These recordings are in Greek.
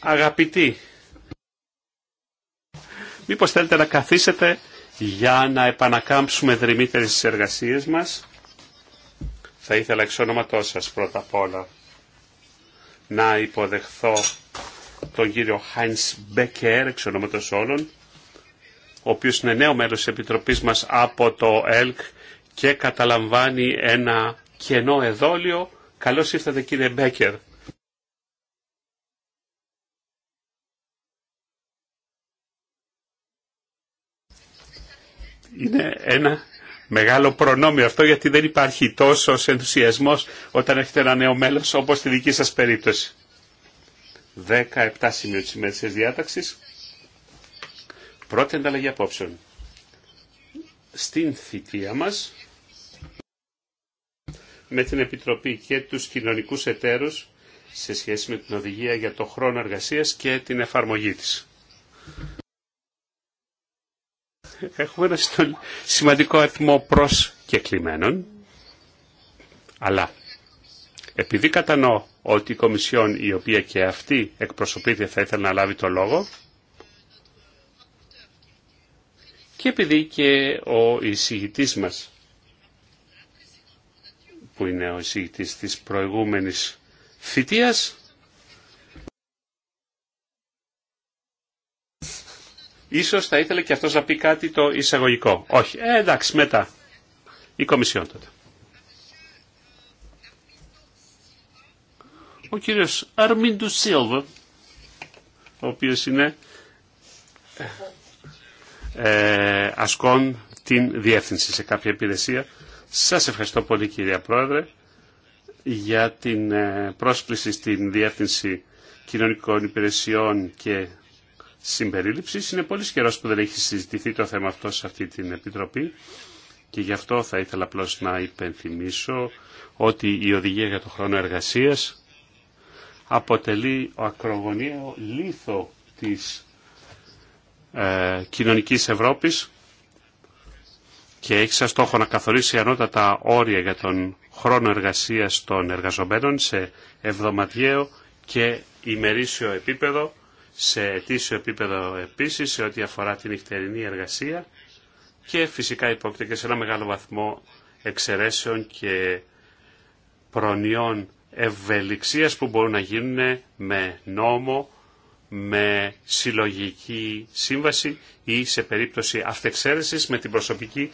Αγαπητοί, μήπως θέλετε να καθίσετε για να επανακάμψουμε δρυμύτερες τις εργασίες μας. Θα ήθελα εξ ονόματός σας πρώτα απ' όλα να υποδεχθώ τον κύριο Χάινς Μπέκερ, εξ ονόματος όλων, ο οποίος είναι νέο μέλος της Επιτροπής μας από το ΕΛΚ και καταλαμβάνει ένα κενό εδόλιο Καλώς ήρθατε κύριε Μπέκερ. Είναι ένα μεγάλο προνόμιο αυτό γιατί δεν υπάρχει τόσο ενθουσιασμός όταν έχετε ένα νέο μέλος όπως στη δική σας περίπτωση. 17 σημείο της ημέρας διάταξης. Πρώτη ανταλλαγή απόψεων. Στην θητεία μας με την Επιτροπή και τους κοινωνικούς εταίρους σε σχέση με την οδηγία για το χρόνο εργασίας και την εφαρμογή της. Έχουμε ένα σημαντικό αριθμό προς και κλειμένων, αλλά επειδή κατανοώ ότι η Κομισιόν η οποία και αυτή εκπροσωπείται θα ήθελε να λάβει το λόγο και επειδή και ο εισηγητής μας που είναι ο εισηγητής της προηγούμενης θητείας. Ίσως θα ήθελε και αυτός να πει κάτι το εισαγωγικό. Όχι. Ε, εντάξει, μετά. Η Κομισιόν τότε. Ο κύριος Αρμίντου Σίλβα, ο οποίος είναι ε, ε ασκών την διεύθυνση σε κάποια υπηρεσία σας ευχαριστώ πολύ κυρία Πρόεδρε για την ε, πρόσκληση στην Διεύθυνση Κοινωνικών Υπηρεσιών και συμπερίληψη. Είναι πολύ καιρό που δεν έχει συζητηθεί το θέμα αυτό σε αυτή την Επιτροπή και γι' αυτό θα ήθελα απλώ να υπενθυμίσω ότι η οδηγία για το χρόνο εργασίας αποτελεί ο ακρογωνιαίο λίθο της ε, κοινωνικής Ευρώπης και έχει σαν στόχο να καθορίσει ανώτατα όρια για τον χρόνο εργασίας των εργαζομένων σε εβδομαδιαίο και ημερήσιο επίπεδο, σε ετήσιο επίπεδο επίσης σε ό,τι αφορά την νυχτερινή εργασία και φυσικά υπόκειται και σε ένα μεγάλο βαθμό εξαιρέσεων και προνοιών ευελιξίας που μπορούν να γίνουν με νόμο με συλλογική σύμβαση ή σε περίπτωση αυτεξαίρεσης με την προσωπική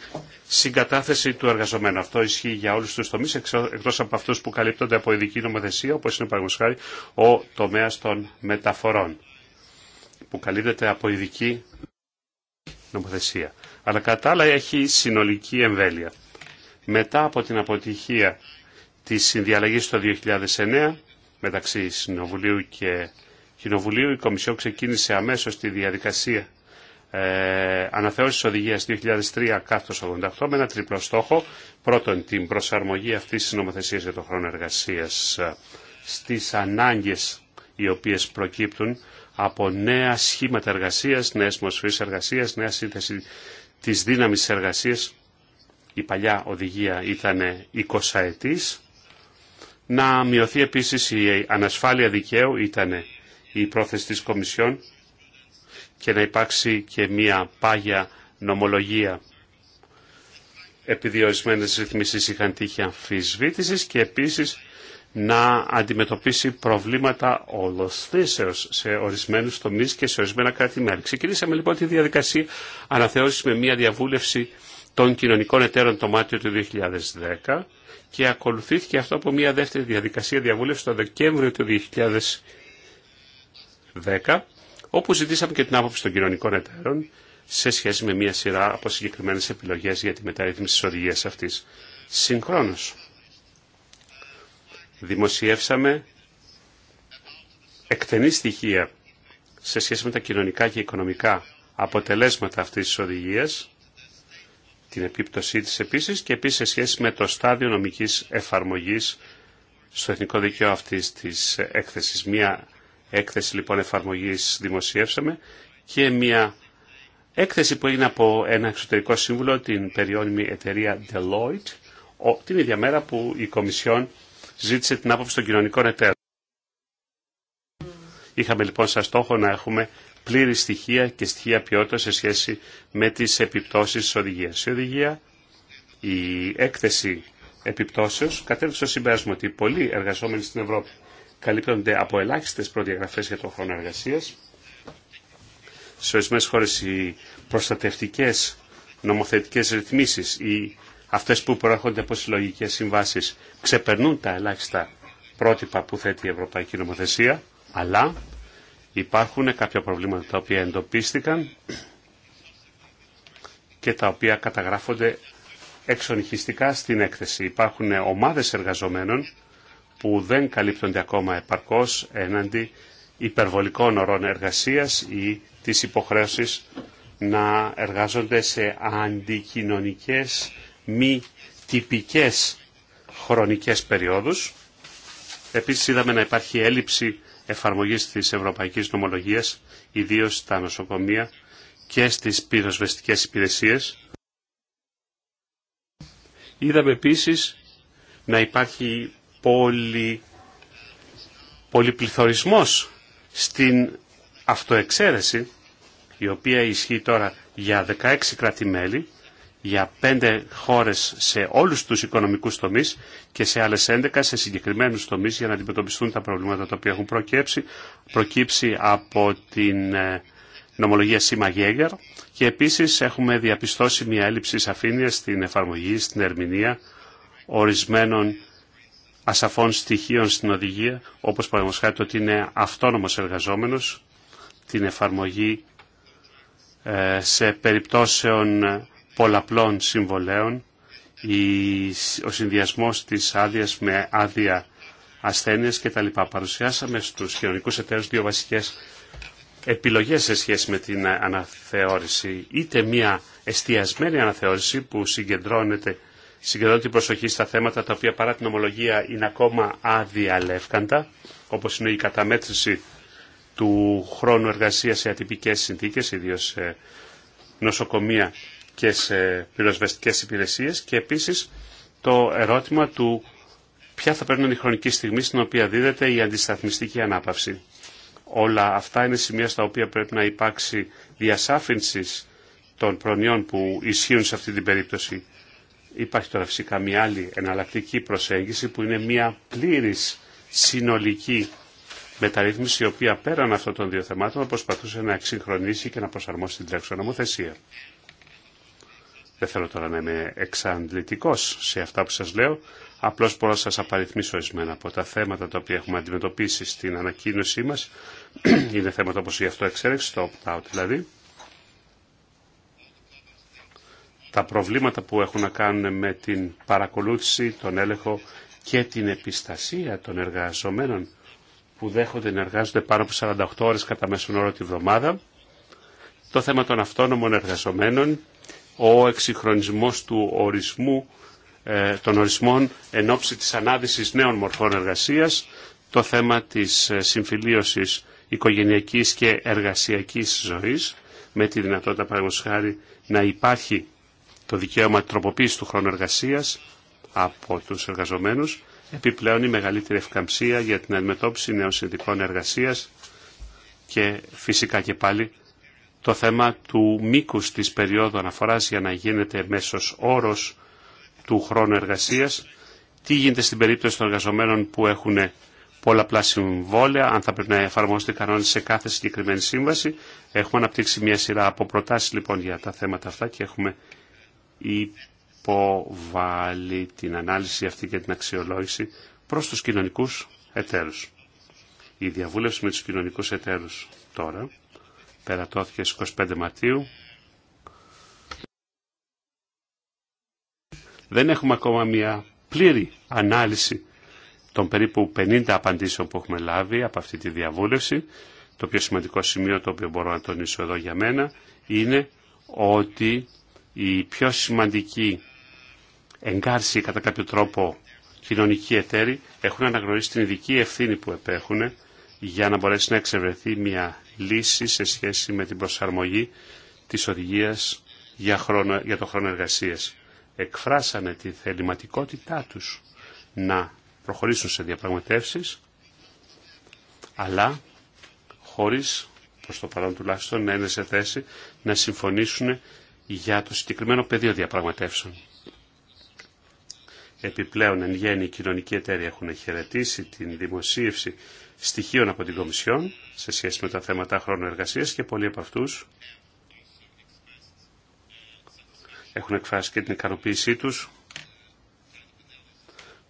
συγκατάθεση του εργαζομένου. Αυτό ισχύει για όλους τους τομείς εκτός από αυτούς που καλύπτονται από ειδική νομοθεσία όπως είναι παραγωγικά ο τομέας των μεταφορών που καλύπτεται από ειδική νομοθεσία. Αλλά κατά άλλα έχει συνολική εμβέλεια. Μετά από την αποτυχία της συνδιαλλαγής το 2009 μεταξύ Συνοβουλίου και Κοινοβουλίου, η Κομισιόν ξεκίνησε αμέσως τη διαδικασία ε, αναθεώρησης οδηγίας 2003 88 με ένα τριπλό στόχο. Πρώτον, την προσαρμογή αυτής της νομοθεσίας για τον χρόνο εργασίας ε, στις ανάγκες οι οποίες προκύπτουν από νέα σχήματα εργασίας, νέες μορφές εργασίας, νέα σύνθεση της δύναμης εργασίας. Η παλιά οδηγία ήταν 20 ετής. Να μειωθεί επίσης η ανασφάλεια δικαίου ήταν η πρόθεση της Κομισιόν και να υπάρξει και μία πάγια νομολογία επειδή ορισμένε ρυθμίσεις είχαν τύχει αμφισβήτησης και επίσης να αντιμετωπίσει προβλήματα ολοσθήσεως σε ορισμένους τομείς και σε ορισμένα κράτη-μέλη. Ξεκινήσαμε λοιπόν τη διαδικασία αναθεώρησης με μια διαβούλευση των κοινωνικών εταίρων το Μάρτιο του 2010 και ακολουθήθηκε αυτό από μια δεύτερη διαδικασία διαβούλευση το Δεκέμβριο του 2010 10, όπου ζητήσαμε και την άποψη των κοινωνικών εταίρων σε σχέση με μια σειρά από συγκεκριμένε επιλογέ για τη μεταρρύθμιση τη οδηγία αυτή. Συγχρόνω, δημοσιεύσαμε εκτενή στοιχεία σε σχέση με τα κοινωνικά και οικονομικά αποτελέσματα αυτής της οδηγίας, την επίπτωσή της επίσης και επίσης σε σχέση με το στάδιο νομικής εφαρμογής στο εθνικό δίκαιο αυτής της έκθεσης. Μία έκθεση λοιπόν εφαρμογής δημοσιεύσαμε και μια έκθεση που έγινε από ένα εξωτερικό σύμβουλο, την περιόνιμη εταιρεία Deloitte, την ίδια μέρα που η Κομισιόν ζήτησε την άποψη των κοινωνικών εταίρων. Είχαμε λοιπόν σαν στόχο να έχουμε πλήρη στοιχεία και στοιχεία ποιότητα σε σχέση με τις επιπτώσεις της οδηγίας. Η οδηγία, η έκθεση επιπτώσεως κατέληξε στο συμπέρασμα ότι πολλοί εργαζόμενοι στην Ευρώπη καλύπτονται από ελάχιστες προδιαγραφέ για τον χρόνο εργασία Σε ορισμένε χώρε οι προστατευτικέ που προέρχονται από συλλογικέ συμβάσεις ρυθμίσει, η Ευρωπαϊκή Νομοθεσία, αλλά υπάρχουν συμβάσει, προβλήματα τα οποία εντοπίστηκαν και τα οποία καταγράφονται εξονυχιστικά στην έκθεση. Υπάρχουν ομάδες εργαζομένων που δεν καλύπτονται ακόμα επαρκώς έναντι υπερβολικών ορών εργασίας ή της υποχρέωσης να εργάζονται σε αντικοινωνικές, μη τυπικές χρονικές περιόδους. Επίσης είδαμε να υπάρχει έλλειψη εφαρμογής της ευρωπαϊκής νομολογίας, ιδίως στα νοσοκομεία και στις πυροσβεστικές υπηρεσίες. Είδαμε επίσης να υπάρχει πολυ, πολυπληθωρισμός στην αυτοεξαίρεση, η οποία ισχύει τώρα για 16 κράτη-μέλη, για 5 χώρες σε όλους τους οικονομικούς τομείς και σε άλλες 11 σε συγκεκριμένους τομείς για να αντιμετωπιστούν τα προβλήματα τα οποία έχουν προκύψει, προκύψει από την ε, νομολογία Σίμα Γέγκερ και επίσης έχουμε διαπιστώσει μια έλλειψη σαφήνεια στην εφαρμογή, στην ερμηνεία ορισμένων ασαφών στοιχείων στην οδηγία, όπως παραδείγματος το ότι είναι αυτόνομος εργαζόμενος, την εφαρμογή ε, σε περιπτώσεων πολλαπλών συμβολέων, ο συνδυασμός της άδεια με άδεια ασθένειες κτλ. Παρουσιάσαμε στους κοινωνικούς εταίρους δύο βασικές επιλογές σε σχέση με την αναθεώρηση. Είτε μια εστιασμένη αναθεώρηση που συγκεντρώνεται Συγκεντρώνω την προσοχή στα θέματα τα οποία παρά την ομολογία είναι ακόμα αδιαλεύκαντα, όπως είναι η καταμέτρηση του χρόνου εργασίας σε ατυπικές συνθήκες, ιδίως σε νοσοκομεία και σε πυροσβεστικές υπηρεσίες και επίσης το ερώτημα του ποια θα παίρνουν η χρονική στιγμή στην οποία δίδεται η αντισταθμιστική ανάπαυση. Όλα αυτά είναι σημεία στα οποία πρέπει να υπάρξει διασάφυνση των προνοιών που ισχύουν σε αυτή την περίπτωση. Υπάρχει τώρα φυσικά μια άλλη εναλλακτική προσέγγιση που είναι μια πλήρης συνολική μεταρρύθμιση η οποία πέραν αυτών των δύο θεμάτων προσπαθούσε να εξυγχρονίσει και να προσαρμόσει την τρέχουσα νομοθεσία. Δεν θέλω τώρα να είμαι εξαντλητικός σε αυτά που σας λέω, απλώς μπορώ να σας απαριθμίσω ορισμένα από τα θέματα τα οποία έχουμε αντιμετωπίσει στην ανακοίνωσή μας. Είναι θέματα όπως η αυτοεξέρεξη, το opt-out δηλαδή, τα προβλήματα που έχουν να κάνουν με την παρακολούθηση, τον έλεγχο και την επιστασία των εργαζομένων που δέχονται να εργάζονται πάνω από 48 ώρες κατά μέσον όρο τη βδομάδα, το θέμα των αυτόνομων εργαζομένων, ο εξυγχρονισμός του ορισμού, ε, των ορισμών εν ώψη της ανάδυσης νέων μορφών εργασίας, το θέμα της ε, συμφιλίωσης οικογενειακής και εργασιακής ζωής, με τη δυνατότητα παραδείγματος χάρη να υπάρχει το δικαίωμα τροποποίηση του χρόνου εργασία από του εργαζομένου, επιπλέον η μεγαλύτερη ευκαμψία για την αντιμετώπιση νέων συνδικών εργασία και φυσικά και πάλι το θέμα του μήκους της περίοδου αναφοράς για να γίνεται μέσος όρος του χρόνου εργασίας, τι γίνεται στην περίπτωση των εργαζομένων που έχουν πολλαπλά συμβόλαια, αν θα πρέπει να εφαρμόζονται κανόνε σε κάθε συγκεκριμένη σύμβαση. Έχουμε αναπτύξει μια σειρά από προτάσει λοιπόν για τα θέματα αυτά και έχουμε υποβάλει την ανάλυση αυτή και την αξιολόγηση προς τους κοινωνικούς εταίρους. Η διαβούλευση με τους κοινωνικούς εταίρους τώρα περατώθηκε στις 25 Μαρτίου. Δεν έχουμε ακόμα μια πλήρη ανάλυση των περίπου 50 απαντήσεων που έχουμε λάβει από αυτή τη διαβούλευση. Το πιο σημαντικό σημείο το οποίο μπορώ να τονίσω εδώ για μένα είναι ότι η πιο σημαντική εγκάρση κατά κάποιο τρόπο κοινωνικοί εταίροι έχουν αναγνωρίσει την ειδική ευθύνη που επέχουν για να μπορέσει να εξευρεθεί μια λύση σε σχέση με την προσαρμογή της οδηγίας για, χρόνο, για το χρόνο εργασίας. Εκφράσανε τη θεληματικότητά τους να προχωρήσουν σε διαπραγματεύσεις, αλλά χωρίς, προς το παρόν τουλάχιστον, να είναι σε θέση να συμφωνήσουν για το συγκεκριμένο πεδίο διαπραγματεύσεων. Επιπλέον, εν γέννη, οι κοινωνικοί εταίροι έχουν χαιρετήσει την δημοσίευση στοιχείων από την Κομισιόν σε σχέση με τα θέματα χρόνου εργασία και πολλοί από αυτού έχουν εκφράσει και την ικανοποίησή του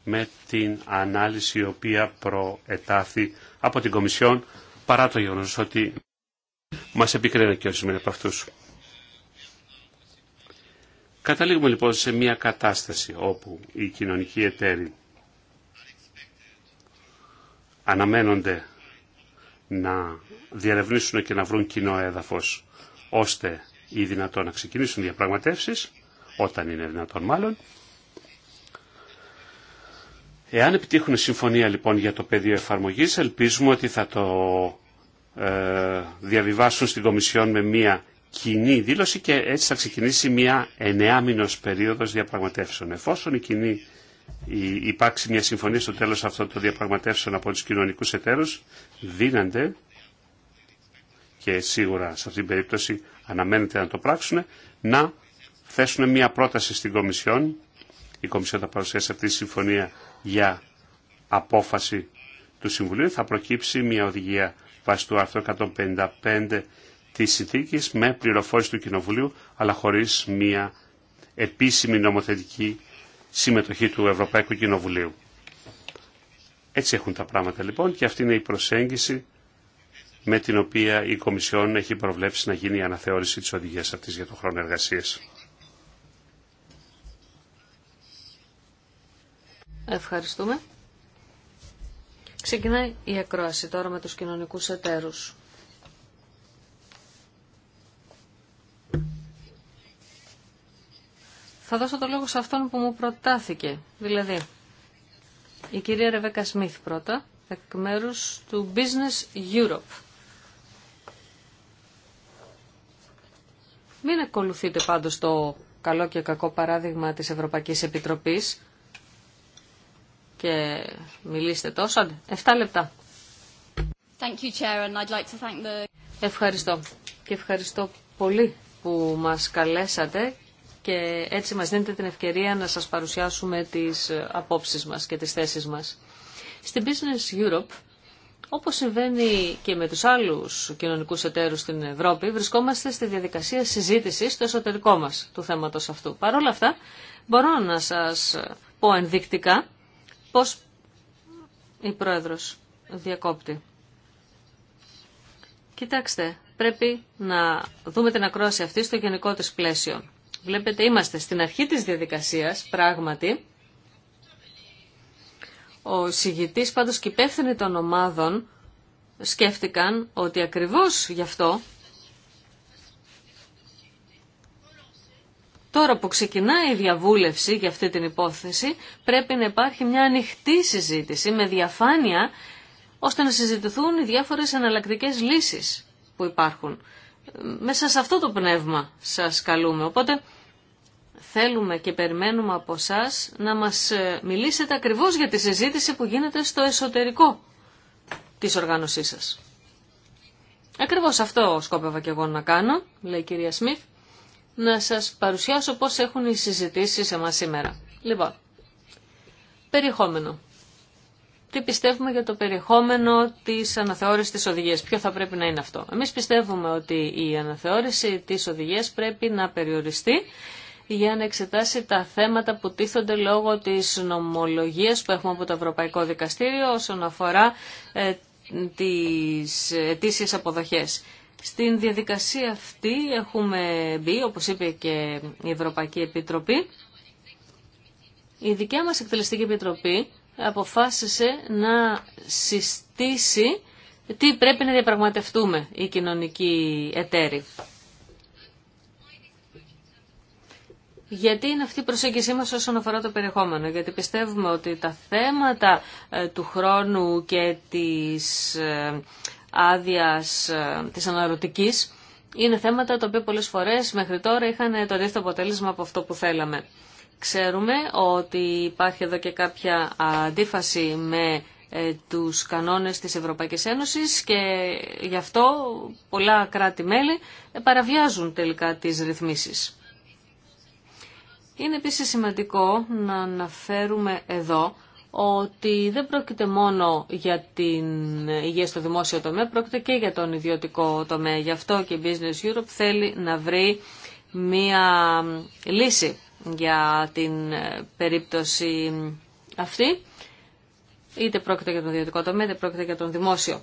με την ανάλυση η οποία προετάθη από την Κομισιόν παρά το γεγονό ότι μα επικρίνει και ορισμένοι από αυτού. Καταλήγουμε λοιπόν σε μια κατάσταση όπου οι κοινωνικοί εταίροι αναμένονται να διαρευνήσουν και να βρουν κοινό έδαφος ώστε ή δυνατόν να ξεκινήσουν διαπραγματεύσεις, όταν είναι δυνατόν μάλλον. Εάν επιτύχουν συμφωνία λοιπόν για το πεδίο εφαρμογής, ελπίζουμε ότι θα το ε, διαβιβάσουν στην Κομισιόν με μία κοινή δήλωση και έτσι θα ξεκινήσει μια εννεάμινος περίοδος διαπραγματεύσεων. Εφόσον η κοινή υπάρξει μια συμφωνία στο τέλος αυτών των διαπραγματεύσεων από τους κοινωνικούς εταίρους, δίνανται και σίγουρα σε αυτήν την περίπτωση αναμένεται να το πράξουν, να θέσουν μια πρόταση στην Κομισιόν. Η Κομισιόν θα παρουσιάσει αυτή τη συμφωνία για απόφαση του Συμβουλίου. Θα προκύψει μια οδηγία βάσει του άρθρου 155 της συνθήκης με πληροφόρηση του Κοινοβουλίου αλλά χωρίς μια επίσημη νομοθετική συμμετοχή του Ευρωπαϊκού Κοινοβουλίου. Έτσι έχουν τα πράγματα λοιπόν και αυτή είναι η προσέγγιση με την οποία η Κομισιόν έχει προβλέψει να γίνει η αναθεώρηση της οδηγίας αυτής για το χρόνο εργασίας. Ευχαριστούμε. Ξεκινάει η ακρόαση τώρα με τους κοινωνικούς εταίρους. Θα δώσω το λόγο σε αυτόν που μου προτάθηκε. Δηλαδή, η κυρία Ρεβέκα Σμιθ πρώτα, εκ μέρου του Business Europe. Μην ακολουθείτε πάντως το καλό και κακό παράδειγμα της Ευρωπαϊκής Επιτροπής και μιλήστε τόσο. 7 λεπτά. you, I'd like thank the... Ευχαριστώ. Και ευχαριστώ πολύ που μας καλέσατε και έτσι μας δίνετε την ευκαιρία να σας παρουσιάσουμε τις απόψεις μας και τις θέσεις μας. Στην Business Europe, όπως συμβαίνει και με τους άλλους κοινωνικούς εταίρους στην Ευρώπη, βρισκόμαστε στη διαδικασία συζήτησης στο εσωτερικό μας του θέματος αυτού. Παρ' όλα αυτά, μπορώ να σας πω ενδεικτικά πώς η Πρόεδρος διακόπτει. Κοιτάξτε, πρέπει να δούμε την ακρόαση αυτή στο γενικό της πλαίσιο. Βλέπετε, είμαστε στην αρχή της διαδικασίας, πράγματι. Ο συγητής πάντως και υπεύθυνοι των ομάδων σκέφτηκαν ότι ακριβώς γι' αυτό Τώρα που ξεκινάει η διαβούλευση για αυτή την υπόθεση, πρέπει να υπάρχει μια ανοιχτή συζήτηση με διαφάνεια, ώστε να συζητηθούν οι διάφορες εναλλακτικές λύσεις που υπάρχουν μέσα σε αυτό το πνεύμα σας καλούμε. Οπότε θέλουμε και περιμένουμε από σας να μας ε, μιλήσετε ακριβώς για τη συζήτηση που γίνεται στο εσωτερικό της οργάνωσής σας. Ακριβώς αυτό σκόπευα και εγώ να κάνω, λέει η κυρία Σμιθ, να σας παρουσιάσω πώς έχουν οι συζητήσεις σε εμάς σήμερα. Λοιπόν, περιεχόμενο τι πιστεύουμε για το περιεχόμενο της αναθεώρησης της οδηγίας. Ποιο θα πρέπει να είναι αυτό. Εμείς πιστεύουμε ότι η αναθεώρηση της οδηγίας πρέπει να περιοριστεί για να εξετάσει τα θέματα που τίθονται λόγω της νομολογίας που έχουμε από το Ευρωπαϊκό Δικαστήριο όσον αφορά ε, τι αιτήσει αποδοχέ. Στην διαδικασία αυτή έχουμε μπει, όπως είπε και η Ευρωπαϊκή Επιτροπή, η δικιά μας εκτελεστική επιτροπή αποφάσισε να συστήσει τι πρέπει να διαπραγματευτούμε οι κοινωνικοί εταίροι. Γιατί είναι αυτή η προσέγγιση μας όσον αφορά το περιεχόμενο. Γιατί πιστεύουμε ότι τα θέματα ε, του χρόνου και της ε, άδεια ε, της αναρωτικής είναι θέματα τα οποία πολλές φορές μέχρι τώρα είχαν το αντίθετο αποτέλεσμα από αυτό που θέλαμε. Ξέρουμε ότι υπάρχει εδώ και κάποια αντίφαση με ε, τους κανόνες της Ευρωπαϊκής Ένωσης και γι' αυτό πολλά κράτη-μέλη παραβιάζουν τελικά τις ρυθμίσεις. Είναι επίσης σημαντικό να αναφέρουμε εδώ ότι δεν πρόκειται μόνο για την υγεία στο δημόσιο τομέα, πρόκειται και για τον ιδιωτικό τομέα. Γι' αυτό και η Business Europe θέλει να βρει μία λύση για την ε, περίπτωση αυτή, είτε πρόκειται για τον ιδιωτικό τομέα, είτε πρόκειται για τον δημόσιο.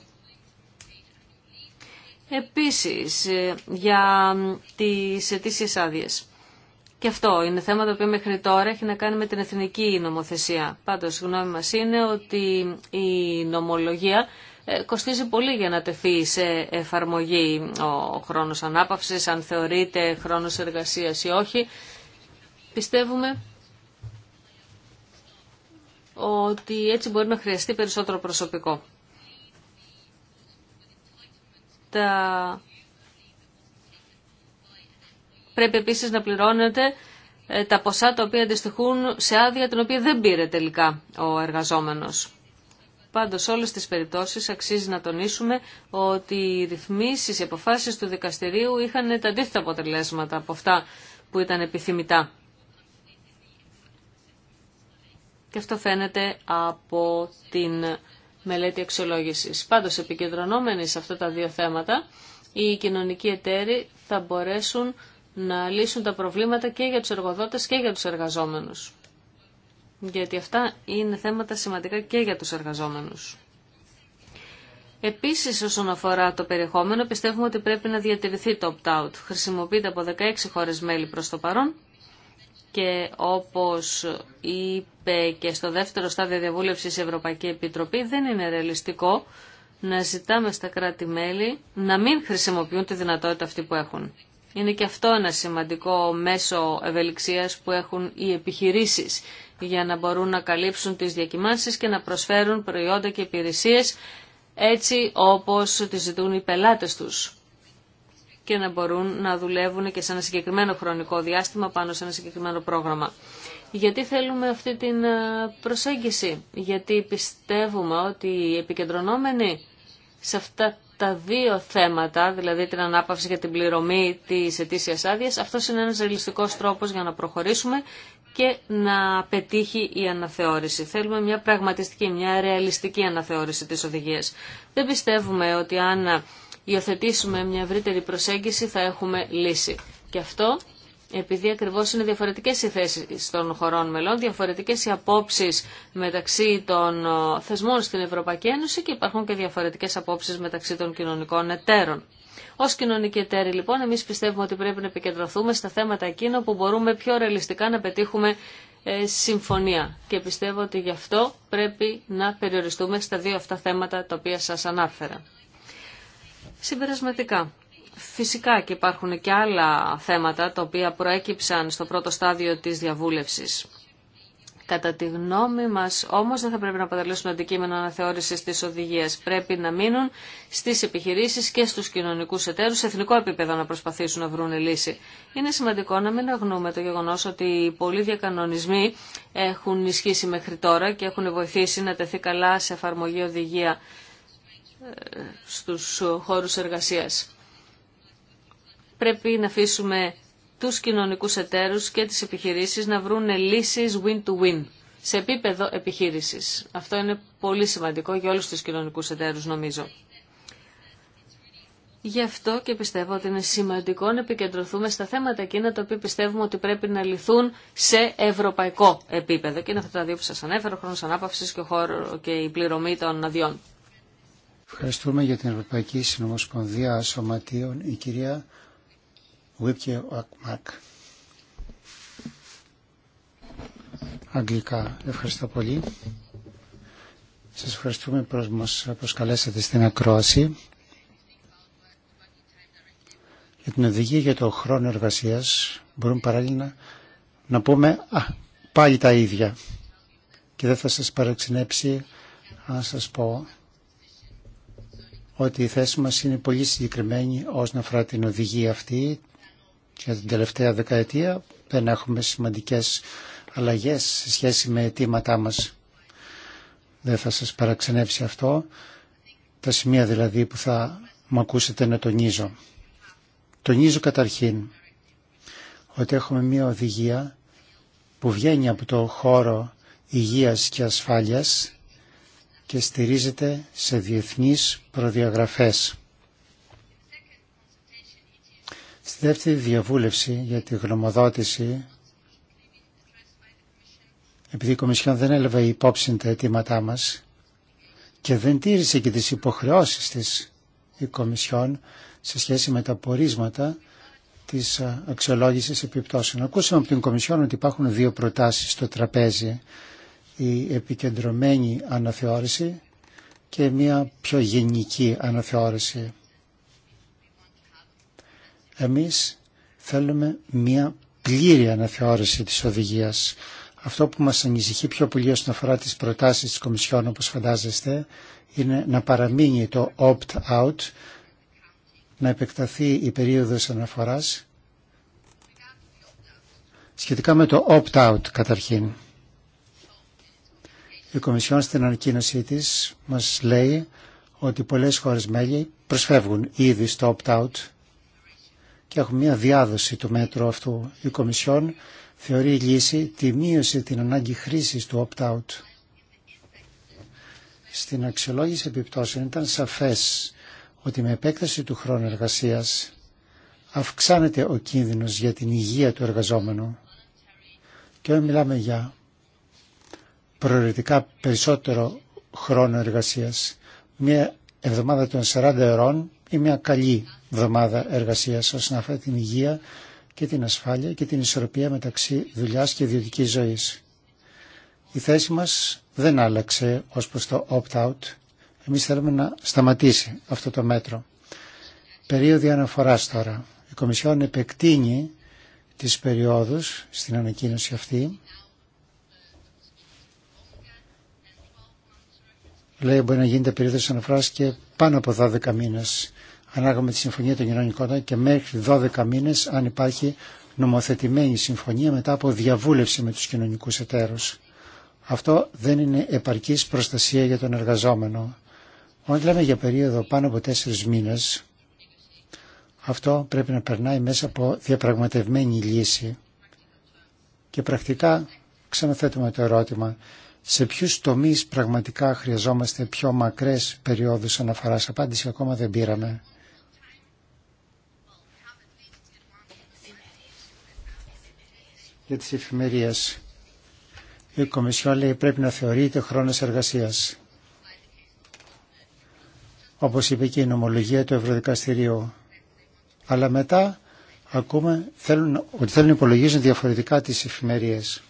Επίσης, ε, για τις αιτήσεις άδειε. Και αυτό είναι θέμα το οποίο μέχρι τώρα έχει να κάνει με την εθνική νομοθεσία. Πάντως, η γνώμη μας είναι ότι η νομολογία ε, κοστίζει πολύ για να τεθεί σε εφαρμογή ο χρόνος ανάπαυσης, αν θεωρείται χρόνος εργασίας ή όχι. Πιστεύουμε ότι έτσι μπορεί να χρειαστεί περισσότερο προσωπικό. Τα... Πρέπει επίσης να πληρώνετε ε, τα ποσά τα οποία αντιστοιχούν σε άδεια την οποία δεν πήρε τελικά ο εργαζόμενος. Πάντως σε όλες τις περιπτώσεις αξίζει να τονίσουμε ότι οι ρυθμίσεις, οι αποφάσεις του δικαστηρίου είχαν τα αντίθετα αποτελέσματα από αυτά που ήταν επιθυμητά. Και αυτό φαίνεται από την μελέτη αξιολόγησης. Πάντως, επικεντρωνόμενοι σε αυτά τα δύο θέματα, οι κοινωνικοί εταίροι θα μπορέσουν να λύσουν τα προβλήματα και για τους εργοδότες και για τους εργαζόμενους. Γιατί αυτά είναι θέματα σημαντικά και για τους εργαζόμενους. Επίσης, όσον αφορά το περιεχόμενο, πιστεύουμε ότι πρέπει να διατηρηθεί το opt-out. Χρησιμοποιείται από 16 χώρες μέλη προς το παρόν και όπως είπε και στο δεύτερο στάδιο διαβούλευσης η Ευρωπαϊκή Επιτροπή, δεν είναι ρεαλιστικό να ζητάμε στα κράτη-μέλη να μην χρησιμοποιούν τη δυνατότητα αυτή που έχουν. Είναι και αυτό ένα σημαντικό μέσο ευελιξίας που έχουν οι επιχειρήσεις για να μπορούν να καλύψουν τις διακοιμάνσεις και να προσφέρουν προϊόντα και υπηρεσίες έτσι όπως τις ζητούν οι πελάτες τους και να μπορούν να δουλεύουν και σε ένα συγκεκριμένο χρονικό διάστημα πάνω σε ένα συγκεκριμένο πρόγραμμα. Γιατί θέλουμε αυτή την ε, προσέγγιση, γιατί πιστεύουμε ότι οι επικεντρωνόμενοι σε αυτά τα δύο θέματα, δηλαδή την ανάπαυση και την πληρωμή της ετήσιας άδεια, αυτό είναι ένας ρεαλιστικός τρόπος για να προχωρήσουμε και να πετύχει η αναθεώρηση. Θέλουμε μια πραγματιστική, μια ρεαλιστική αναθεώρηση της οδηγίας. Δεν πιστεύουμε ότι αν υιοθετήσουμε μια ευρύτερη προσέγγιση θα έχουμε λύση. Και αυτό επειδή ακριβώς είναι διαφορετικές οι θέσεις των χωρών μελών, διαφορετικές οι απόψεις μεταξύ των ε, θεσμών στην Ευρωπαϊκή Ένωση και υπάρχουν και διαφορετικές απόψεις μεταξύ των κοινωνικών εταίρων. Ως κοινωνικοί εταίροι λοιπόν εμείς πιστεύουμε ότι πρέπει να επικεντρωθούμε στα θέματα εκείνα που μπορούμε πιο ρεαλιστικά να πετύχουμε ε, συμφωνία και πιστεύω ότι γι' αυτό πρέπει να περιοριστούμε στα δύο αυτά θέματα τα οποία σας ανάφερα. Συμπερασματικά, φυσικά και υπάρχουν και άλλα θέματα τα οποία προέκυψαν στο πρώτο στάδιο της διαβούλευσης. Κατά τη γνώμη μας όμως δεν θα πρέπει να αποτελέσουν αντικείμενο αναθεώρηση της οδηγίας. Πρέπει να μείνουν στις επιχειρήσεις και στους κοινωνικούς εταίρους σε εθνικό επίπεδο να προσπαθήσουν να βρουν λύση. Είναι σημαντικό να μην αγνούμε το γεγονός ότι πολλοί διακανονισμοί έχουν ισχύσει μέχρι τώρα και έχουν βοηθήσει να τεθεί καλά σε εφαρμογή οδηγία στους χώρους εργασίας. Πρέπει να αφήσουμε τους κοινωνικούς εταίρους και τις επιχειρήσεις να βρουν λύσεις win-to-win σε επίπεδο επιχείρησης. Αυτό είναι πολύ σημαντικό για όλους τους κοινωνικούς εταίρους νομίζω. Γι' αυτό και πιστεύω ότι είναι σημαντικό να επικεντρωθούμε στα θέματα εκείνα τα οποία πιστεύουμε ότι πρέπει να λυθούν σε ευρωπαϊκό επίπεδο. Και είναι αυτά τα δύο που σα ανέφερα, ο χρόνο και, και η πληρωμή των αδειών. Ευχαριστούμε για την Ευρωπαϊκή Συνομοσπονδία Σωματείων η κυρία Βίπκε Ακμακ. Αγγλικά. Ευχαριστώ πολύ. Σας ευχαριστούμε που μας προσκαλέσατε στην ακρόαση για την οδηγία για το χρόνο εργασίας. Μπορούμε παράλληλα να πούμε α, πάλι τα ίδια και δεν θα σας παραξενέψει αν σας πω ότι η θέση μας είναι πολύ συγκεκριμένη όσον αφορά την οδηγία αυτή για την τελευταία δεκαετία. Δεν έχουμε σημαντικές αλλαγές σε σχέση με αιτήματά μας. Δεν θα σας παραξενεύσει αυτό. Τα σημεία δηλαδή που θα μου ακούσετε να τονίζω. Τονίζω καταρχήν ότι έχουμε μια οδηγία που βγαίνει από το χώρο υγείας και ασφάλειας και στηρίζεται σε διεθνείς προδιαγραφές. Στη δεύτερη διαβούλευση για τη γνωμοδότηση, επειδή η Κομισιόν δεν έλαβε υπόψη τα αιτήματά μας και δεν τήρησε και τις υποχρεώσεις της η Κομισιόν σε σχέση με τα πορίσματα της ε, αξιολόγησης επιπτώσεων. Ακούσαμε από την Κομισιόν ότι υπάρχουν δύο προτάσεις στο τραπέζι η επικεντρωμένη αναθεώρηση και μια πιο γενική αναθεώρηση. Εμείς θέλουμε μια πλήρη αναθεώρηση της οδηγίας. Αυτό που μας ανησυχεί πιο πολύ όσον αφορά τις προτάσεις της Κομισιόν, όπως φαντάζεστε, είναι να παραμείνει το opt-out, να επεκταθεί η περίοδος αναφοράς. Σχετικά με το opt-out καταρχήν. Η Κομισιόν στην ανακοίνωσή της μας λέει ότι πολλές χώρες μέλη προσφεύγουν ήδη στο opt-out και έχουμε μια διάδοση του μέτρου αυτού. Η Κομισιόν θεωρεί λύση τη μείωση την ανάγκη χρήσης του opt-out. Στην αξιολόγηση επιπτώσεων ήταν σαφές ότι με επέκταση του χρόνου εργασίας αυξάνεται ο κίνδυνος για την υγεία του εργαζόμενου. Και όταν μιλάμε για προαιρετικά περισσότερο χρόνο εργασίας. Μια εβδομάδα των 40 ερών ή μια καλή εβδομάδα εργασίας να αφορά την υγεία και την ασφάλεια και την ισορροπία μεταξύ δουλειάς και ιδιωτική ζωής. Η θέση μας δεν άλλαξε ως προς το opt-out. Εμείς θέλουμε να σταματήσει αυτό το μέτρο. Περίοδοι αναφοράς τώρα. Η Κομισιόν επεκτείνει τις περιόδους στην ανακοίνωση αυτή λέει μπορεί να γίνεται περίοδο αναφράση και πάνω από 12 μήνε ανάλογα με τη Συμφωνία των Κοινωνικών και μέχρι 12 μήνε αν υπάρχει νομοθετημένη συμφωνία μετά από διαβούλευση με τους κοινωνικού εταίρους. Αυτό δεν είναι επαρκής προστασία για τον εργαζόμενο. Όταν λέμε για περίοδο πάνω από 4 μήνε, αυτό πρέπει να περνάει μέσα από διαπραγματευμένη λύση. Και πρακτικά ξαναθέτουμε το ερώτημα, σε ποιους τομείς πραγματικά χρειαζόμαστε πιο μακρές περιόδους αναφοράς. Απάντηση ακόμα δεν πήραμε. Για τις εφημερίες. Η Κομισιόν λέει πρέπει να θεωρείται χρόνος εργασίας. Όπως είπε και η νομολογία του Ευρωδικαστηρίου. Αλλά μετά ακούμε θέλουν, ότι θέλουν να υπολογίζουν διαφορετικά τις εφημερίες.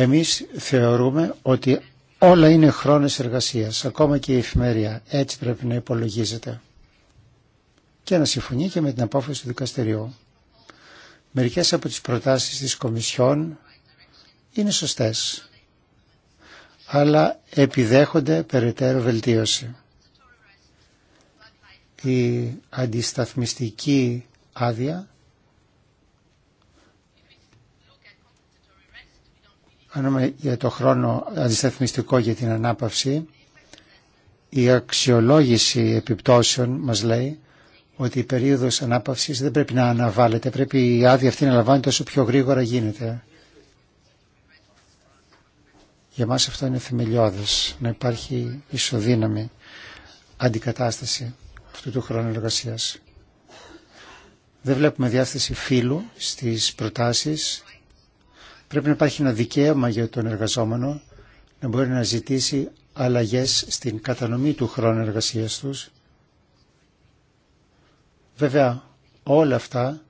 Εμείς θεωρούμε ότι όλα είναι χρόνες εργασίας, ακόμα και η εφημερία. Έτσι πρέπει να υπολογίζεται. Και να συμφωνεί και με την απόφαση του δικαστηριού. Μερικές από τις προτάσεις της Κομισιόν είναι σωστές, αλλά επιδέχονται περαιτέρω βελτίωση. Η αντισταθμιστική άδεια Φαίνομαι για το χρόνο αντισταθμιστικό για την ανάπαυση. Η αξιολόγηση επιπτώσεων μας λέει ότι η περίοδος ανάπαυσης δεν πρέπει να αναβάλλεται. Πρέπει η άδεια αυτή να λαμβάνεται όσο πιο γρήγορα γίνεται. Για μας αυτό είναι θεμελιώδες, να υπάρχει ισοδύναμη αντικατάσταση αυτού του χρόνου εργασίας. Δεν βλέπουμε διάσταση φύλου στις προτάσεις Πρέπει να υπάρχει ένα δικαίωμα για τον εργαζόμενο να μπορεί να ζητήσει αλλαγές στην κατανομή του χρόνου εργασίας τους. Βέβαια όλα αυτά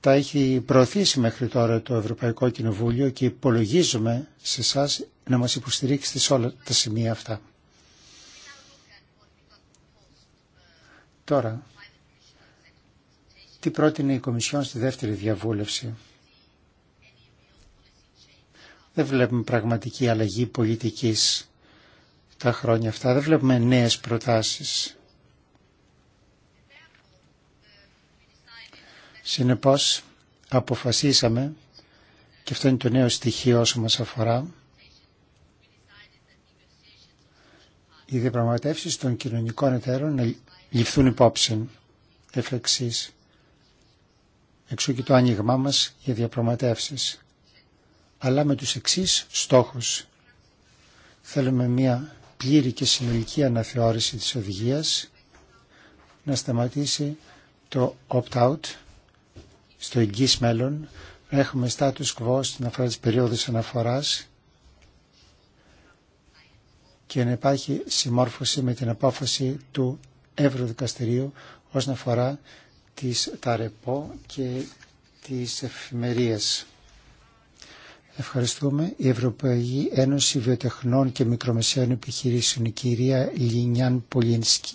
τα έχει προωθήσει μέχρι τώρα το Ευρωπαϊκό Κοινοβούλιο και υπολογίζουμε σε εσά να μας υποστηρίξετε σε όλα τα σημεία αυτά. Τώρα, τι πρότεινε η Κομισιόν στη δεύτερη διαβούλευση. Δεν βλέπουμε πραγματική αλλαγή πολιτικής τα χρόνια αυτά. Δεν βλέπουμε νέες προτάσεις. Συνεπώς αποφασίσαμε, και αυτό είναι το νέο στοιχείο όσο μας αφορά, οι διαπραγματεύσει των κοινωνικών εταίρων να ληφθούν υπόψη εφ' εξής. Εξού και το άνοιγμά μας για διαπραγματεύσεις αλλά με τους εξής στόχους. Θέλουμε μια πλήρη και συνολική αναθεώρηση της οδηγίας, να σταματήσει το opt-out στο εγγύς μέλλον, να έχουμε status quo στην αφορά της περίοδος αναφοράς και να υπάρχει συμμόρφωση με την απόφαση του Ευρωδικαστηρίου όσον αφορά τις, ταρεπό και τις εφημερίες. Ευχαριστούμε. Η Ευρωπαϊκή Ένωση Βιοτεχνών και Μικρομεσαίων Επιχειρήσεων, η κυρία Λινιάν Πολίνσκι.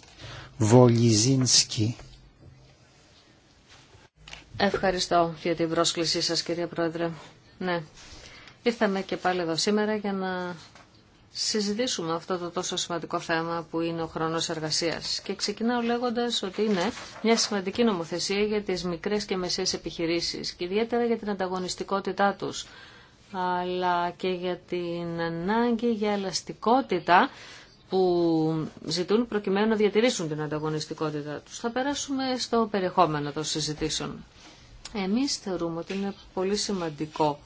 Βολιζίνσκι. Ευχαριστώ για την πρόσκλησή σας κυρία Πρόεδρε. Ναι. Ήρθαμε και πάλι εδώ σήμερα για να συζητήσουμε αυτό το τόσο σημαντικό θέμα που είναι ο χρόνος εργασίας. Και ξεκινάω λέγοντας ότι είναι μια σημαντική νομοθεσία για τις μικρές και μεσαίες επιχειρήσεις και ιδιαίτερα για την ανταγωνιστικότητά τους αλλά και για την ανάγκη για ελαστικότητα που ζητούν προκειμένου να διατηρήσουν την ανταγωνιστικότητά τους. Θα περάσουμε στο περιεχόμενο των συζητήσεων. Εμείς θεωρούμε ότι είναι πολύ σημαντικό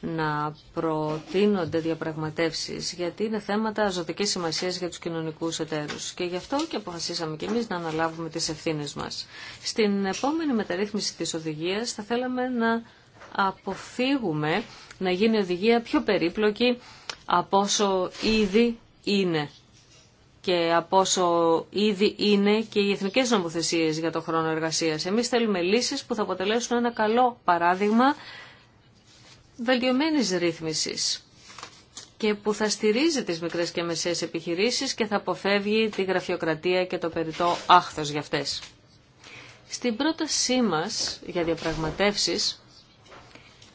να προτείνονται διαπραγματεύσεις, γιατί είναι θέματα ζωτικής σημασίας για τους κοινωνικούς εταίρους. Και γι' αυτό και αποφασίσαμε και εμείς να αναλάβουμε τις ευθύνες μας. Στην επόμενη μεταρρύθμιση της οδηγίας θα θέλαμε να αποφύγουμε να γίνει οδηγία πιο περίπλοκη από όσο ήδη είναι και από όσο ήδη είναι και οι εθνικές νομοθεσίες για το χρόνο εργασίας. Εμείς θέλουμε λύσεις που θα αποτελέσουν ένα καλό παράδειγμα βελτιωμένης ρύθμισης και που θα στηρίζει τις μικρές και μεσαίες επιχειρήσεις και θα αποφεύγει τη γραφειοκρατία και το περιττό άχθος για αυτές. Στην πρότασή μας για διαπραγματεύσεις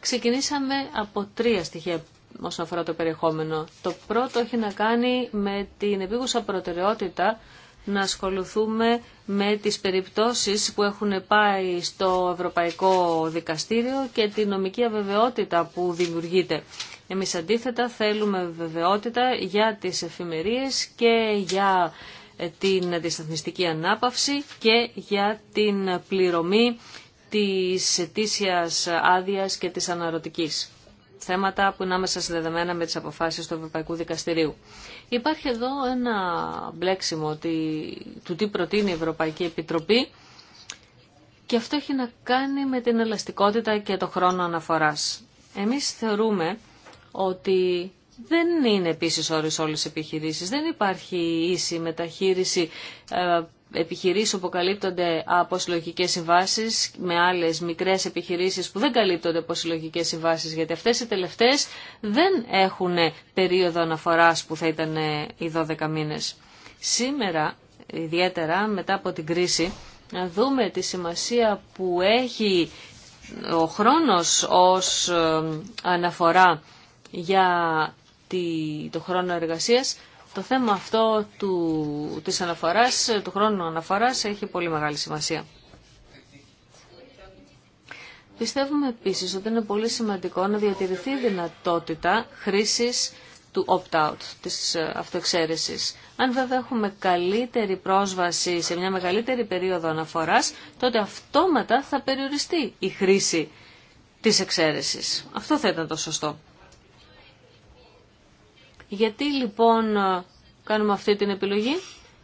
Ξεκινήσαμε από τρία στοιχεία όσον αφορά το περιεχόμενο. Το πρώτο έχει να κάνει με την επίγουσα προτεραιότητα να ασχοληθούμε με τις περιπτώσεις που έχουν πάει στο Ευρωπαϊκό Δικαστήριο και τη νομική αβεβαιότητα που δημιουργείται. Εμείς αντίθετα θέλουμε βεβαιότητα για τις εφημερίες και για ε, την αντισταθμιστική ανάπαυση και για την πληρωμή της ετήσιας άδεια και της αναρωτικής. Θέματα που είναι άμεσα συνδεδεμένα με τις αποφάσεις του Ευρωπαϊκού Δικαστηρίου. Υπάρχει εδώ ένα μπλέξιμο του τι προτείνει η Ευρωπαϊκή Επιτροπή και αυτό έχει να κάνει με την ελαστικότητα και το χρόνο αναφοράς. Εμείς θεωρούμε ότι δεν είναι επίσης όρις όλες οι επιχειρήσεις. Δεν υπάρχει ίση μεταχείριση ε, επιχειρήσεις που καλύπτονται από συλλογικέ συμβάσεις με άλλες μικρές επιχειρήσεις που δεν καλύπτονται από συλλογικέ συμβάσεις γιατί αυτές οι τελευταίες δεν έχουν περίοδο αναφοράς που θα ήταν οι 12 μήνες. Σήμερα, ιδιαίτερα μετά από την κρίση, να δούμε τη σημασία που έχει ο χρόνος ως ε, αναφορά για το χρόνο εργασίας το θέμα αυτό του, της αναφοράς, του χρόνου αναφοράς έχει πολύ μεγάλη σημασία. Πιστεύουμε επίσης ότι είναι πολύ σημαντικό να διατηρηθεί η δυνατότητα χρήσης του opt-out, της ε, αυτοεξαίρεσης. Αν βέβαια έχουμε καλύτερη πρόσβαση σε μια μεγαλύτερη περίοδο αναφοράς, τότε αυτόματα θα περιοριστεί η χρήση της εξαίρεσης. Αυτό θα ήταν το σωστό. Γιατί λοιπόν ε, κάνουμε αυτή την επιλογή.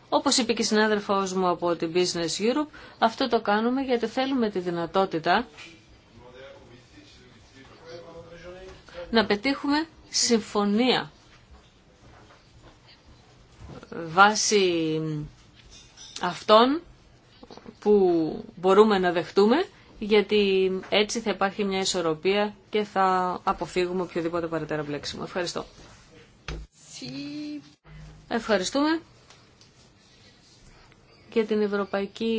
Όπως είπε και η συνάδελφός μου από την Business Europe, αυτό το κάνουμε γιατί θέλουμε τη δυνατότητα να πετύχουμε συμφωνία βάσει αυτών που μπορούμε να δεχτούμε γιατί έτσι θα υπάρχει μια ισορροπία και θα αποφύγουμε οποιοδήποτε παρατέρα μπλέξιμο. Ευχαριστώ. Ευχαριστούμε και την Ευρωπαϊκή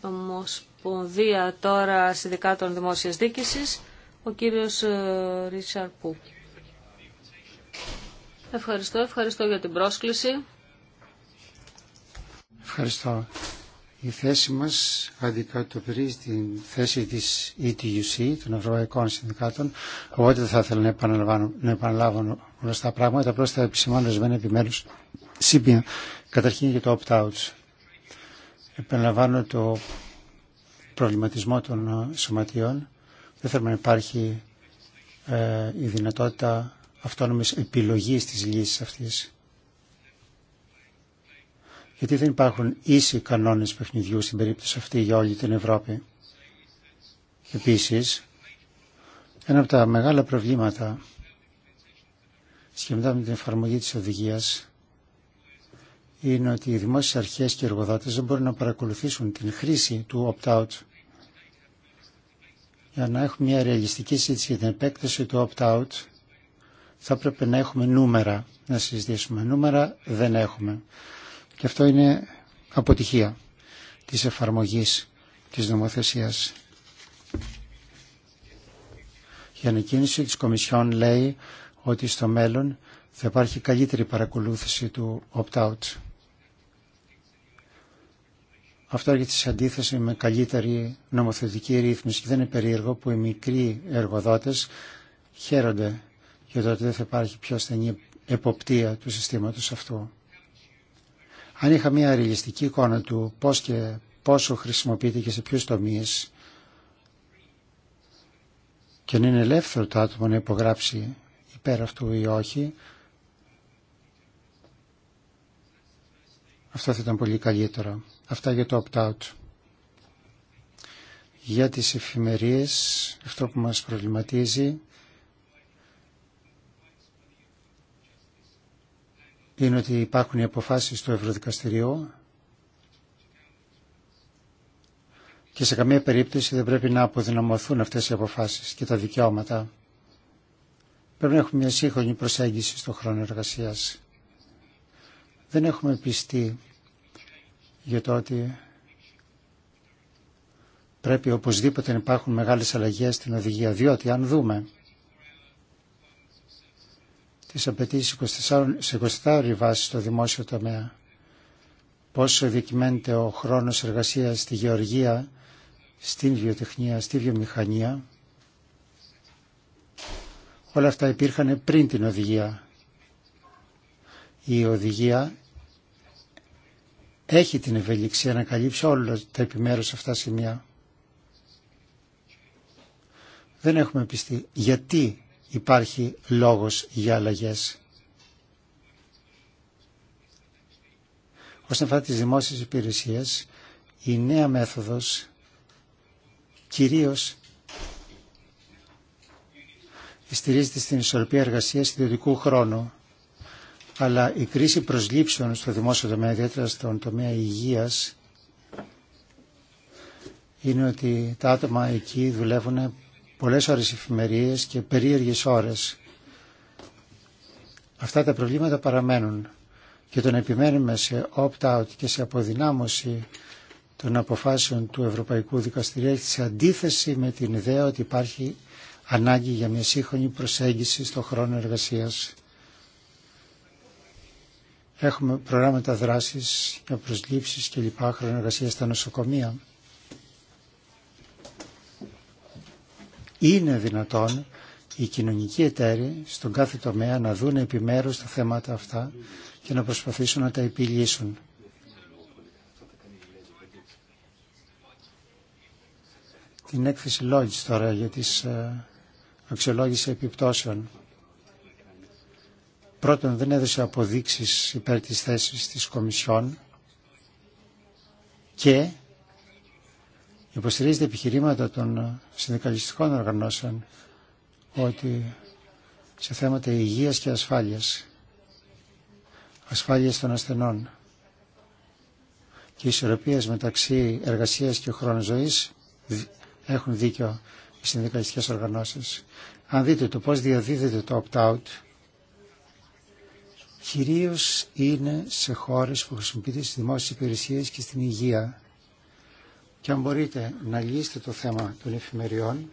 Ομοσπονδία τώρα Συνδικάτων Δημόσιας Δίκησης, ο κύριος ε, Ρίτσαρ Πού. Ευχαριστώ, ευχαριστώ για την πρόσκληση. Ευχαριστώ. Η θέση μας αντικατοπτρίζει την θέση της ETUC, των Ευρωπαϊκών Συνδικάτων, οπότε δεν θα ήθελα να επαναλάβω, να επαναλάβω όλα αυτά τα πράγματα, απλώς θα επισημάνω ορισμένα επιμέρους σύμπια. Καταρχήν για το opt-out. Επαναλαμβάνω το προβληματισμό των σωματείων. Δεν θέλουμε να υπάρχει ε, η δυνατότητα αυτόνομης επιλογής της λύσης αυτής γιατί δεν υπάρχουν ίσοι κανόνες παιχνιδιού στην περίπτωση αυτή για όλη την Ευρώπη. Επίσης, ένα από τα μεγάλα προβλήματα σχετικά με την εφαρμογή της οδηγίας είναι ότι οι δημόσιες αρχές και οι εργοδότες δεν μπορούν να παρακολουθήσουν την χρήση του opt-out για να έχουμε μια ρεαλιστική συζήτηση για την επέκταση του opt-out θα πρέπει να έχουμε νούμερα να συζητήσουμε. Νούμερα δεν έχουμε. Και αυτό είναι αποτυχία της εφαρμογής της νομοθεσίας. Η ανακοίνωση της Κομισιόν λέει ότι στο μέλλον θα υπάρχει καλύτερη παρακολούθηση του opt-out. Αυτό έρχεται σε αντίθεση με καλύτερη νομοθετική ρύθμιση και δεν είναι περίεργο που οι μικροί εργοδότες χαίρονται για το ότι δεν θα υπάρχει πιο στενή εποπτεία του συστήματος αυτού. Αν είχα μια ρεγιστική εικόνα του πώς και πόσο χρησιμοποιείται και σε ποιους τομείς και αν είναι ελεύθερο το άτομο να υπογράψει υπέρ αυτού ή όχι, αυτό θα ήταν πολύ καλύτερο. Αυτά για το opt-out. Για τις εφημερίες, αυτό που μας προβληματίζει είναι ότι υπάρχουν οι αποφάσεις του Ευρωδικαστηρίου και σε καμία περίπτωση δεν πρέπει να αποδυναμωθούν αυτές οι αποφάσεις και τα δικαιώματα. Πρέπει να έχουμε μια σύγχρονη προσέγγιση στο χρόνο εργασίας. Δεν έχουμε πιστεί για το ότι πρέπει οπωσδήποτε να υπάρχουν μεγάλες αλλαγές στην οδηγία, διότι αν δούμε τις απαιτήσει σε 24 βάση στο δημόσιο τομέα. Πόσο δικημένεται ο χρόνος εργασίας στη γεωργία, στην βιοτεχνία, στη βιομηχανία. Όλα αυτά υπήρχαν πριν την οδηγία. Η οδηγία έχει την ευελιξία να καλύψει όλα τα επιμέρους αυτά σημεία. Δεν έχουμε πιστεί γιατί υπάρχει λόγος για αλλαγές. Όσον αφορά τις δημόσιες υπηρεσίες, η νέα μέθοδος κυρίως στηρίζεται στην ισορροπία εργασία ιδιωτικού χρόνου. Αλλά η κρίση προσλήψεων στο δημόσιο τομέα, ιδιαίτερα στον τομέα υγείας, είναι ότι τα άτομα εκεί δουλεύουν πολλές ώρες εφημερίες και περίεργες ώρες. Αυτά τα προβλήματα παραμένουν και τον επιμένουμε σε opt-out και σε αποδυνάμωση των αποφάσεων του Ευρωπαϊκού Δικαστηρίου σε αντίθεση με την ιδέα ότι υπάρχει ανάγκη για μια σύγχρονη προσέγγιση στον χρόνο εργασίας. Έχουμε προγράμματα δράσης για προσλήψεις και λοιπά χρόνο εργασίας στα νοσοκομεία. είναι δυνατόν οι κοινωνικοί εταίροι στον κάθε τομέα να δουν επιμέρους τα θέματα αυτά και να προσπαθήσουν να τα επιλύσουν. Την έκθεση Lloyds τώρα για τις ε, αξιολόγηση επιπτώσεων. Πρώτον, δεν έδωσε αποδείξεις υπέρ της θέσης της Κομισιόν και Υποστηρίζεται επιχειρήματα των συνδικαλιστικών οργανώσεων ότι σε θέματα υγείας και ασφάλειας, ασφάλειας των ασθενών και ισορροπίας μεταξύ εργασίας και χρόνου ζωής έχουν δίκιο οι συνδικαλιστικές οργανώσεις. Αν δείτε το πώς διαδίδεται το opt-out, κυρίως είναι σε χώρες που χρησιμοποιείται στις δημόσιες υπηρεσίες και στην υγεία και αν μπορείτε να λύσετε το θέμα των εφημεριών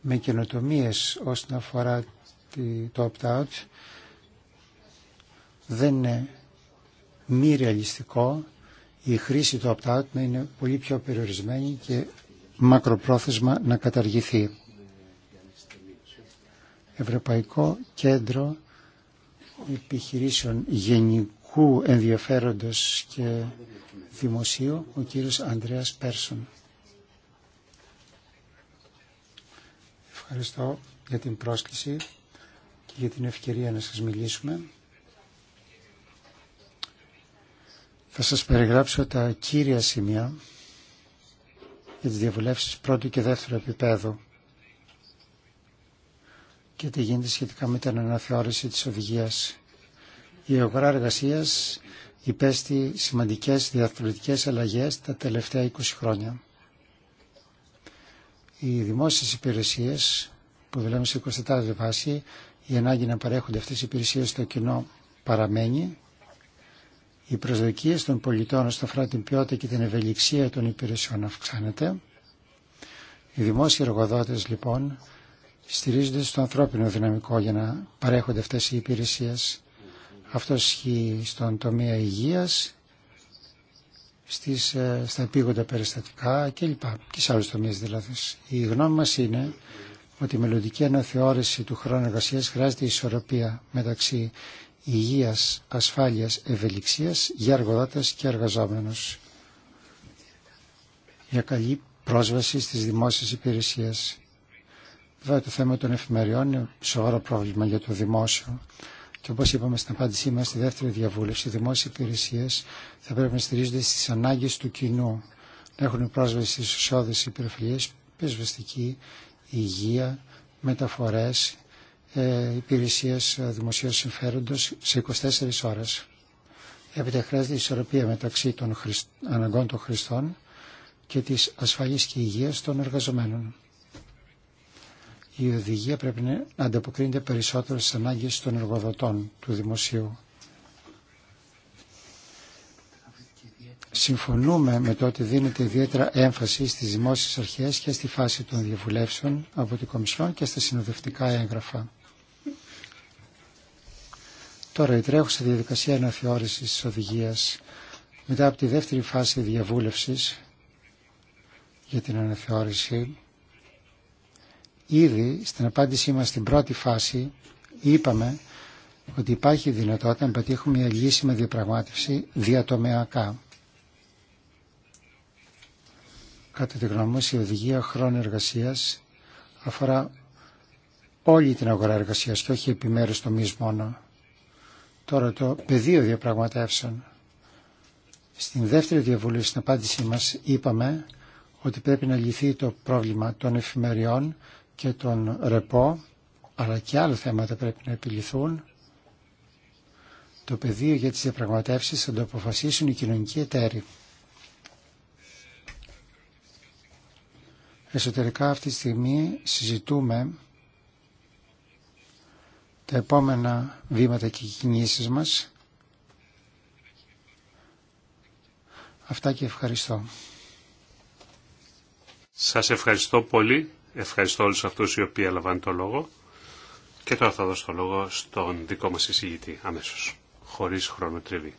με καινοτομίες όσον αφορά το opt-out δεν είναι μη ρεαλιστικό η χρήση του opt-out να είναι πολύ πιο περιορισμένη και μακροπρόθεσμα να καταργηθεί. Ευρωπαϊκό Κέντρο Επιχειρήσεων Γενικού κου ενδιαφέροντος και δημοσίου, ο κύριος Ανδρέας Πέρσον. Ευχαριστώ για την πρόσκληση και για την ευκαιρία να σας μιλήσουμε. Θα σας περιγράψω τα κύρια σημεία για τις διαβουλεύσεις πρώτου και δεύτερου επίπεδου και τι γίνεται σχετικά με την αναθεώρηση της οδηγίας η αγορά εργασία υπέστη σημαντικέ διαρθρωτικέ αλλαγέ τα τελευταία 20 χρόνια. Οι δημόσιε υπηρεσίε που δουλεύουν σε 24 βάση, η ανάγκη να παρέχονται αυτέ οι υπηρεσίε στο κοινό παραμένει. Οι προσδοκίε των πολιτών στο αφορά την ποιότητα και την ευελιξία των υπηρεσιών αυξάνεται. Οι δημόσιοι εργοδότε λοιπόν στηρίζονται στο ανθρώπινο δυναμικό για να παρέχονται αυτέ οι υπηρεσίε. Αυτό ισχύει στον τομέα υγείας, στις, ε, στα επίγοντα περιστατικά κλπ. Και σε άλλους τομείς δηλαδή. Η γνώμη μας είναι ότι η μελλοντική αναθεώρηση του χρόνου εργασία χρειάζεται ισορροπία μεταξύ υγείας, ασφάλειας, ευελιξίας για εργοδότες και εργαζόμενους για καλή πρόσβαση στις δημόσιες υπηρεσίες. Βέβαια το θέμα των εφημεριών είναι σοβαρό πρόβλημα για το δημόσιο. Και όπω είπαμε στην απάντησή μα στη δεύτερη διαβούλευση, οι δημόσιε υπηρεσίε θα πρέπει να στηρίζονται στι ανάγκε του κοινού, να έχουν πρόσβαση στι ουσιώδει υπηρεσίε, πεσβεστική, υγεία, μεταφορέ, ε, υπηρεσίε ε, δημοσίου συμφέροντο σε 24 ώρε. Έπειτα χρειάζεται ισορροπία μεταξύ των αναγκών των χρηστών και τη ασφαλή και υγεία των εργαζομένων η οδηγία πρέπει να ανταποκρίνεται περισσότερο στις ανάγκες των εργοδοτών του δημοσίου. Συμφωνούμε με το ότι δίνεται ιδιαίτερα έμφαση στις δημόσιες αρχές και στη φάση των διαβουλεύσεων από την Κομισιόν και στα συνοδευτικά έγγραφα. Τώρα η τρέχουσα διαδικασία αναθεώρησης της οδηγίας μετά από τη δεύτερη φάση διαβούλευσης για την αναθεώρηση Ήδη στην απάντησή μας στην πρώτη φάση είπαμε ότι υπάρχει δυνατότητα να πετύχουμε μια λύση με διαπραγμάτευση διατομεακά. Κατά τη γνώμη η οδηγία χρόνου εργασίας αφορά όλη την αγορά εργασίας και όχι επιμέρους τομείς μόνο. Τώρα το πεδίο διαπραγματεύσεων. Στην δεύτερη διαβούλευση στην απάντησή μας είπαμε ότι πρέπει να λυθεί το πρόβλημα των εφημεριών και τον ρεπό, αλλά και άλλα θέματα πρέπει να επιληθούν. Το πεδίο για τις διαπραγματεύσεις θα το αποφασίσουν οι κοινωνικοί εταίροι. Εσωτερικά αυτή τη στιγμή συζητούμε τα επόμενα βήματα και κινήσεις μας. Αυτά και ευχαριστώ. Σας ευχαριστώ πολύ. Ευχαριστώ όλους αυτούς οι οποίοι έλαβαν το λόγο. Και τώρα θα δώσω το λόγο στον δικό μας εισηγητή αμέσως, χωρίς χρονοτριβή.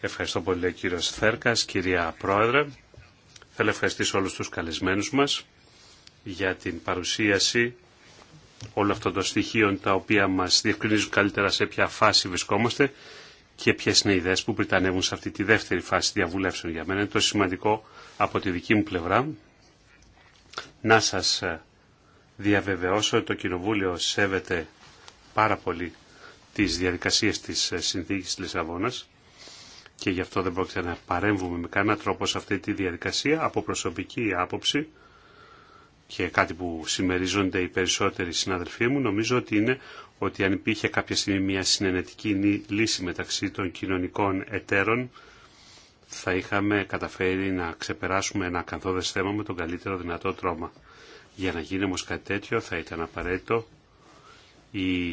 Ευχαριστώ πολύ κύριος Θέρκας, κυρία Πρόεδρε. Θέλω να ευχαριστήσω όλους τους καλεσμένους μας για την παρουσίαση όλων αυτών των στοιχείων τα οποία μας διευκρινίζουν καλύτερα σε ποια φάση βρισκόμαστε και ποιες είναι οι ιδέες που πριτανεύουν σε αυτή τη δεύτερη φάση διαβουλεύσεων για μένα. Είναι το σημαντικό από τη δική μου πλευρά να σας ε, διαβεβαιώσω ότι το Κοινοβούλιο σέβεται πάρα πολύ τις διαδικασίες της ε, Συνθήκης της Λισαβόνας και γι' αυτό δεν πρόκειται να παρέμβουμε με κανένα τρόπο σε αυτή τη διαδικασία από προσωπική άποψη και κάτι που συμμερίζονται οι περισσότεροι συναδελφοί μου, νομίζω ότι είναι ότι αν υπήρχε κάποια στιγμή μια συνενετική λύση μεταξύ των κοινωνικών εταίρων θα είχαμε καταφέρει να ξεπεράσουμε ένα ακαθόδες θέμα με τον καλύτερο δυνατό τρόμα. Για να γίνει όμω κάτι τέτοιο θα ήταν απαραίτητο οι,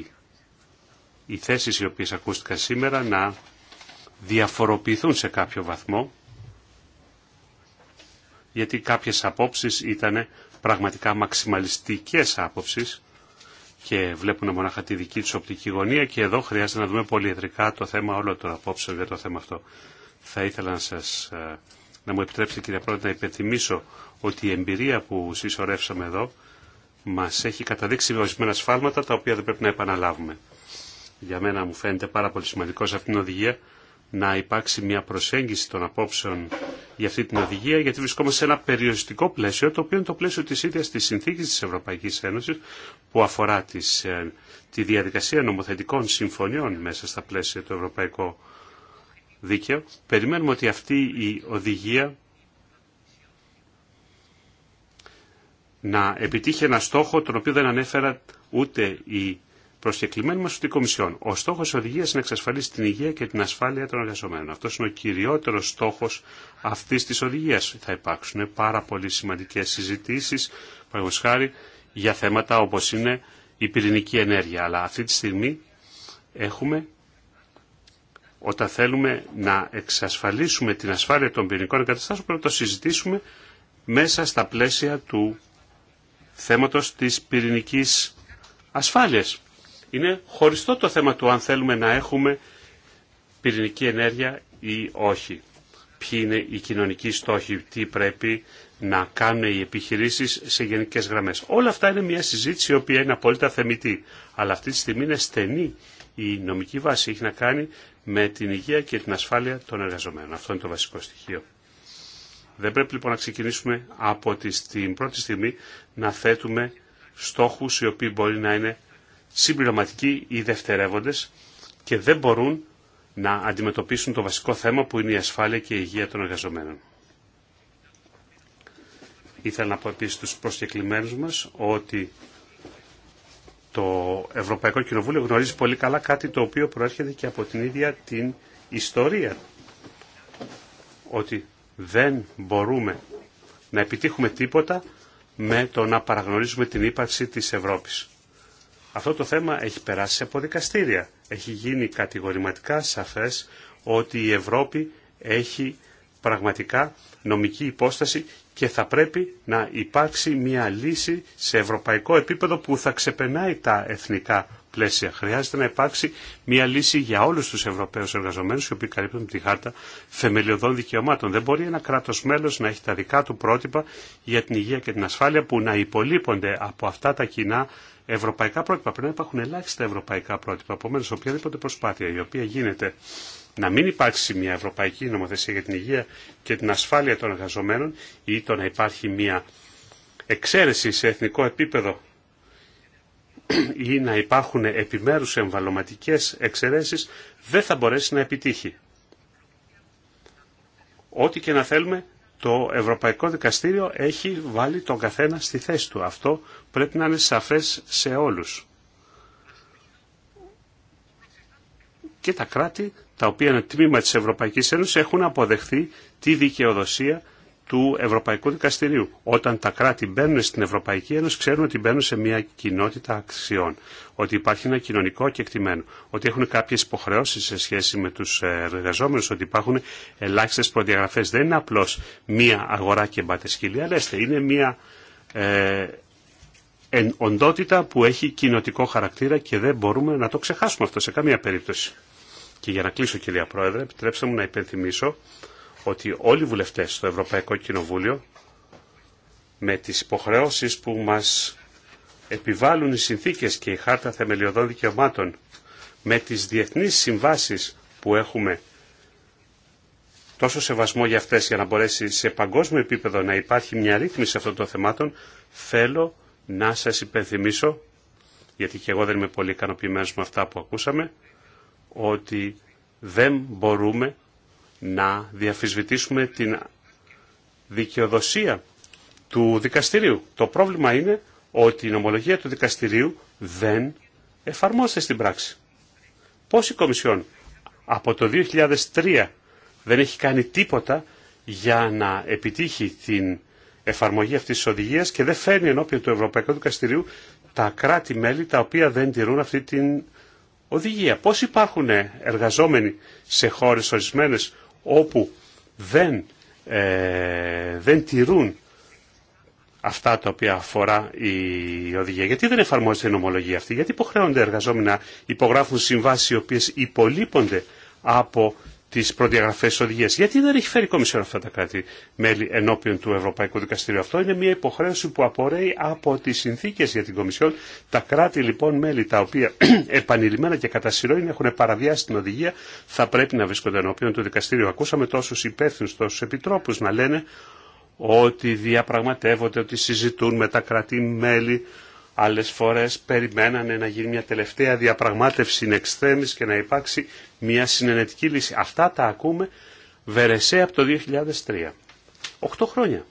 οι θέσεις οι οποίες ακούστηκαν σήμερα να διαφοροποιηθούν σε κάποιο βαθμό γιατί κάποιες απόψεις ήταν πραγματικά μαξιμαλιστικές άποψεις και βλέπουν μονάχα τη δική τους οπτική γωνία και εδώ χρειάζεται να δούμε πολυεδρικά το θέμα όλο των απόψεων για το θέμα αυτό. Θα ήθελα να σας ε, να μου επιτρέψετε κύριε Πρόεδρε να υπενθυμίσω ότι η εμπειρία που συσσωρεύσαμε εδώ μας έχει καταδείξει ορισμένα σφάλματα τα οποία δεν πρέπει να επαναλάβουμε. Για μένα μου φαίνεται πάρα πολύ σημαντικό σε αυτήν την οδηγία να υπάρξει μια προσέγγιση των απόψεων για αυτή την οδηγία, γιατί βρισκόμαστε σε ένα περιοριστικό πλαίσιο, το οποίο είναι το πλαίσιο της ίδιας της συνθήκης της Ευρωπαϊκής Ένωσης, που αφορά τις, ε, τη διαδικασία νομοθετικών συμφωνιών μέσα στα πλαίσια του Ευρωπαϊκού δίκαιο. Περιμένουμε ότι αυτή η οδηγία να επιτύχει ένα στόχο τον οποίο δεν ανέφερα ούτε η προσκεκλημένη μας ούτε η Κομισιόν. Ο στόχος της οδηγίας είναι να εξασφαλίσει την υγεία και την ασφάλεια των εργαζομένων. Αυτός είναι ο κυριότερος στόχος αυτής της οδηγίας. Θα υπάρξουν πάρα πολύ σημαντικές συζητήσεις, χάρη, για θέματα όπως είναι η πυρηνική ενέργεια. Αλλά αυτή τη στιγμή έχουμε όταν θέλουμε να εξασφαλίσουμε την ασφάλεια των πυρηνικών εγκαταστάσεων πρέπει να το συζητήσουμε μέσα στα πλαίσια του θέματος της πυρηνικής ασφάλειας. Είναι χωριστό το θέμα του αν θέλουμε να έχουμε πυρηνική ενέργεια ή όχι. Ποιοι είναι οι κοινωνικοί στόχοι, τι πρέπει να κάνουν οι επιχειρήσεις σε γενικές γραμμές. Όλα αυτά είναι μια συζήτηση η οποία είναι απόλυτα θεμητή. Αλλά αυτή τη στιγμή είναι στενή η νομική βάση. Έχει να κάνει με την υγεία και την ασφάλεια των εργαζομένων. Αυτό είναι το βασικό στοιχείο. Δεν πρέπει λοιπόν να ξεκινήσουμε από την πρώτη στιγμή να θέτουμε στόχους οι οποίοι μπορεί να είναι συμπληρωματικοί ή δευτερεύοντες και δεν μπορούν να αντιμετωπίσουν το βασικό θέμα που είναι η ασφάλεια και η υγεία των εργαζομένων. Ήθελα να πω επίσης στους προσκεκλημένους μας ότι το Ευρωπαϊκό Κοινοβούλιο γνωρίζει πολύ καλά κάτι το οποίο προέρχεται και από την ίδια την ιστορία. Ότι δεν μπορούμε να επιτύχουμε τίποτα με το να παραγνωρίζουμε την ύπαρξη της Ευρώπης. Αυτό το θέμα έχει περάσει από δικαστήρια. Έχει γίνει κατηγορηματικά σαφές ότι η Ευρώπη έχει πραγματικά νομική υπόσταση και θα πρέπει να υπάρξει μια λύση σε ευρωπαϊκό επίπεδο που θα ξεπερνάει τα εθνικά πλαίσια. Χρειάζεται να υπάρξει μια λύση για όλους τους Ευρωπαίους εργαζομένους οι οποίοι καλύπτουν τη χάρτα θεμελιωδών δικαιωμάτων. Δεν μπορεί ένα κράτος μέλος να έχει τα δικά του πρότυπα για την υγεία και την ασφάλεια που να υπολείπονται από αυτά τα κοινά ευρωπαϊκά πρότυπα. Πρέπει να υπάρχουν ελάχιστα ευρωπαϊκά πρότυπα. Επομένω, οποιαδήποτε προσπάθεια η οποία γίνεται να μην υπάρξει μια ευρωπαϊκή νομοθεσία για την υγεία και την ασφάλεια των εργαζομένων ή το να υπάρχει μια εξαίρεση σε εθνικό επίπεδο ή να υπάρχουν επιμέρους εμβαλωματικές εξαιρέσεις δεν θα μπορέσει να επιτύχει. Ό,τι και να θέλουμε, το Ευρωπαϊκό Δικαστήριο έχει βάλει τον καθένα στη θέση του. Αυτό πρέπει να είναι σαφές σε όλους. Και τα κράτη τα οποία είναι τμήμα της Ευρωπαϊκής Ένωσης, έχουν αποδεχθεί τη δικαιοδοσία του Ευρωπαϊκού Δικαστηρίου. Όταν τα κράτη μπαίνουν στην Ευρωπαϊκή Ένωση, ξέρουν ότι μπαίνουν σε μια κοινότητα αξιών. Ότι υπάρχει ένα κοινωνικό κεκτημένο. Ότι έχουν κάποιε υποχρεώσει σε σχέση με του ε, εργαζόμενου. Ότι υπάρχουν ελάχιστε προδιαγραφέ. Δεν είναι απλώ μια αγορά και μπάτε σκυλία, Λέστε, είναι μια ε, εν, οντότητα που έχει κοινοτικό χαρακτήρα και δεν μπορούμε να το ξεχάσουμε αυτό σε καμία περίπτωση. Και για να κλείσω κυρία Πρόεδρε, επιτρέψτε μου να υπενθυμίσω ότι όλοι οι βουλευτές στο Ευρωπαϊκό Κοινοβούλιο με τις υποχρεώσεις που μας επιβάλλουν οι συνθήκες και η Χάρτα Θεμελιωδών Δικαιωμάτων με τις διεθνείς συμβάσεις που έχουμε τόσο σεβασμό για αυτές για να μπορέσει σε παγκόσμιο επίπεδο να υπάρχει μια ρύθμιση αυτών των θεμάτων θέλω να σας υπενθυμίσω γιατί και εγώ δεν είμαι πολύ ικανοποιημένος με αυτά που ακούσαμε ότι δεν μπορούμε να διαφυσβητήσουμε την δικαιοδοσία του δικαστηρίου. Το πρόβλημα είναι ότι η νομολογία του δικαστηρίου δεν εφαρμόζεται στην πράξη. Πώς η Κομισιόν από το 2003 δεν έχει κάνει τίποτα για να επιτύχει την εφαρμογή αυτής της οδηγίας και δεν φέρνει ενώπιον του Ευρωπαϊκού Δικαστηρίου τα κράτη-μέλη τα οποία δεν τηρούν αυτή την οδηγία. Πώς υπάρχουν ε, εργαζόμενοι σε χώρες ορισμένες όπου δεν, ε, δεν τηρούν αυτά τα οποία αφορά η οδηγία. Γιατί δεν εφαρμόζεται η νομολογία αυτή, γιατί υποχρεώνται εργαζόμενοι να υπογράφουν συμβάσεις οι οποίες υπολείπονται από τι προδιαγραφέ τη Γιατί δεν έχει φέρει η Κομισιόν αυτά τα κράτη-μέλη ενώπιον του Ευρωπαϊκού Δικαστηρίου. Αυτό είναι μια υποχρέωση που απορρέει από τι συνθήκε για την Κομισιόν. Τα κράτη λοιπόν-μέλη, τα οποία επανειλημμένα και κατά είναι έχουν παραβιάσει την οδηγία, θα πρέπει να βρίσκονται ενώπιον του Δικαστηρίου. Ακούσαμε τόσου υπεύθυνου, τόσου επιτρόπου να λένε ότι διαπραγματεύονται, ότι συζητούν με τα κράτη-μέλη, Άλλες φορές περιμένανε να γίνει μια τελευταία διαπραγμάτευση extremis και να υπάρξει μια συνενετική λύση. Αυτά τα ακούμε βερεσέ από το 2003. Οχτώ χρόνια.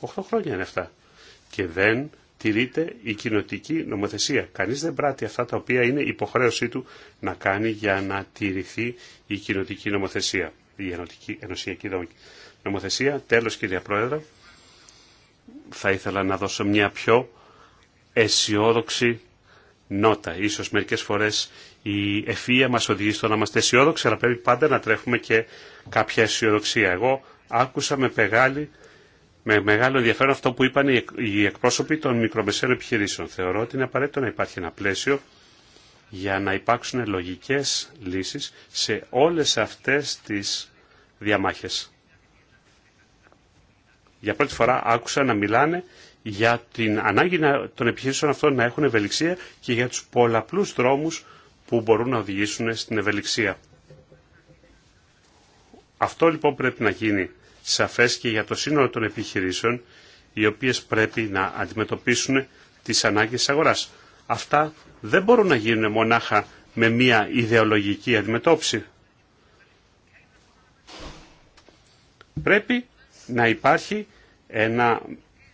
Οχτώ χρόνια είναι αυτά. Και δεν τηρείται η κοινοτική νομοθεσία. Κανείς δεν πράττει αυτά τα οποία είναι υποχρέωσή του να κάνει για να τηρηθεί η κοινοτική νομοθεσία. Η ενωτική, ενωσιακή νομοθεσία. Τέλος κυρία Πρόεδρε. θα ήθελα να δώσω μια πιο αισιόδοξη νότα. Ίσως μερικές φορές η ευφυΐα μας οδηγεί στο να είμαστε αισιόδοξοι, αλλά πρέπει πάντα να τρέχουμε και κάποια αισιοδοξία. Εγώ άκουσα με μεγάλη με μεγάλο ενδιαφέρον αυτό που είπαν οι εκπρόσωποι των μικρομεσαίων επιχειρήσεων. Θεωρώ ότι είναι απαραίτητο να υπάρχει ένα πλαίσιο για να υπάρξουν λογικές λύσεις σε όλες αυτές τις διαμάχες. Για πρώτη φορά άκουσα να μιλάνε για την ανάγκη των επιχειρήσεων αυτών να έχουν ευελιξία και για τους πολλαπλούς δρόμους που μπορούν να οδηγήσουν στην ευελιξία. Αυτό λοιπόν πρέπει να γίνει σαφές και για το σύνολο των επιχειρήσεων οι οποίες πρέπει να αντιμετωπίσουν τις ανάγκες της αγοράς. Αυτά δεν μπορούν να γίνουν μονάχα με μια ιδεολογική αντιμετώπιση. Πρέπει να υπάρχει ένα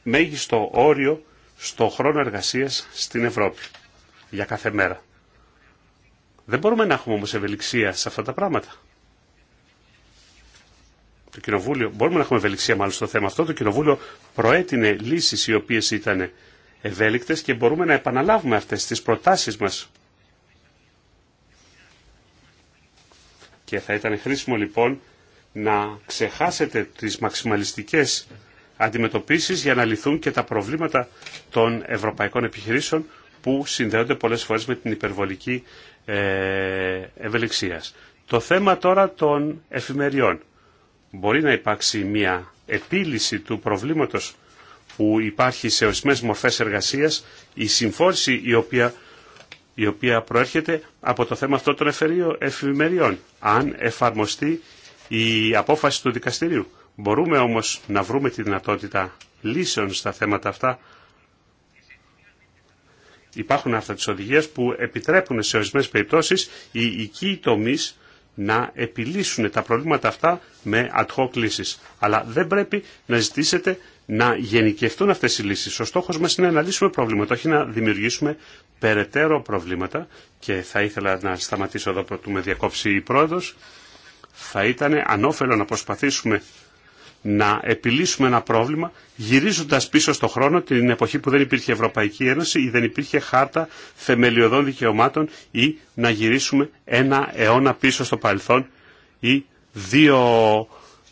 μέγιστο όριο στο χρόνο εργασίας στην Ευρώπη για κάθε μέρα. Δεν μπορούμε να έχουμε όμως ευελιξία σε αυτά τα πράγματα. Το κοινοβούλιο, μπορούμε να έχουμε ευελιξία μάλλον στο θέμα αυτό, το κοινοβούλιο προέτεινε λύσεις οι οποίες ήταν ευέλικτες και μπορούμε να επαναλάβουμε αυτές τις προτάσεις μας. Και θα ήταν χρήσιμο λοιπόν να ξεχάσετε τις μαξιμαλιστικές αντιμετωπίσεις για να λυθούν και τα προβλήματα των ευρωπαϊκών επιχειρήσεων που συνδέονται πολλές φορές με την υπερβολική ε, ευελιξία. Το θέμα τώρα των εφημεριών. Μπορεί να υπάρξει μια επίλυση του προβλήματος που υπάρχει σε ορισμένε μορφές εργασίας, η συμφόρηση η οποία, η οποία προέρχεται από το θέμα αυτό των εφημεριών, αν εφαρμοστεί η απόφαση του δικαστηρίου. Μπορούμε όμως να βρούμε τη δυνατότητα λύσεων στα θέματα αυτά. Υπάρχουν αυτά τις οδηγίες που επιτρέπουν σε ορισμένες περιπτώσεις οι οικοί τομείς να επιλύσουν τα προβλήματα αυτά με ad hoc λύσεις. Αλλά δεν πρέπει να ζητήσετε να γενικευτούν αυτές οι λύσεις. Ο στόχος μας είναι να λύσουμε προβλήματα, όχι να δημιουργήσουμε περαιτέρω προβλήματα. Και θα ήθελα να σταματήσω εδώ πρωτού με διακόψει η πρόεδρος. Θα ήταν ανώφελο να προσπαθήσουμε να επιλύσουμε ένα πρόβλημα γυρίζοντας πίσω στο χρόνο την εποχή που δεν υπήρχε Ευρωπαϊκή Ένωση ή δεν υπήρχε χάρτα θεμελιωδών δικαιωμάτων ή να γυρίσουμε ένα αιώνα πίσω στο παρελθόν ή δύο,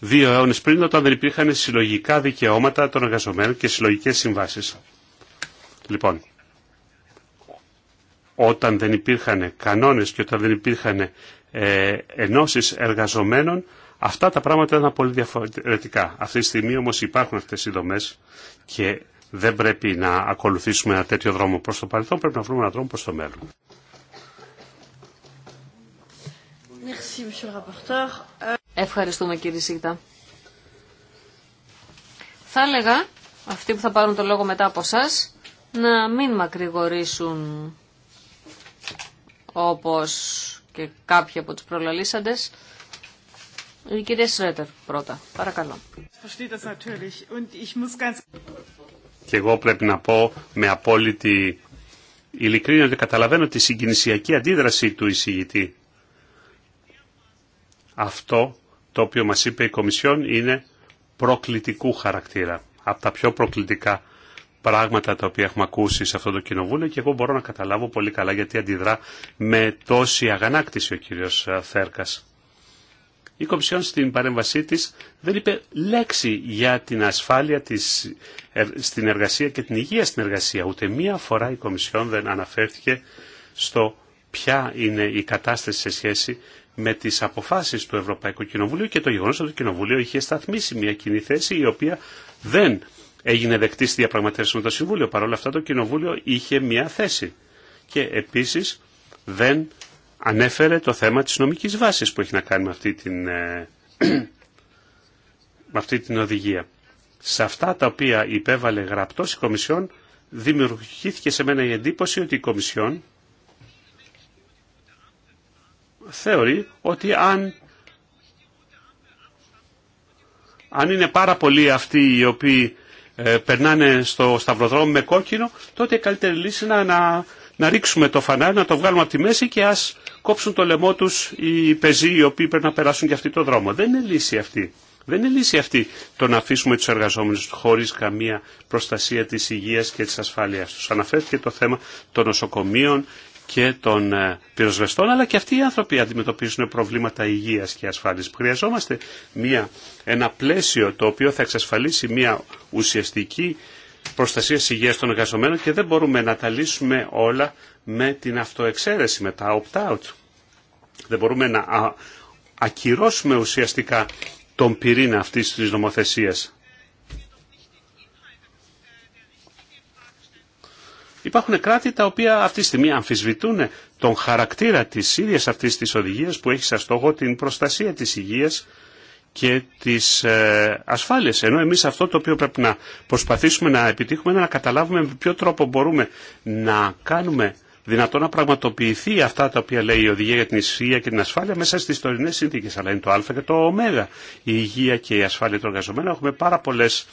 δύο αιώνες πριν όταν δεν υπήρχαν συλλογικά δικαιώματα των εργαζομένων και συλλογικές συμβάσεις. Λοιπόν, όταν δεν υπήρχαν κανόνες και όταν δεν υπήρχαν ε, ενώσεις εργαζομένων Αυτά τα πράγματα ήταν πολύ διαφορετικά. Αυτή τη στιγμή όμως υπάρχουν αυτές οι δομές και δεν πρέπει να ακολουθήσουμε ένα τέτοιο δρόμο προς το παρελθόν, πρέπει να βρούμε έναν δρόμο προς το μέλλον. Ε, Ευχαριστούμε κύριε Σίγτα. Θα έλεγα, αυτοί που θα πάρουν το λόγο μετά από εσά να μην μακρηγορήσουν όπως και κάποιοι από τους προλαλήσαντες. Η κυρία Σρέτερ πρώτα. Παρακαλώ. Και εγώ πρέπει να πω με απόλυτη ειλικρίνεια ότι καταλαβαίνω τη συγκινησιακή αντίδραση του εισηγητή. Αυτό το οποίο μας είπε η Κομισιόν είναι προκλητικού χαρακτήρα. Από τα πιο προκλητικά πράγματα τα οποία έχουμε ακούσει σε αυτό το κοινοβούλιο και εγώ μπορώ να καταλάβω πολύ καλά γιατί αντιδρά με τόση αγανάκτηση ο κύριος ε, Θέρκας. Η Κομισιόν στην παρέμβασή της δεν είπε λέξη για την ασφάλεια της, ε, στην εργασία και την υγεία στην εργασία. Ούτε μία φορά η Κομισιόν δεν αναφέρθηκε στο ποια είναι η κατάσταση σε σχέση με τις αποφάσεις του Ευρωπαϊκού Κοινοβουλίου και το γεγονός ότι το Κοινοβουλίο είχε σταθμίσει μια κοινή θέση η οποία δεν έγινε δεκτή στη διαπραγματεύση με το Συμβούλιο. Παρ' όλα αυτά το Κοινοβούλιο είχε μια θέση. Και επίσης δεν ανέφερε το θέμα της νομικής βάσης που έχει να κάνει με αυτή την, ε, με αυτή την οδηγία. Σε αυτά τα οποία υπέβαλε γραπτός η Κομισιόν, δημιουργήθηκε σε μένα η εντύπωση ότι η Κομισιόν θεωρεί ότι αν, αν είναι πάρα πολλοί αυτοί οι οποίοι ε, περνάνε στο σταυροδρόμι με κόκκινο, τότε η καλύτερη λύση είναι να, να να ρίξουμε το φανάρι, να το βγάλουμε από τη μέση και ας κόψουν το λαιμό τους οι πεζοί οι οποίοι πρέπει να περάσουν και αυτοί το δρόμο. Δεν είναι λύση αυτή. Δεν είναι λύση αυτή το να αφήσουμε τους εργαζόμενους χωρίς καμία προστασία της υγείας και της ασφάλειας τους. Αναφέρθηκε το θέμα των νοσοκομείων και των ε, πυροσβεστών, αλλά και αυτοί οι άνθρωποι αντιμετωπίζουν προβλήματα υγείας και ασφάλειας. Χρειαζόμαστε μια, ένα πλαίσιο το οποίο θα εξασφαλίσει μια ουσιαστική προστασίας υγεία των εργαζομένων και δεν μπορούμε να τα λύσουμε όλα με την αυτοεξαίρεση, με τα opt-out. Δεν μπορούμε να ακυρώσουμε ουσιαστικά τον πυρήνα αυτής της νομοθεσία. Υπάρχουν κράτη τα οποία αυτή τη στιγμή αμφισβητούν τον χαρακτήρα της ίδιας αυτής της οδηγίας που έχει σαν στόχο την προστασία της υγείας και τις ε, ασφάλειες. Ενώ εμείς αυτό το οποίο πρέπει να προσπαθήσουμε να επιτύχουμε είναι να καταλάβουμε με ποιο τρόπο μπορούμε να κάνουμε δυνατόν να πραγματοποιηθεί αυτά τα οποία λέει η οδηγία για την υγεία και την ασφάλεια μέσα στις τωρινές συνθήκες. Αλλά είναι το α και το ω. Η υγεία και η ασφάλεια των εργαζομένων έχουμε πάρα πολλές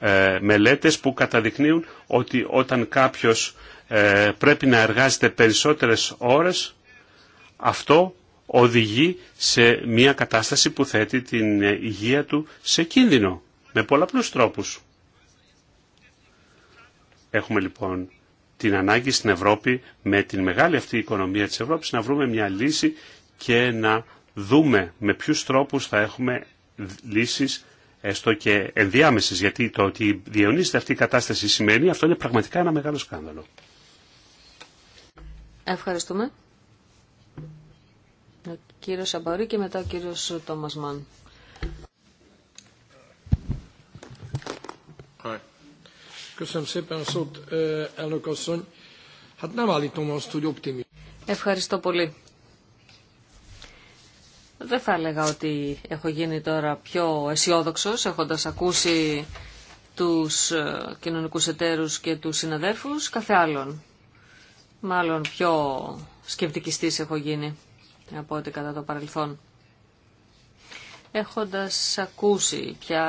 ε, μελέτες που καταδεικνύουν ότι όταν κάποιος ε, πρέπει να εργάζεται περισσότερες ώρες αυτό οδηγεί σε μια κατάσταση που θέτει την υγεία του σε κίνδυνο με πολλαπλούς τρόπους. Έχουμε λοιπόν την ανάγκη στην Ευρώπη με την μεγάλη αυτή οικονομία της Ευρώπης να βρούμε μια λύση και να δούμε με ποιους τρόπους θα έχουμε λύσεις έστω και ενδιάμεσες γιατί το ότι διαιωνίζεται αυτή η κατάσταση σημαίνει αυτό είναι πραγματικά ένα μεγάλο σκάνδαλο. Ευχαριστούμε. Ο κύριος και μετά ο κύριος Τόμας Μάν. Eh, Ευχαριστώ πολύ. Δεν θα έλεγα ότι έχω γίνει τώρα πιο αισιόδοξο έχοντας ακούσει τους ε, κοινωνικούς εταίρους και τους συναδέρφους, κάθε άλλον. Μάλλον πιο σκεπτικιστής έχω γίνει από ό,τι κατά το παρελθόν. Έχοντας ακούσει ποια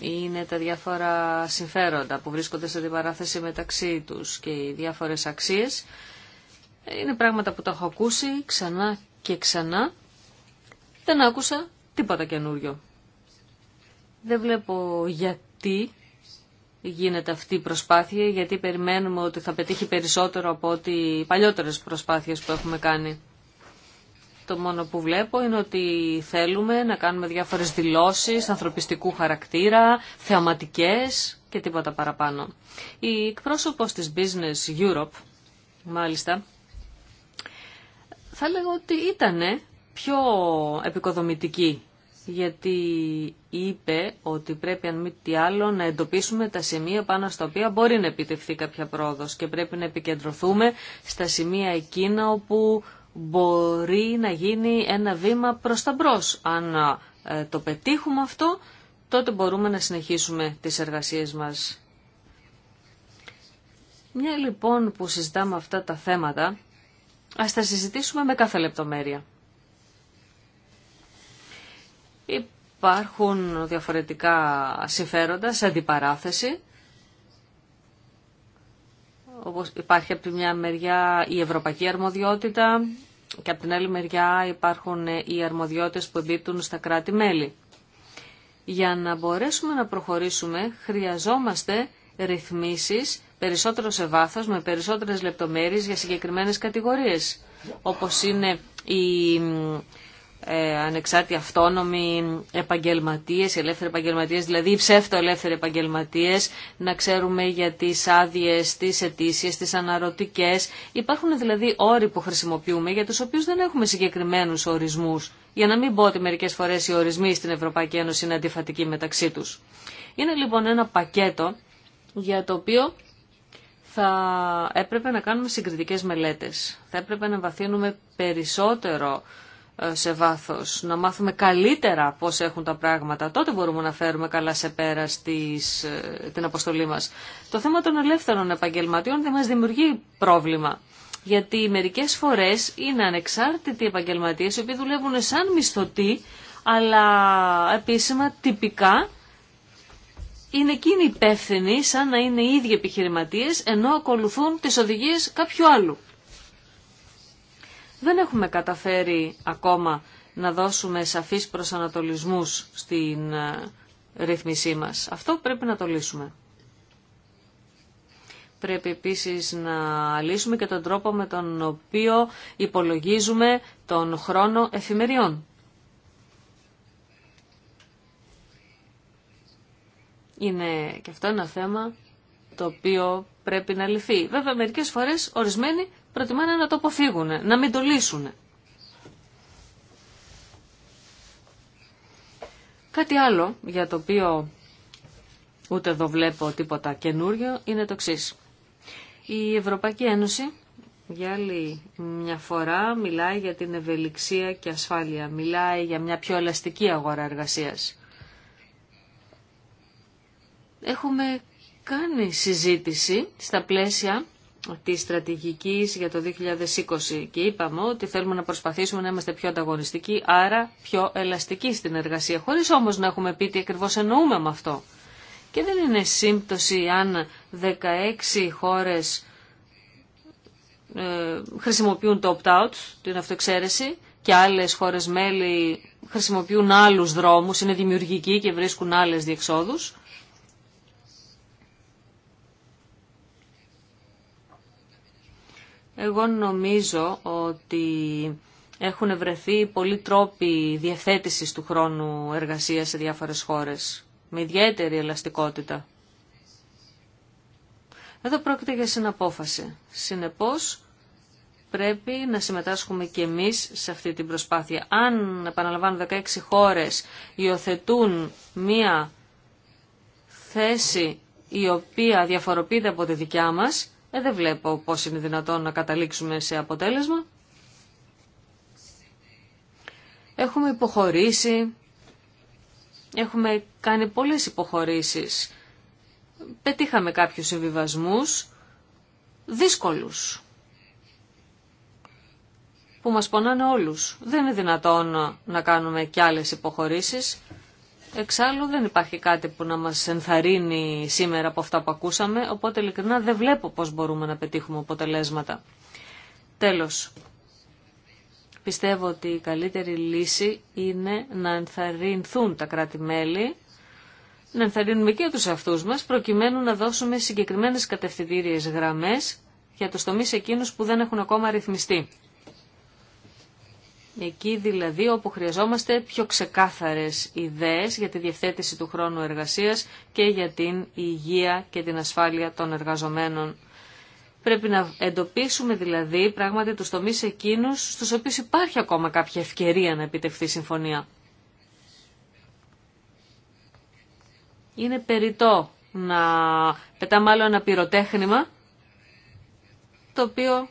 είναι τα διάφορα συμφέροντα που βρίσκονται σε αντιπαράθεση μεταξύ τους και οι διάφορες αξίες, είναι πράγματα που τα έχω ακούσει ξανά και ξανά. Δεν άκουσα τίποτα καινούριο. Δεν βλέπω γιατί γίνεται αυτή η προσπάθεια, γιατί περιμένουμε ότι θα πετύχει περισσότερο από ό,τι οι παλιότερες προσπάθειες που έχουμε κάνει. Το μόνο που βλέπω είναι ότι θέλουμε να κάνουμε διάφορες δηλώσεις ανθρωπιστικού χαρακτήρα, θεαματικές και τίποτα παραπάνω. Η εκπρόσωπος της Business Europe, μάλιστα, θα λέγω ότι ήταν πιο επικοδομητική γιατί είπε ότι πρέπει αν μη τι άλλο να εντοπίσουμε τα σημεία πάνω στα οποία μπορεί να επιτευχθεί κάποια πρόοδος και πρέπει να επικεντρωθούμε στα σημεία εκείνα όπου μπορεί να γίνει ένα βήμα προς τα μπρος. Αν ε, το πετύχουμε αυτό, τότε μπορούμε να συνεχίσουμε τις εργασίες μας. Μια λοιπόν που συζητάμε αυτά τα θέματα, ας τα συζητήσουμε με κάθε λεπτομέρεια. Υπάρχουν διαφορετικά συμφέροντα σε αντιπαράθεση. Όπως υπάρχει από τη μια μεριά η ευρωπαϊκή αρμοδιότητα, και από την άλλη μεριά υπάρχουν ε, οι αρμοδιότητες που εμπίπτουν στα κράτη-μέλη. Για να μπορέσουμε να προχωρήσουμε χρειαζόμαστε ρυθμίσεις περισσότερο σε βάθος, με περισσότερες λεπτομέρειες για συγκεκριμένες κατηγορίες, όπως είναι η ε, ανεξάρτητοι αυτόνομοι επαγγελματίες, ελεύθεροι επαγγελματίες, δηλαδή ψεύτο ελεύθεροι επαγγελματίες, να ξέρουμε για τις άδειε, τις αιτήσει, τις αναρωτικές. Υπάρχουν δηλαδή όροι που χρησιμοποιούμε για τους οποίους δεν έχουμε συγκεκριμένους ορισμούς, για να μην πω ότι μερικές φορές οι ορισμοί στην Ευρωπαϊκή Ένωση είναι αντιφατικοί μεταξύ τους. Είναι λοιπόν ένα πακέτο για το οποίο θα έπρεπε να κάνουμε συγκριτικές μελέτες. Θα έπρεπε να βαθύνουμε περισσότερο σε βάθος, να μάθουμε καλύτερα πώς έχουν τα πράγματα, τότε μπορούμε να φέρουμε καλά σε πέρα στις, ε, την αποστολή μας. Το θέμα των ελεύθερων επαγγελματιών δεν μας δημιουργεί πρόβλημα. Γιατί μερικές φορές είναι ανεξάρτητοι επαγγελματίες οι οποίοι δουλεύουν σαν μισθωτοί, αλλά επίσημα τυπικά είναι εκείνοι υπεύθυνοι σαν να είναι οι ίδιοι επιχειρηματίες, ενώ ακολουθούν τις οδηγίες κάποιου άλλου. Δεν έχουμε καταφέρει ακόμα να δώσουμε σαφείς προσανατολισμούς στην ε, ρύθμισή μας. Αυτό πρέπει να το λύσουμε. Πρέπει επίσης να λύσουμε και τον τρόπο με τον οποίο υπολογίζουμε τον χρόνο εφημεριών. Είναι και αυτό ένα θέμα το οποίο πρέπει να λυθεί. Βέβαια μερικές φορές ορισμένοι προτιμάνε να το αποφύγουν, να μην το λύσουν. Κάτι άλλο για το οποίο ούτε εδώ βλέπω τίποτα καινούριο είναι το εξή. Η Ευρωπαϊκή Ένωση για άλλη μια φορά μιλάει για την ευελιξία και ασφάλεια. Μιλάει για μια πιο ελαστική αγορά εργασίας. Έχουμε κάνει συζήτηση στα πλαίσια της στρατηγικής για το 2020 και είπαμε ότι θέλουμε να προσπαθήσουμε να είμαστε πιο ανταγωνιστικοί, άρα πιο ελαστικοί στην εργασία, χωρίς όμως να έχουμε πει τι ακριβώς εννοούμε με αυτό. Και δεν είναι σύμπτωση αν 16 χώρες ε, χρησιμοποιούν το opt-out, την αυτοεξαίρεση, και άλλες χώρες μέλη χρησιμοποιούν άλλους δρόμους, είναι δημιουργικοί και βρίσκουν άλλες διεξόδους. Εγώ νομίζω ότι έχουν βρεθεί πολλοί τρόποι διαθέτησης του χρόνου εργασίας σε διάφορες χώρες, με ιδιαίτερη ελαστικότητα. Εδώ πρόκειται για συναπόφαση. Συνεπώς, πρέπει να συμμετάσχουμε και εμείς σε αυτή την προσπάθεια. Αν, επαναλαμβάνω, 16 χώρες υιοθετούν μία θέση η οποία διαφοροποιείται από τη δικιά μας, ε, δεν βλέπω πώς είναι δυνατόν να καταλήξουμε σε αποτέλεσμα. Έχουμε υποχωρήσει, έχουμε κάνει πολλές υποχωρήσεις. Πετύχαμε κάποιους συμβιβασμούς δύσκολους που μας πονάνε όλους. Δεν είναι δυνατόν να κάνουμε κι άλλες υποχωρήσεις. Εξάλλου δεν υπάρχει κάτι που να μας ενθαρρύνει σήμερα από αυτά που ακούσαμε, οπότε ειλικρινά δεν βλέπω πώς μπορούμε να πετύχουμε αποτελέσματα. Τέλος, πιστεύω ότι η καλύτερη λύση είναι να ενθαρρυνθούν τα κράτη-μέλη, να ενθαρρύνουμε και τους αυτούς μας, προκειμένου να δώσουμε συγκεκριμένες κατευθυντήριες γραμμές για τους τομείς εκείνους που δεν έχουν ακόμα ρυθμιστεί. Εκεί δηλαδή όπου χρειαζόμαστε πιο ξεκάθαρες ιδέες για τη διευθέτηση του χρόνου εργασίας και για την υγεία και την ασφάλεια των εργαζομένων. Πρέπει να εντοπίσουμε δηλαδή πράγματι τους τομείς εκείνους στους οποίους υπάρχει ακόμα κάποια ευκαιρία να επιτευχθεί συμφωνία. Είναι περιτό να πετάμε άλλο ένα πυροτέχνημα το οποίο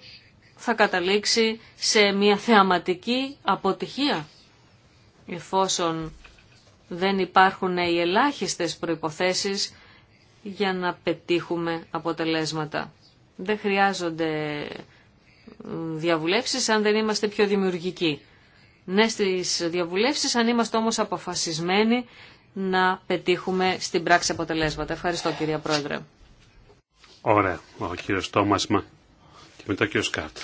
θα καταλήξει σε μια θεαματική αποτυχία εφόσον δεν υπάρχουν οι ελάχιστες προϋποθέσεις για να πετύχουμε αποτελέσματα. Δεν χρειάζονται διαβουλεύσεις αν δεν είμαστε πιο δημιουργικοί. Ναι στις διαβουλεύσεις αν είμαστε όμως αποφασισμένοι να πετύχουμε στην πράξη αποτελέσματα. Ευχαριστώ κυρία Πρόεδρε. Ωραία. Ο κύριος Τόμας μετά και ο Σκάρτ.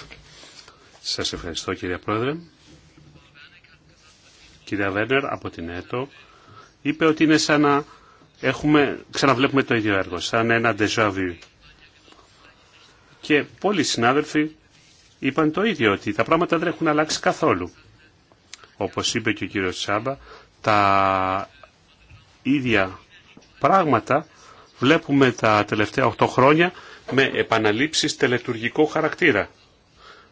Σας ευχαριστώ κύριε Πρόεδρε. Κυρία Βέρνερ από την ΕΤΟ είπε ότι είναι σαν να έχουμε, ξαναβλέπουμε το ίδιο έργο, σαν ένα déjà vu. Και πολλοί συνάδελφοι είπαν το ίδιο, ότι τα πράγματα δεν έχουν αλλάξει καθόλου. Όπως είπε και ο κύριος Σάμπα, τα ίδια πράγματα βλέπουμε τα τελευταία 8 χρόνια με επαναλήψεις τελετουργικού χαρακτήρα.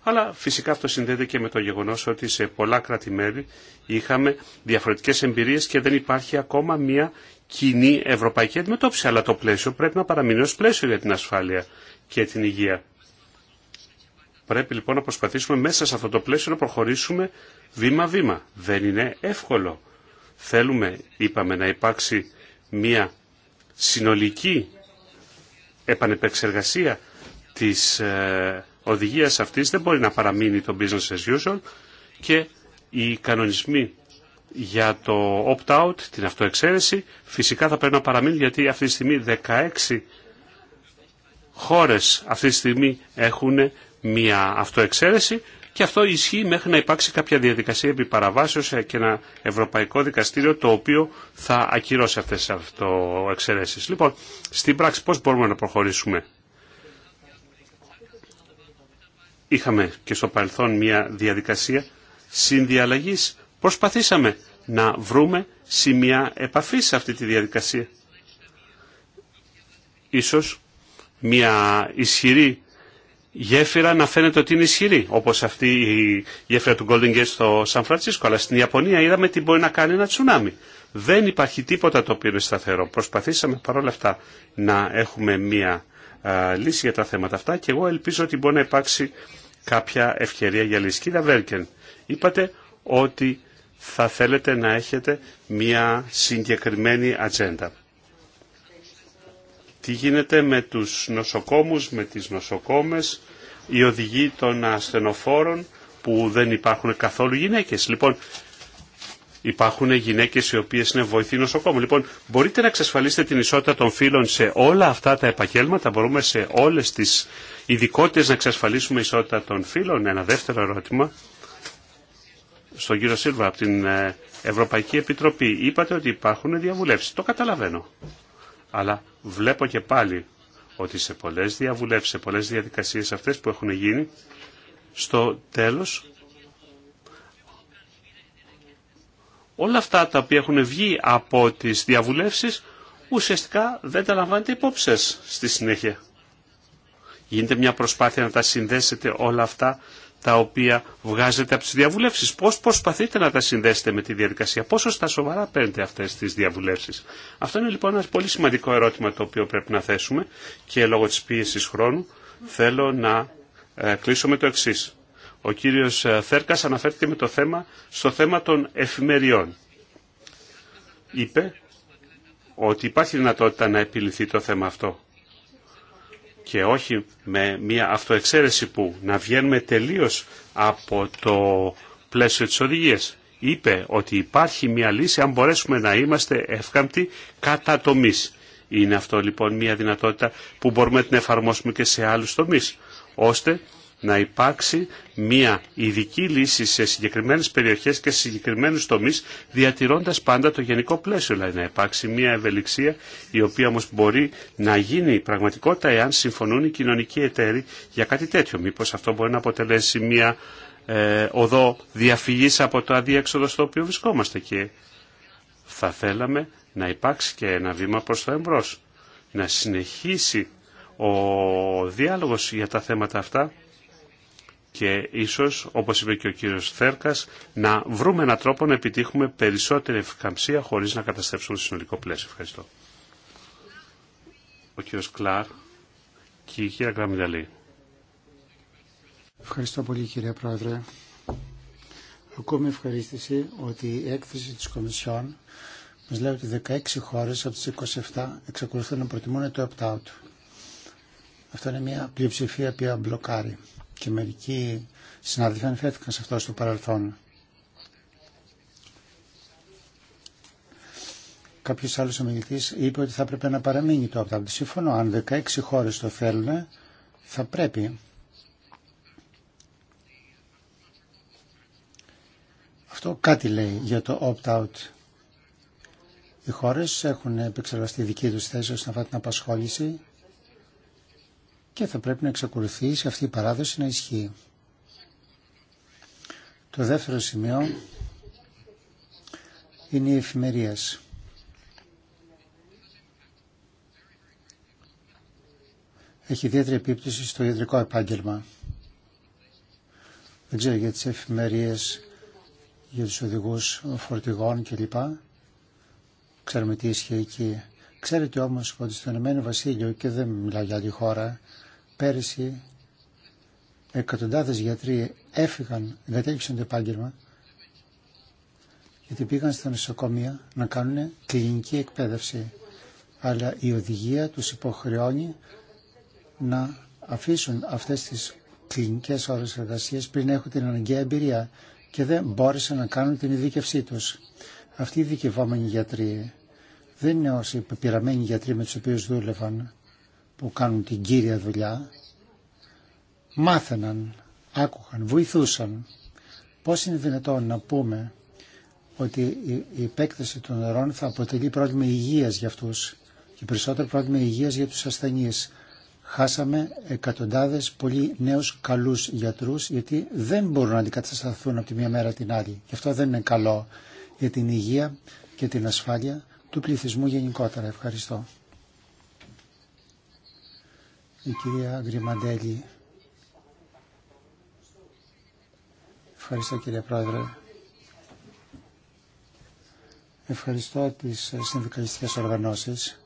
Αλλά φυσικά αυτό συνδέεται και με το γεγονός ότι σε πολλά κράτη-μέλη είχαμε διαφορετικές εμπειρίες και δεν υπάρχει ακόμα μια κοινή ευρωπαϊκή αντιμετώπιση. Αλλά το πλαίσιο πρέπει να παραμείνει ως πλαίσιο για την ασφάλεια και την υγεία. Πρέπει λοιπόν να προσπαθήσουμε μέσα σε αυτό το πλαίσιο να προχωρήσουμε βήμα-βήμα. Δεν είναι εύκολο. Θέλουμε, είπαμε, να υπάρξει μια συνολική επανεπεξεργασία της ε, οδηγίας αυτής δεν μπορεί να παραμείνει το business as usual και οι κανονισμοί για το opt-out, την αυτοεξαίρεση, φυσικά θα πρέπει να παραμείνουν γιατί αυτή τη στιγμή 16 χώρες αυτή τη στιγμή έχουν μια αυτοεξαίρεση και αυτό ισχύει μέχρι να υπάρξει κάποια διαδικασία επί παραβάσεως ε, και ένα ευρωπαϊκό δικαστήριο το οποίο θα ακυρώσει αυτές τις αυτοεξαιρέσεις. Λοιπόν, στην πράξη πώς μπορούμε να προχωρήσουμε. Είχαμε και στο παρελθόν μια διαδικασία συνδιαλλαγής. Προσπαθήσαμε να βρούμε σημεία επαφής σε αυτή τη διαδικασία. Ίσως μια ισχυρή γέφυρα να φαίνεται ότι είναι ισχυρή, όπως αυτή η γέφυρα του Golden Gate στο Σαν Φρανσίσκο, αλλά στην Ιαπωνία είδαμε τι μπορεί να κάνει ένα τσουνάμι. Δεν υπάρχει τίποτα το οποίο είναι σταθερό. Προσπαθήσαμε παρόλα αυτά να έχουμε μία λύση για τα θέματα αυτά και εγώ ελπίζω ότι μπορεί να υπάρξει κάποια ευκαιρία για λύση. Κύριε Βέρκεν, είπατε ότι θα θέλετε να έχετε μία συγκεκριμένη ατζέντα τι γίνεται με τους νοσοκόμους, με τις νοσοκόμες, οι οδηγοί των ασθενοφόρων που δεν υπάρχουν καθόλου γυναίκες. Λοιπόν, υπάρχουν γυναίκες οι οποίες είναι βοηθοί νοσοκόμου. Λοιπόν, μπορείτε να εξασφαλίσετε την ισότητα των φύλων σε όλα αυτά τα επαγγέλματα, μπορούμε σε όλες τις ειδικότητες να εξασφαλίσουμε ισότητα των φύλων. Ένα δεύτερο ερώτημα στον κύριο Σίλβα από την ε, Ευρωπαϊκή Επιτροπή. Είπατε ότι υπάρχουν διαβουλεύσεις. Το καταλαβαίνω. Αλλά βλέπω και πάλι ότι σε πολλές διαβουλεύσεις, σε πολλές διαδικασίες αυτές που έχουν γίνει, στο τέλος όλα αυτά τα οποία έχουν βγει από τις διαβουλεύσεις ουσιαστικά δεν τα λαμβάνετε υπόψη στη συνέχεια. Γίνεται μια προσπάθεια να τα συνδέσετε όλα αυτά τα οποία βγάζετε από τις διαβουλεύσεις. Πώς προσπαθείτε να τα συνδέσετε με τη διαδικασία, πόσο στα σοβαρά παίρνετε αυτές τις διαβουλεύσεις. Αυτό είναι λοιπόν ένα πολύ σημαντικό ερώτημα το οποίο πρέπει να θέσουμε και λόγω της πίεσης χρόνου θέλω να ε, κλείσω με το εξή. Ο κύριος ε, Θέρκας αναφέρθηκε με το θέμα, στο θέμα των εφημεριών. Είπε ότι υπάρχει δυνατότητα να επιληθεί το θέμα αυτό και όχι με μια αυτοεξαίρεση που να βγαίνουμε τελείως από το πλαίσιο της οδηγίας. Είπε ότι υπάρχει μια λύση αν μπορέσουμε να είμαστε εύκαμπτοι κατά τομής. Είναι αυτό λοιπόν μια δυνατότητα που μπορούμε να την εφαρμόσουμε και σε άλλους τομείς, ώστε να υπάρξει μια ειδική λύση σε συγκεκριμένες περιοχές και σε συγκεκριμένους τομείς, διατηρώντας πάντα το γενικό πλαίσιο, δηλαδή να υπάρξει μια ευελιξία η οποία όμως μπορεί να γίνει πραγματικότητα εάν συμφωνούν οι κοινωνικοί εταίροι για κάτι τέτοιο. Μήπως αυτό μπορεί να αποτελέσει μια ε, οδό διαφυγής από το αδίέξοδο στο οποίο βρισκόμαστε και θα θέλαμε να υπάρξει και ένα βήμα προς το εμπρός, να συνεχίσει ο διάλογος για τα θέματα αυτά και ίσως, όπως είπε και ο κύριος Θέρκας, να βρούμε έναν τρόπο να επιτύχουμε περισσότερη ευκαμψία χωρίς να καταστρέψουμε το συνολικό πλαίσιο. Ευχαριστώ. Ο κύριος Κλάρ και η κυρία Γραμμιδαλή. Ευχαριστώ πολύ κύριε Πρόεδρε. Ακούμε ευχαρίστηση ότι η έκθεση της Κομισιόν μας λέει ότι 16 χώρες από τις 27 εξακολουθούν να προτιμούν το opt-out. Αυτό είναι μια πλειοψηφία που μπλοκάρει και μερικοί συνάδελφοι αναφέρθηκαν σε αυτό στο παρελθόν. Κάποιος άλλος ομιλητής είπε ότι θα πρέπει να παραμείνει το opt-out. Συμφωνώ, αν 16 χώρες το θέλουν, θα πρέπει. Αυτό κάτι λέει για το opt-out. Οι χώρες έχουν επεξεργαστεί δική τους θέση ώστε να την απασχόληση και θα πρέπει να εξακολουθήσει αυτή η παράδοση να ισχύει. Το δεύτερο σημείο είναι οι εφημερίες. Έχει ιδιαίτερη επίπτωση στο ιατρικό επάγγελμα. Δεν ξέρω για τις εφημερίες, για τους οδηγούς φορτηγών κλπ. Ξέρουμε τι ισχύει εκεί. Ξέρετε όμως ότι στον Ηνωμένο Βασίλειο, και δεν μιλάω για άλλη χώρα, πέρυσι εκατοντάδες γιατροί έφυγαν, εγκατέλειψαν το επάγγελμα, γιατί πήγαν στα νοσοκομεία να κάνουν κλινική εκπαίδευση. Αλλά η οδηγία τους υποχρεώνει να αφήσουν αυτές τις κλινικές ώρες εργασίας πριν έχουν την αναγκαία εμπειρία και δεν μπόρεσαν να κάνουν την ειδίκευσή τους. Αυτοί οι δικαιωμένοι γιατροί δεν είναι όσοι πειραμένοι γιατροί με τους οποίους δούλευαν που κάνουν την κύρια δουλειά. Μάθαιναν, άκουχαν, βοηθούσαν. Πώς είναι δυνατόν να πούμε ότι η επέκταση των νερών θα αποτελεί πρόβλημα υγείας για αυτούς και περισσότερο πρόβλημα υγείας για τους ασθενείς. Χάσαμε εκατοντάδες πολύ νέους καλούς γιατρούς γιατί δεν μπορούν να αντικατασταθούν από τη μία μέρα την άλλη. Γι' αυτό δεν είναι καλό για την υγεία και την ασφάλεια του πληθυσμού γενικότερα. Ευχαριστώ. Η κυρία Γκριμαντέλη. Ευχαριστώ κύριε Πρόεδρε. Ευχαριστώ τις ε, συνδικαλιστικές οργανώσεις.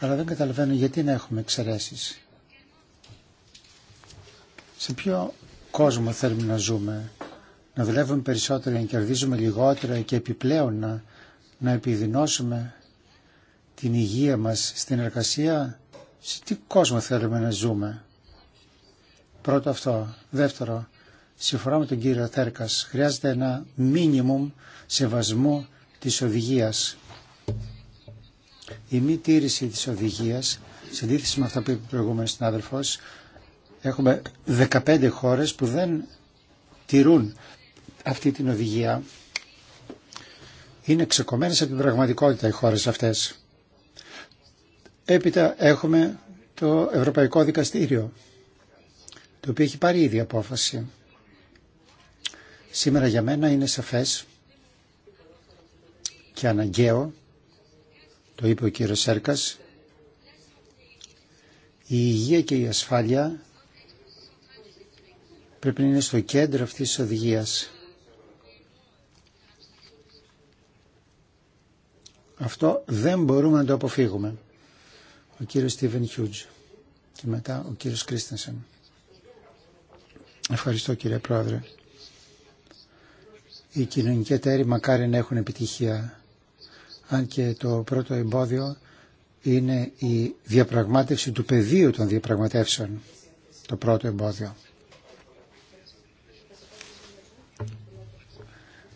Αλλά δεν καταλαβαίνω γιατί να έχουμε εξαιρέσει. Σε ποιο κόσμο θέλουμε να ζούμε. Να δουλεύουμε περισσότερο, να κερδίζουμε λιγότερα και επιπλέον να να επιδεινώσουμε την υγεία μας στην εργασία, σε τι κόσμο θέλουμε να ζούμε. Πρώτο αυτό. Δεύτερο, συμφωνώ με τον κύριο Θέρκας, χρειάζεται ένα μίνιμουμ σεβασμού της οδηγίας. Η μη τήρηση της οδηγίας, σε αντίθεση με αυτά που είπε ο προηγούμενος συνάδελφος, έχουμε 15 χώρες που δεν τηρούν αυτή την οδηγία είναι ξεκομμένες από την πραγματικότητα οι χώρες αυτές. Έπειτα έχουμε το Ευρωπαϊκό Δικαστήριο, το οποίο έχει πάρει ήδη απόφαση. Σήμερα για μένα είναι σαφές και αναγκαίο, το είπε ο κύριος Σέρκας, η υγεία και η ασφάλεια πρέπει να είναι στο κέντρο αυτής της οδηγίας. Αυτό δεν μπορούμε να το αποφύγουμε. Ο κύριος Στίβεν Χιούτζ και μετά ο κύριος Κρίστενσεν. Ευχαριστώ κύριε Πρόεδρε. Οι κοινωνικοί εταίροι μακάρι να έχουν επιτυχία. Αν και το πρώτο εμπόδιο είναι η διαπραγμάτευση του πεδίου των διαπραγματεύσεων. Το πρώτο εμπόδιο.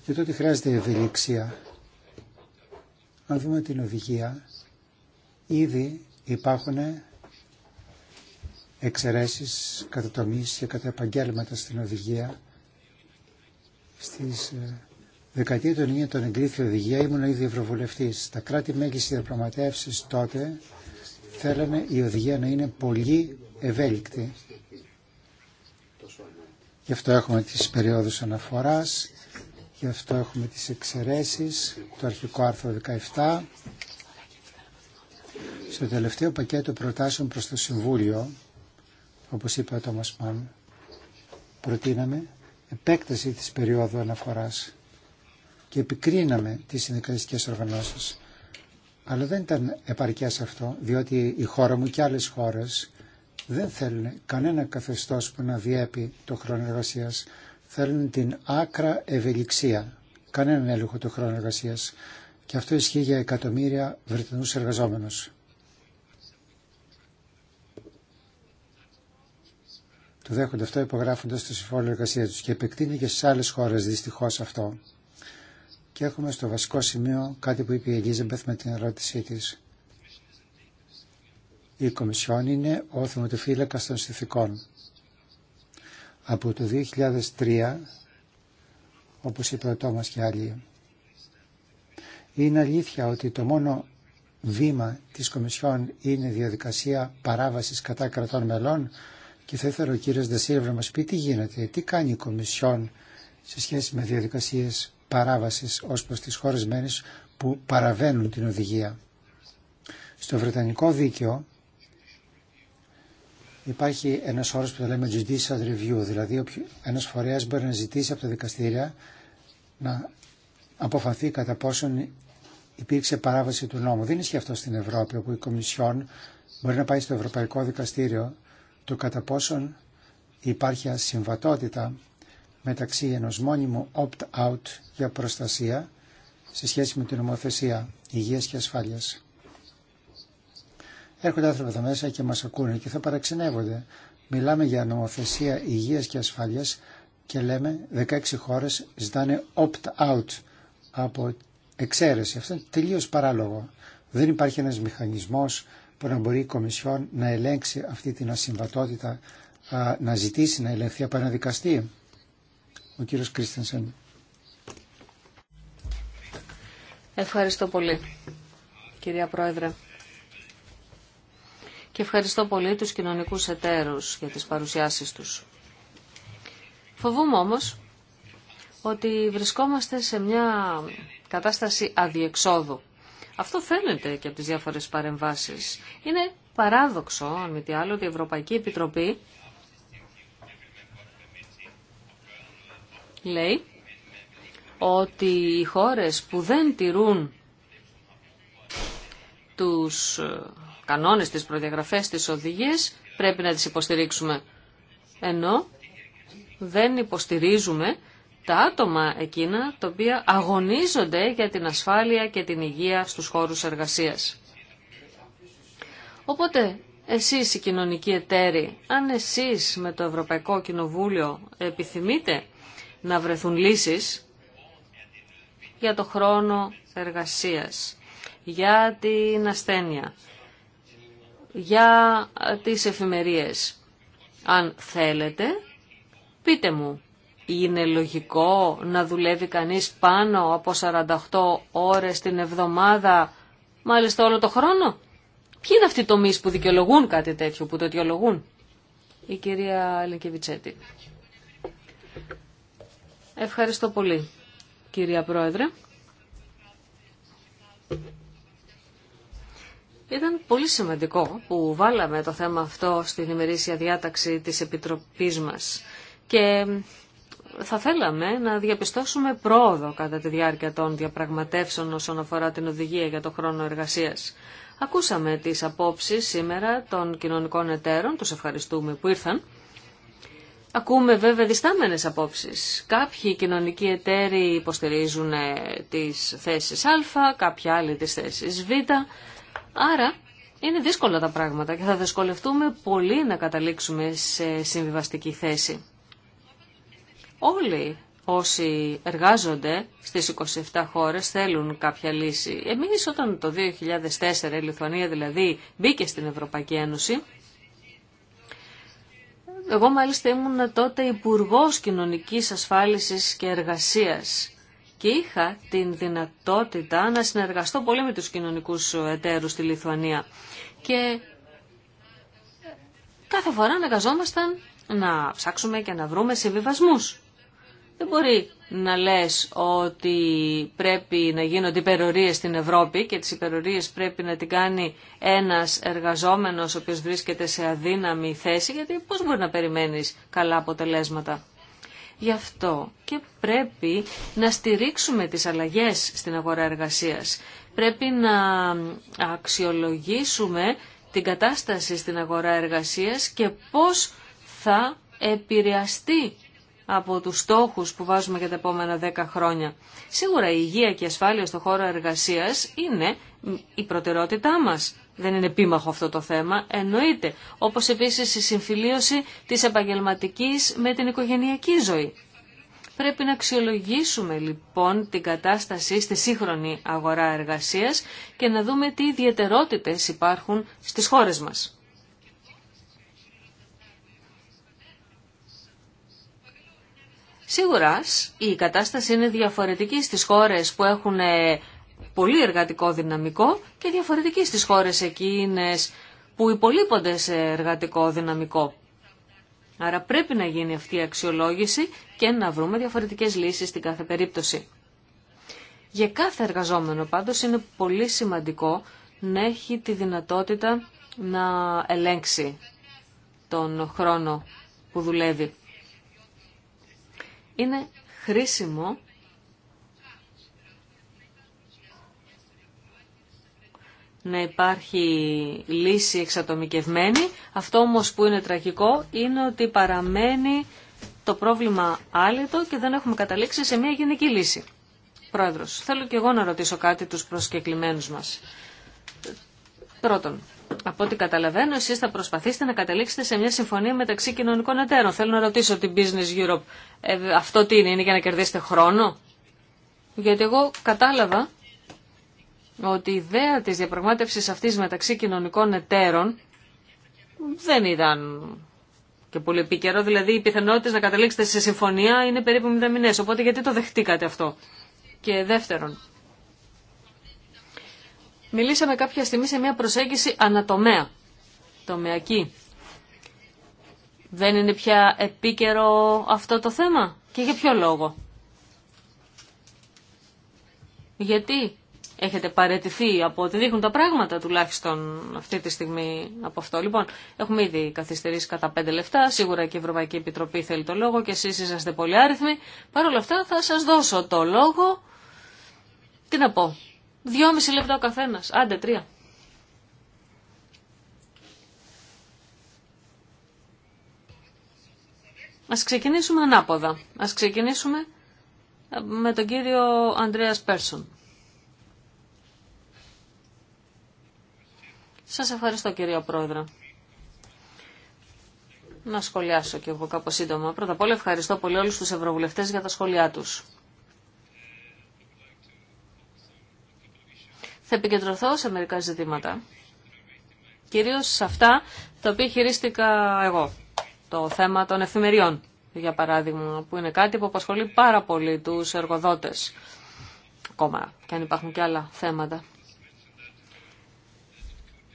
Και τότε χρειάζεται ευελιξία αν δούμε την οδηγία, ήδη υπάρχουν εξαιρέσεις κατά τομείς και κατά επαγγέλματα στην οδηγία. Στις ε, δεκαετία των 90 των η οδηγία, ήμουν ήδη ευρωβουλευτής. Τα κράτη μέγιστη διαπραγματεύσει τότε θέλανε η οδηγία να είναι πολύ ευέλικτη. Γι' αυτό έχουμε τις περιόδους αναφοράς, Γι' αυτό έχουμε τις εξαιρέσεις, το αρχικό άρθρο 17. Στο τελευταίο πακέτο προτάσεων προς το Συμβούλιο, όπως είπε ο Τόμας Μαν, προτείναμε επέκταση της περίοδου αναφοράς και επικρίναμε τις συνδικαλιστικές οργανώσεις. Αλλά δεν ήταν επαρκές αυτό, διότι η χώρα μου και άλλες χώρες δεν θέλουν κανένα καθεστώς που να διέπει το χρόνο εργασίας θέλουν την άκρα ευελιξία. Κανέναν έλεγχο του χρόνου εργασία. Και αυτό ισχύει για εκατομμύρια Βρετανούς εργαζόμενους. Το δέχονται αυτό υπογράφοντα το συμφώνιο εργασία του και επεκτείνει και στι άλλε χώρε δυστυχώ αυτό. Και έχουμε στο βασικό σημείο κάτι που είπε η Ελίζαμπεθ με την ερώτησή τη. Η Κομισιόν είναι ο θεματοφύλακα των συνθηκών από το 2003, όπως είπε ο Τόμας και άλλοι. Είναι αλήθεια ότι το μόνο βήμα της Κομισιόν είναι διαδικασία παράβασης κατά κρατών μελών και θα ήθελα ο κύριος να μας πει τι γίνεται, τι κάνει η Κομισιόν σε σχέση με διαδικασίες παράβασης ως προς τις χώρες μένες που παραβαίνουν την οδηγία. Στο Βρετανικό δίκαιο υπάρχει ένας όρο που το λέμε judicial review, δηλαδή ένας φορέας μπορεί να ζητήσει από τα δικαστήρια να αποφανθεί κατά πόσον υπήρξε παράβαση του νόμου. Δεν ισχύει αυτό στην Ευρώπη, όπου η Κομισιόν μπορεί να πάει στο Ευρωπαϊκό Δικαστήριο το κατά πόσον υπάρχει ασυμβατότητα μεταξύ ενός μόνιμου opt-out για προστασία σε σχέση με την νομοθεσία υγείας και ασφάλειας έρχονται άνθρωποι εδώ μέσα και μας ακούνε και θα παραξενεύονται. Μιλάμε για νομοθεσία υγείας και ασφάλεια και λέμε 16 χώρε ζητανε ζητάνε opt-out από εξαίρεση. Αυτό είναι τελείω παράλογο. Δεν υπάρχει ένας μηχανισμός που να μπορεί η Κομισιόν να ελέγξει αυτή την ασυμβατότητα, να ζητήσει να ελεγχθεί από ένα δικαστή. Ο κύριο Κρίστενσεν. Ευχαριστώ πολύ, κυρία Πρόεδρε και ευχαριστώ πολύ τους κοινωνικούς εταίρους για τις παρουσιάσεις τους. Φοβούμαι όμως ότι βρισκόμαστε σε μια κατάσταση αδιεξόδου. Αυτό φαίνεται και από τις διάφορες παρεμβάσεις. Είναι παράδοξο, αν μη τι άλλο, ότι η Ευρωπαϊκή Επιτροπή λέει ότι οι χώρες που δεν τηρούν τους ε, κανόνες, τις προδιαγραφές, τις οδηγίες, πρέπει να τις υποστηρίξουμε. Ενώ δεν υποστηρίζουμε τα άτομα εκείνα τα οποία αγωνίζονται για την ασφάλεια και την υγεία στους χώρους εργασίας. Οπότε, εσείς οι κοινωνικοί εταίροι, αν εσείς με το Ευρωπαϊκό Κοινοβούλιο επιθυμείτε να βρεθούν λύσεις για το χρόνο εργασίας, για την ασθένεια, για ε, τις εφημερίες. Αν θέλετε, πείτε μου, είναι λογικό να δουλεύει κανείς πάνω από 48 ώρες την εβδομάδα, μάλιστα όλο το χρόνο. Ποιοι είναι αυτοί οι τομείς που δικαιολογούν κάτι τέτοιο, που το αιτιολογούν. Η κυρία Λεκεβιτσέτη. Ευχαριστώ πολύ, κυρία Πρόεδρε. Ήταν πολύ σημαντικό που βάλαμε το θέμα αυτό στην ημερήσια διάταξη της Επιτροπής μας και θα θέλαμε να διαπιστώσουμε πρόοδο κατά τη διάρκεια των διαπραγματεύσεων όσον αφορά την οδηγία για το χρόνο εργασίας. Ακούσαμε τις απόψεις σήμερα των κοινωνικών εταίρων, τους ευχαριστούμε που ήρθαν. Ακούμε βέβαια διστάμενες απόψεις. Κάποιοι κοινωνικοί εταίροι υποστηρίζουν τις θέσεις Α, κάποιοι άλλοι τις θέσεις Β. Άρα είναι δύσκολα τα πράγματα και θα δυσκολευτούμε πολύ να καταλήξουμε σε συμβιβαστική θέση. Όλοι όσοι εργάζονται στις 27 χώρες θέλουν κάποια λύση. Εμείς όταν το 2004 η Λιθουανία δηλαδή μπήκε στην Ευρωπαϊκή Ένωση, εγώ μάλιστα ήμουν τότε υπουργό Κοινωνικής Ασφάλισης και Εργασίας και είχα την δυνατότητα να συνεργαστώ πολύ με τους κοινωνικούς εταίρους στη Λιθουανία. Και κάθε φορά αναγκαζόμασταν να ψάξουμε και να βρούμε συμβιβασμούς. Δεν μπορεί να λες ότι πρέπει να γίνονται υπερορίες στην Ευρώπη και τις υπερορίες πρέπει να την κάνει ένας εργαζόμενος ο οποίος βρίσκεται σε αδύναμη θέση γιατί πώς μπορεί να περιμένεις καλά αποτελέσματα. Γι' αυτό και πρέπει να στηρίξουμε τις αλλαγές στην αγορά εργασίας. Πρέπει να αξιολογήσουμε την κατάσταση στην αγορά εργασίας και πώς θα επηρεαστεί από τους στόχους που βάζουμε για τα επόμενα δέκα χρόνια. Σίγουρα η υγεία και η ασφάλεια στον χώρο εργασίας είναι η προτεραιότητά μας. Δεν είναι επίμαχο αυτό το θέμα, εννοείται. Όπως επίσης η συμφιλίωση της επαγγελματικής με την οικογενειακή ζωή. Πρέπει να αξιολογήσουμε λοιπόν την κατάσταση στη σύγχρονη αγορά εργασίας και να δούμε τι ιδιαιτερότητες υπάρχουν στις χώρες μας. Σίγουρα η κατάσταση είναι διαφορετική στις χώρες που έχουν ε, πολύ εργατικό δυναμικό και διαφορετική στις χώρες εκείνες που υπολείπονται σε εργατικό δυναμικό. Άρα πρέπει να γίνει αυτή η αξιολόγηση και να βρούμε διαφορετικές λύσεις στην κάθε περίπτωση. Για κάθε εργαζόμενο πάντως είναι πολύ σημαντικό να έχει τη δυνατότητα να ελέγξει τον χρόνο που δουλεύει. Είναι χρήσιμο να υπάρχει λύση εξατομικευμένη. Αυτό όμως που είναι τραγικό είναι ότι παραμένει το πρόβλημα άλυτο και δεν έχουμε καταλήξει σε μια γενική λύση. Πρόεδρος, θέλω και εγώ να ρωτήσω κάτι τους προσκεκλημένους μας. Πρώτον, από ό,τι καταλαβαίνω, εσεί θα προσπαθήσετε να καταλήξετε σε μια συμφωνία μεταξύ κοινωνικών εταίρων. Θέλω να ρωτήσω την Business Europe, ε, αυτό τι είναι, είναι για να κερδίσετε χρόνο. Γιατί εγώ κατάλαβα ότι η ιδέα της διαπραγμάτευσης αυτής μεταξύ κοινωνικών εταίρων δεν ήταν και πολύ επίκαιρο, δηλαδή οι πιθανότητες να καταλήξετε σε συμφωνία είναι περίπου μηδαμινές, οπότε γιατί το δεχτήκατε αυτό. Και δεύτερον, μιλήσαμε κάποια στιγμή σε μια προσέγγιση ανατομέα, τομεακή. Δεν είναι πια επίκαιρο αυτό το θέμα και για ποιο λόγο. Γιατί έχετε παρετηθεί από ό,τι δείχνουν τα πράγματα τουλάχιστον αυτή τη στιγμή από αυτό. Λοιπόν, έχουμε ήδη καθυστερήσει κατά πέντε λεπτά, σίγουρα και η Ευρωπαϊκή Επιτροπή θέλει το λόγο και εσείς είσαστε πολύ άριθμοι. Παρ' όλα αυτά θα σας δώσω το λόγο, τι να πω, δυόμιση λεπτά ο καθένας, άντε τρία. Ας ξεκινήσουμε ανάποδα. Ας ξεκινήσουμε με τον κύριο Ανδρέας Πέρσον. Σας ευχαριστώ κυρία Πρόεδρε. Να σχολιάσω και εγώ κάπως σύντομα. Πρώτα απ' όλα ευχαριστώ πολύ όλους τους ευρωβουλευτές για τα σχόλιά τους. Θα επικεντρωθώ σε μερικά ζητήματα. Κυρίως σε αυτά τα οποία χειρίστηκα εγώ. Το θέμα των εφημεριών, για παράδειγμα, που είναι κάτι που απασχολεί πάρα πολύ τους εργοδότες. Ακόμα και αν υπάρχουν και άλλα θέματα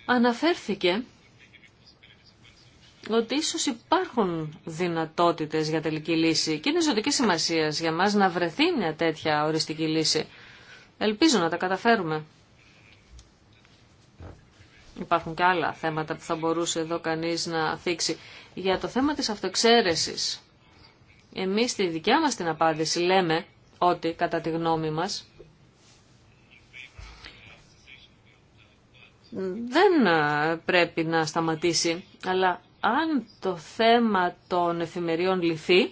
αναφέρθηκε ότι ίσως υπάρχουν δυνατότητες για τελική λύση και είναι ζωτική σημασία για μας να βρεθεί μια τέτοια οριστική λύση. Ελπίζω να τα καταφέρουμε. Υπάρχουν και άλλα θέματα που θα μπορούσε εδώ κανείς να θίξει. Για το θέμα της αυτοεξαίρεσης, εμείς στη δικιά μας την απάντηση λέμε ότι, κατά τη γνώμη μας, δεν ε, πρέπει να σταματήσει, αλλά αν το θέμα των εφημεριών λυθεί,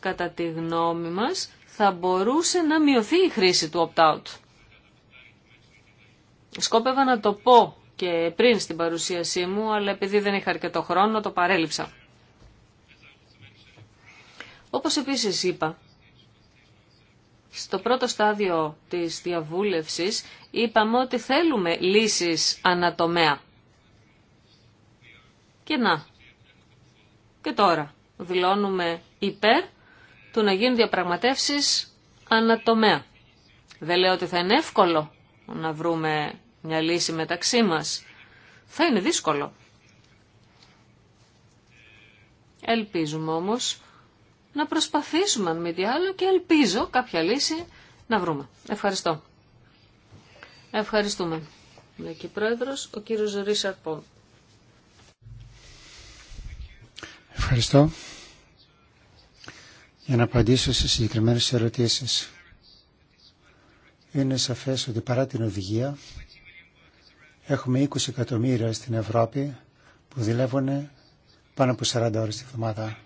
κατά τη γνώμη μας, θα μπορούσε να μειωθεί η χρήση του opt-out. Σκόπευα να το πω και πριν στην παρουσίασή μου, αλλά επειδή δεν είχα αρκετό χρόνο το παρέλειψα. Όπως επίσης είπα, στο πρώτο στάδιο της διαβούλευσης είπαμε ότι θέλουμε λύσεις ανατομέα. Και να, και τώρα δηλώνουμε υπέρ του να γίνουν διαπραγματεύσεις ανατομέα. Δεν λέω ότι θα είναι εύκολο να βρούμε μια λύση μεταξύ μας. Θα είναι δύσκολο. Ελπίζουμε όμως να προσπαθήσουμε αν μη τι άλλο και ελπίζω κάποια λύση να βρούμε. Ευχαριστώ. Ευχαριστούμε. Λέει πρόεδρος, ο κύριος Ρίσαρ Ευχαριστώ. Για να απαντήσω σε συγκεκριμένες ερωτήσεις. Είναι σαφές ότι παρά την οδηγία έχουμε 20 εκατομμύρια στην Ευρώπη που δουλεύουν πάνω από 40 ώρες τη βδομάδα.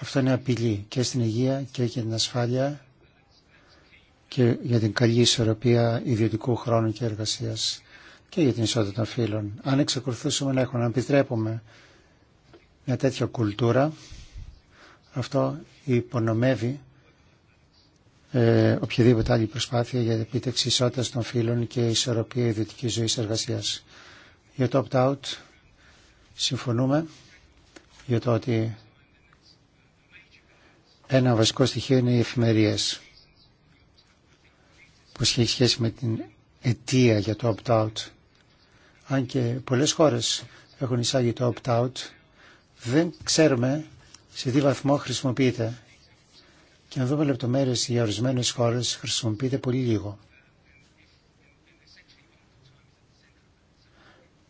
Αυτό είναι απειλή και στην υγεία και για την ασφάλεια και για την καλή ισορροπία ιδιωτικού χρόνου και εργασίας και για την ισότητα των φύλων. Αν εξακολουθήσουμε να έχουμε, επιτρέπουμε μια τέτοια κουλτούρα, αυτό υπονομεύει ε, οποιαδήποτε άλλη προσπάθεια για την επίτευξη ισότητας των φύλων και ισορροπία ιδιωτικής ζωής εργασίας. Για το opt-out συμφωνούμε για το ότι ένα βασικό στοιχείο είναι οι εφημερίες που έχει σχέση με την αιτία για το opt-out. Αν και πολλές χώρες έχουν εισάγει το opt-out, δεν ξέρουμε σε τι βαθμό χρησιμοποιείται. Και να δούμε λεπτομέρειες για ορισμένες χώρες χρησιμοποιείται πολύ λίγο.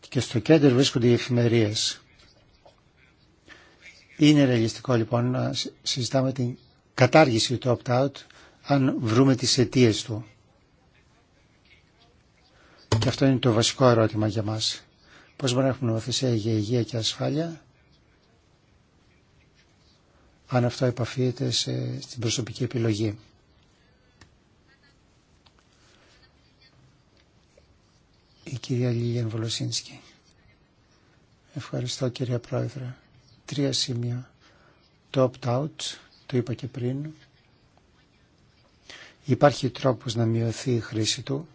Και στο κέντρο βρίσκονται οι εφημερίες. Είναι ρεαλιστικό λοιπόν να συζητάμε την κατάργηση του opt-out αν βρούμε τις αιτίε του. Και αυτό είναι το βασικό ερώτημα για μας. Πώς μπορεί να έχουμε νομοθεσία για υγεία και ασφάλεια αν αυτό επαφείται σε, στην προσωπική επιλογή. Η κυρία Λίλιαν Βολοσίνσκη. Ευχαριστώ κυρία Πρόεδρε. Τρία σημεία. Το opt-out, το είπα και πριν. Υπάρχει τρόπος να μειωθεί η χρήση του.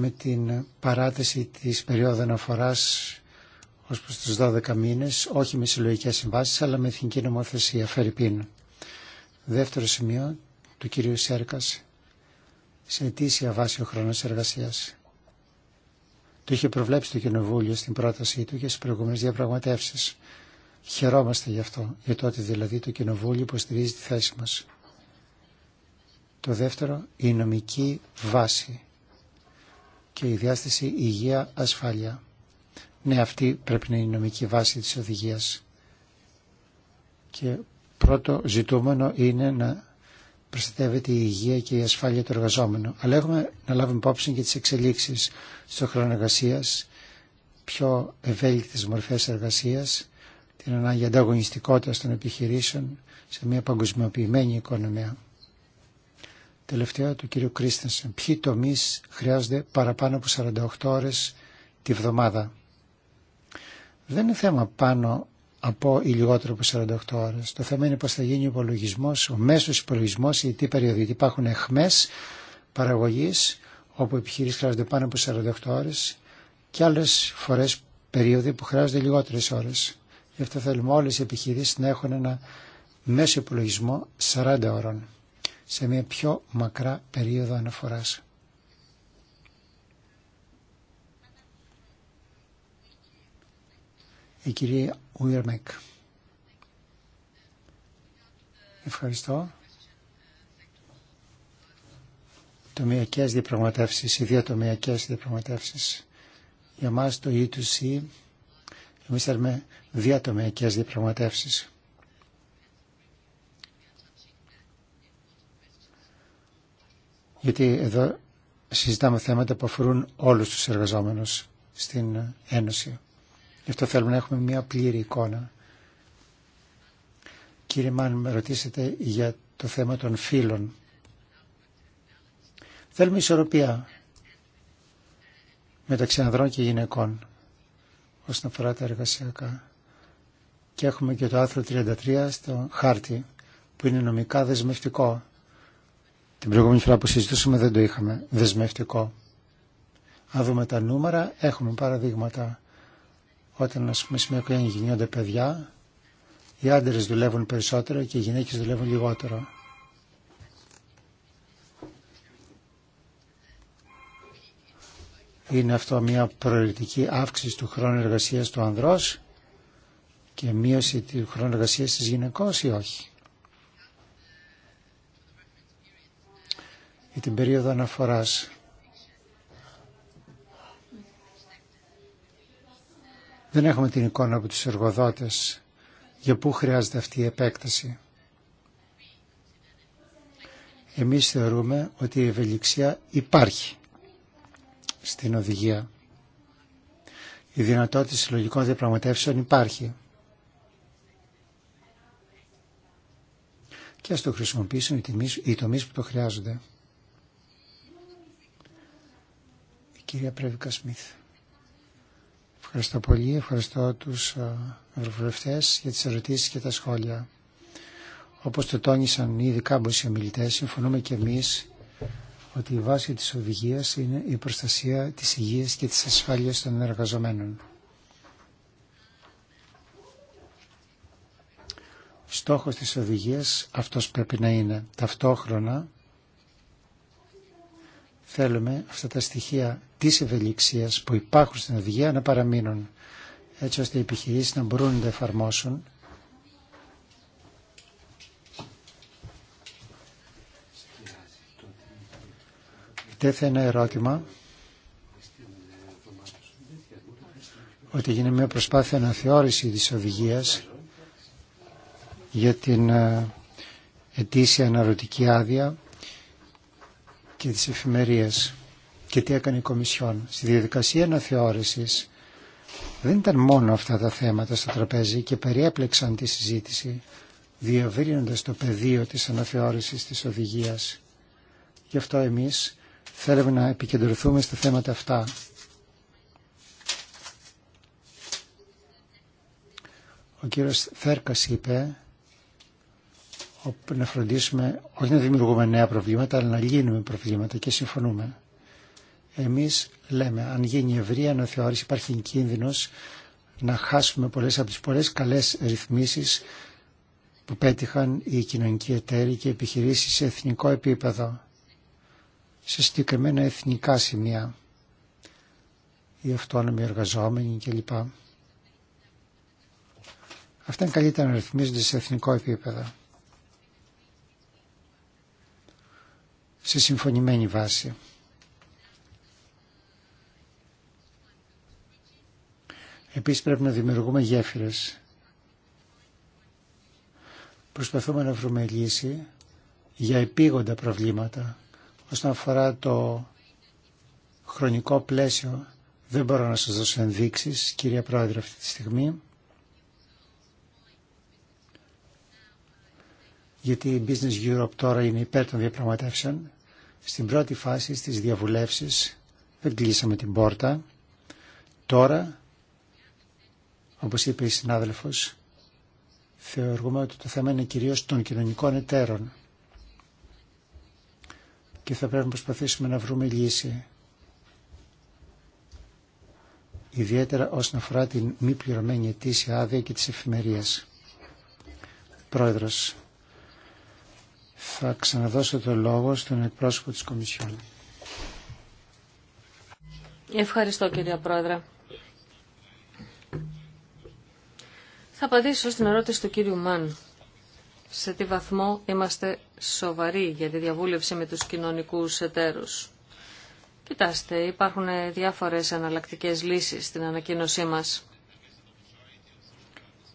με την παράταση της περίοδου αναφοράς ως προς τους 12 μήνες, όχι με συλλογικές συμβάσεις, αλλά με εθνική νομοθεσία, Φερρυπίν. Δεύτερο σημείο του κυρίου Σέρκας, σε αιτήσια βάση ο χρόνος εργασίας. Το είχε προβλέψει το Κοινοβούλιο στην πρότασή του και στι προηγούμενε διαπραγματεύσει. Χαιρόμαστε γι' αυτό, για το δηλαδή το Κοινοβούλιο υποστηρίζει τη θέση μα. Το δεύτερο, η νομική βάση και η διάσταση υγεία-ασφάλεια. Ναι, αυτή πρέπει να είναι η νομική βάση της οδηγίας. Και πρώτο ζητούμενο είναι να προστατεύεται η υγεία και η ασφάλεια του εργαζόμενου. Αλλά έχουμε να λάβουμε υπόψη και τις εξελίξεις στο χρόνο εργασία, πιο ευέλικτε μορφέ εργασίας, την ανάγκη ανταγωνιστικότητα των επιχειρήσεων σε μια παγκοσμιοποιημένη οικονομία. Τελευταία του κ. Κρίστενσεν. Ποιοι τομεί χρειάζονται παραπάνω από 48 ώρε τη βδομάδα. Δεν είναι θέμα πάνω από ή λιγότερο από 48 ώρες. Το θέμα είναι πώ θα γίνει ο υπολογισμό, ο μέσος υπολογισμό ή τι περίοδο, γιατί υπάρχουν εχμέ παραγωγής, όπου οι επιχειρήσεις χρειάζονται πάνω από 48 ώρες και άλλες φορές περίοδοι που χρειάζονται λιγότερε ώρες. Γι' αυτό θέλουμε όλε οι επιχειρήσει να έχουν ένα μέσο υπολογισμό 40 ώρων σε μια πιο μακρά περίοδο αναφοράς. η κυρία Ουιρμεκ. Ευχαριστώ. Τομιακές διαπραγματεύσεις, οι δύο τομιακές διαπραγματεύσεις. Για μας το E2C, εμείς θέλουμε διατομιακές διαπραγματεύσεις. Γιατί εδώ συζητάμε θέματα που αφορούν όλους τους εργαζόμενους στην Ένωση. Γι' αυτό θέλουμε να έχουμε μια πλήρη εικόνα. Κύριε Μάν, με ρωτήσετε για το θέμα των φύλων. Θέλουμε ισορροπία μεταξύ ανδρών και γυναικών όσον αφορά τα εργασιακά. Και έχουμε και το άθρο 33 στο χάρτη που είναι νομικά δεσμευτικό. Την προηγούμενη φορά που συζητούσαμε δεν το είχαμε δεσμευτικό. Αν δούμε τα νούμερα έχουμε παραδείγματα όταν, ας πούμε, σε μια οικογένεια γεννιόνται παιδιά, οι άντρες δουλεύουν περισσότερο και οι γυναίκες δουλεύουν λιγότερο. Είναι αυτό μια προαιρετική αύξηση του χρόνου εργασίας του ανδρός και μείωση του χρόνου εργασίας της γυναικός ή όχι. Για την περίοδο αναφοράς Δεν έχουμε την εικόνα από τους εργοδότες για πού χρειάζεται αυτή η επέκταση. Εμείς θεωρούμε ότι η ευελιξία υπάρχει στην οδηγία. Η δυνατότητα συλλογικών διαπραγματεύσεων υπάρχει. Και ας το χρησιμοποιήσουν οι τομείς που το χρειάζονται. Η κυρία Πρέβικα Σμίθ. Ευχαριστώ πολύ. Ευχαριστώ τους ε, ευρωβουλευτές για τις ερωτήσεις και τα σχόλια. Όπως το τόνισαν ήδη κάμπος οι ομιλητές, συμφωνούμε και εμείς ότι η βάση της οδηγίας είναι η προστασία της υγείας και της ασφάλειας των εργαζομένων. Στόχος της οδηγίας αυτός πρέπει να είναι. Ταυτόχρονα Θέλουμε αυτά τα στοιχεία της ευελιξίας που υπάρχουν στην οδηγία να παραμείνουν έτσι ώστε οι επιχειρήσεις να μπορούν να τα εφαρμόσουν Τέθε ένα ερώτημα ότι γίνεται μια προσπάθεια αναθεώρηση της οδηγίας για την ε, ετήσια αναρωτική άδεια και τις εφημερίες και τι έκανε η Κομισιόν στη διαδικασία αναθεώρησης δεν ήταν μόνο αυτά τα θέματα στο τραπέζι και περιέπλεξαν τη συζήτηση διαβρύνοντας το πεδίο της αναθεώρησης της οδηγίας. Γι' αυτό εμείς θέλουμε να επικεντρωθούμε στα θέματα αυτά. Ο κύριος Θέρκας είπε όπου να φροντίσουμε όχι να δημιουργούμε νέα προβλήματα, αλλά να λύνουμε προβλήματα και συμφωνούμε. Εμείς λέμε, αν γίνει ευρία αναθεώρηση υπάρχει κίνδυνος να χάσουμε πολλές από τις πολλές καλές ρυθμίσεις που πέτυχαν οι κοινωνικοί εταίροι και οι επιχειρήσεις σε εθνικό επίπεδο, σε συγκεκριμένα εθνικά σημεία, οι αυτόνομοι εργαζόμενοι κλπ. Αυτά είναι καλύτερα να ρυθμίζονται σε εθνικό επίπεδο. σε συμφωνημένη βάση. Επίσης πρέπει να δημιουργούμε γέφυρες. Προσπαθούμε να βρούμε λύση για επίγοντα προβλήματα. Όσον αφορά το χρονικό πλαίσιο, δεν μπορώ να σας δώσω ενδείξεις, κυρία Πρόεδρε, αυτή τη στιγμή. Γιατί η Business Europe τώρα είναι υπέρ των διαπραγματεύσεων στην πρώτη φάση στις διαβουλεύσεις δεν κλείσαμε την πόρτα. Τώρα, όπως είπε η συνάδελφος, θεωρούμε ότι το θέμα είναι κυρίως των κοινωνικών εταίρων και θα πρέπει να προσπαθήσουμε να βρούμε λύση. Ιδιαίτερα όσον αφορά την μη πληρωμένη αιτήσια άδεια και της εφημερίας. Πρόεδρος, θα ξαναδώσω το λόγο στον εκπρόσωπο της Κομισιόν. Ευχαριστώ κύριε Πρόεδρε. Θα απαντήσω στην ερώτηση του κύριου Μαν. Σε τι βαθμό είμαστε σοβαροί για τη διαβούλευση με τους κοινωνικούς εταίρους. Κοιτάστε, υπάρχουν διάφορες αναλλακτικές λύσεις στην ανακοίνωσή μας.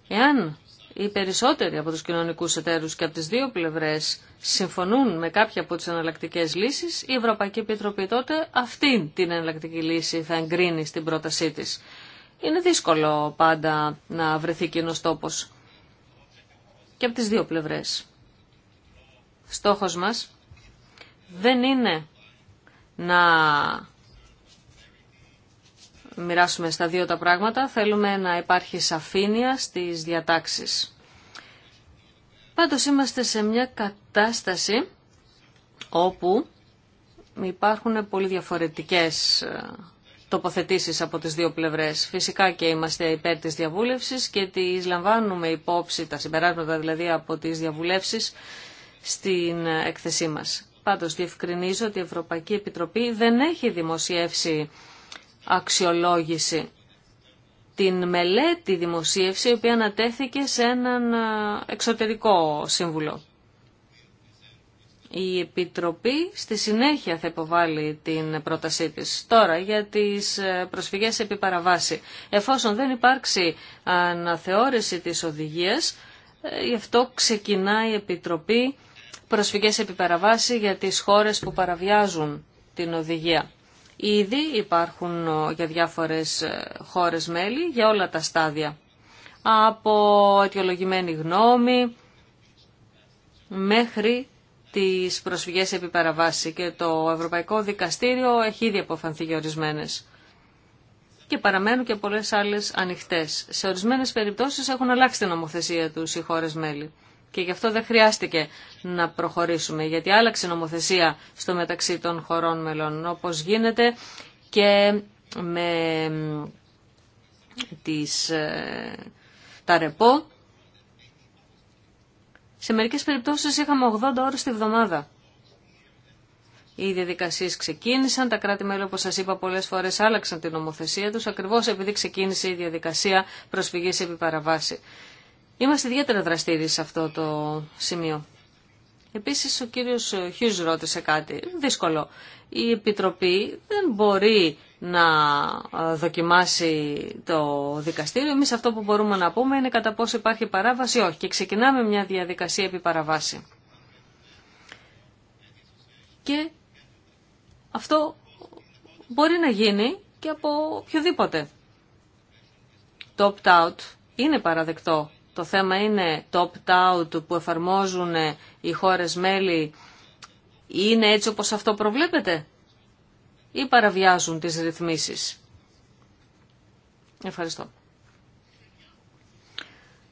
Εάν οι περισσότεροι από τους κοινωνικούς εταίρους και από τις δύο πλευρές συμφωνούν με κάποια από τις εναλλακτικέ λύσεις, η Ευρωπαϊκή Επιτροπή τότε αυτή την εναλλακτική λύση θα εγκρίνει στην πρότασή της. Είναι δύσκολο πάντα να βρεθεί κοινός τόπος και από τις δύο πλευρές. Στόχος μας δεν είναι να μοιράσουμε στα δύο τα πράγματα. Θέλουμε να υπάρχει σαφήνεια στις διατάξεις. Πάντως είμαστε σε μια κατάσταση όπου υπάρχουν πολύ διαφορετικές ε, τοποθετήσεις από τις δύο πλευρές. Φυσικά και είμαστε υπέρ της διαβούλευσης και τις λαμβάνουμε υπόψη τα συμπεράσματα δηλαδή από τις διαβουλεύσεις στην έκθεσή μας. Πάντως διευκρινίζω ότι η Ευρωπαϊκή Επιτροπή δεν έχει δημοσιεύσει αξιολόγηση. Την μελέτη δημοσίευση, η οποία ανατέθηκε σε έναν εξωτερικό σύμβουλο. Η Επιτροπή στη συνέχεια θα υποβάλει την πρότασή της. Τώρα για τις ε, προσφυγές επί παραβάση. Εφόσον δεν υπάρξει αναθεώρηση της οδηγίας, ε, γι' αυτό ξεκινάει η Επιτροπή προσφυγές επί παραβάση για τις χώρες που παραβιάζουν την οδηγία. Ήδη υπάρχουν ε, για διάφορες ε, χώρες μέλη για όλα τα στάδια. Από αιτιολογημένη γνώμη μέχρι τις προσφυγές επί παραβάση και το Ευρωπαϊκό Δικαστήριο έχει ήδη αποφανθεί για ορισμένες. Και παραμένουν και πολλές άλλες ανοιχτές. Σε ορισμένες περιπτώσεις έχουν αλλάξει την νομοθεσία τους οι χώρες μέλη. Και γι' αυτό δεν χρειάστηκε να προχωρήσουμε, γιατί άλλαξε νομοθεσία στο μεταξύ των χωρών μελών, όπως γίνεται και με τις, ε, τα ρεπό. Σε μερικές περιπτώσεις είχαμε 80 ώρες τη βδομάδα. Οι διαδικασίε ξεκίνησαν, τα κράτη-μέλη, όπως σα είπα, πολλέ φορέ άλλαξαν την νομοθεσία του, ακριβώ επειδή ξεκίνησε η διαδικασία προσφυγή επί παραβάση. Είμαστε ιδιαίτερα δραστήριοι σε αυτό το σημείο. Επίσης ο κύριος Χιού ρώτησε κάτι δύσκολο. Η Επιτροπή δεν μπορεί να δοκιμάσει το δικαστήριο. Εμεί αυτό που μπορούμε να πούμε είναι κατά πόσο υπάρχει παράβαση όχι. Και ξεκινάμε μια διαδικασία επί παραβάση. Και αυτό μπορεί να γίνει και από οποιοδήποτε. Το opt-out είναι παραδεκτό το θέμα είναι το opt-out που εφαρμόζουν οι χώρες μέλη είναι έτσι όπως αυτό προβλέπετε ή παραβιάζουν τις ρυθμίσεις. Ευχαριστώ.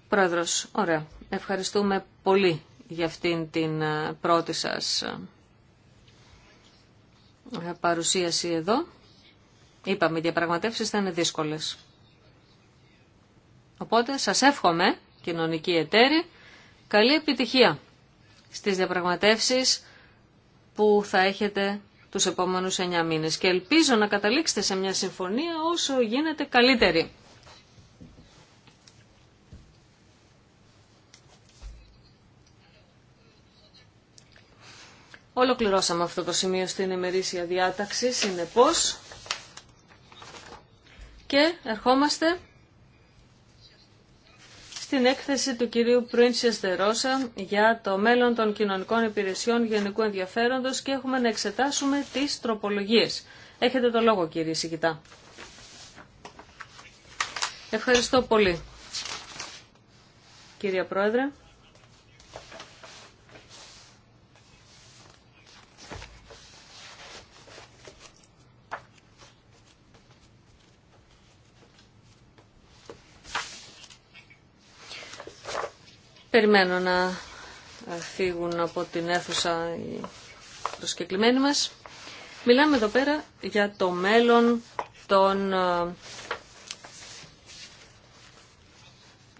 Πρόεδρος, ωραία. Ευχαριστούμε πολύ για αυτήν την ε, πρώτη σας ε, παρουσίαση εδώ. Είπαμε, οι διαπραγματεύσεις θα είναι δύσκολες. Οπότε σας εύχομαι Κοινωνική εταίρη. καλή επιτυχία στις διαπραγματεύσεις που θα έχετε τους επόμενους 9 μήνες και ελπίζω να καταλήξετε σε μια συμφωνία όσο γίνεται καλύτερη. Ολοκληρώσαμε αυτό το σημείο στην ημερήσια διάταξη, συνεπώς, και ερχόμαστε στην έκθεση του κυρίου Πρίντσια Στερόσα για το μέλλον των κοινωνικών υπηρεσιών γενικού ενδιαφέροντος και έχουμε να εξετάσουμε τις τροπολογίες. Έχετε το λόγο κύριε Σιγητά. Ευχαριστώ πολύ. Κύριε Πρόεδρε. Περιμένω να ε, φύγουν από την αίθουσα οι προσκεκλημένοι μας. Μιλάμε εδώ πέρα για το μέλλον των ε,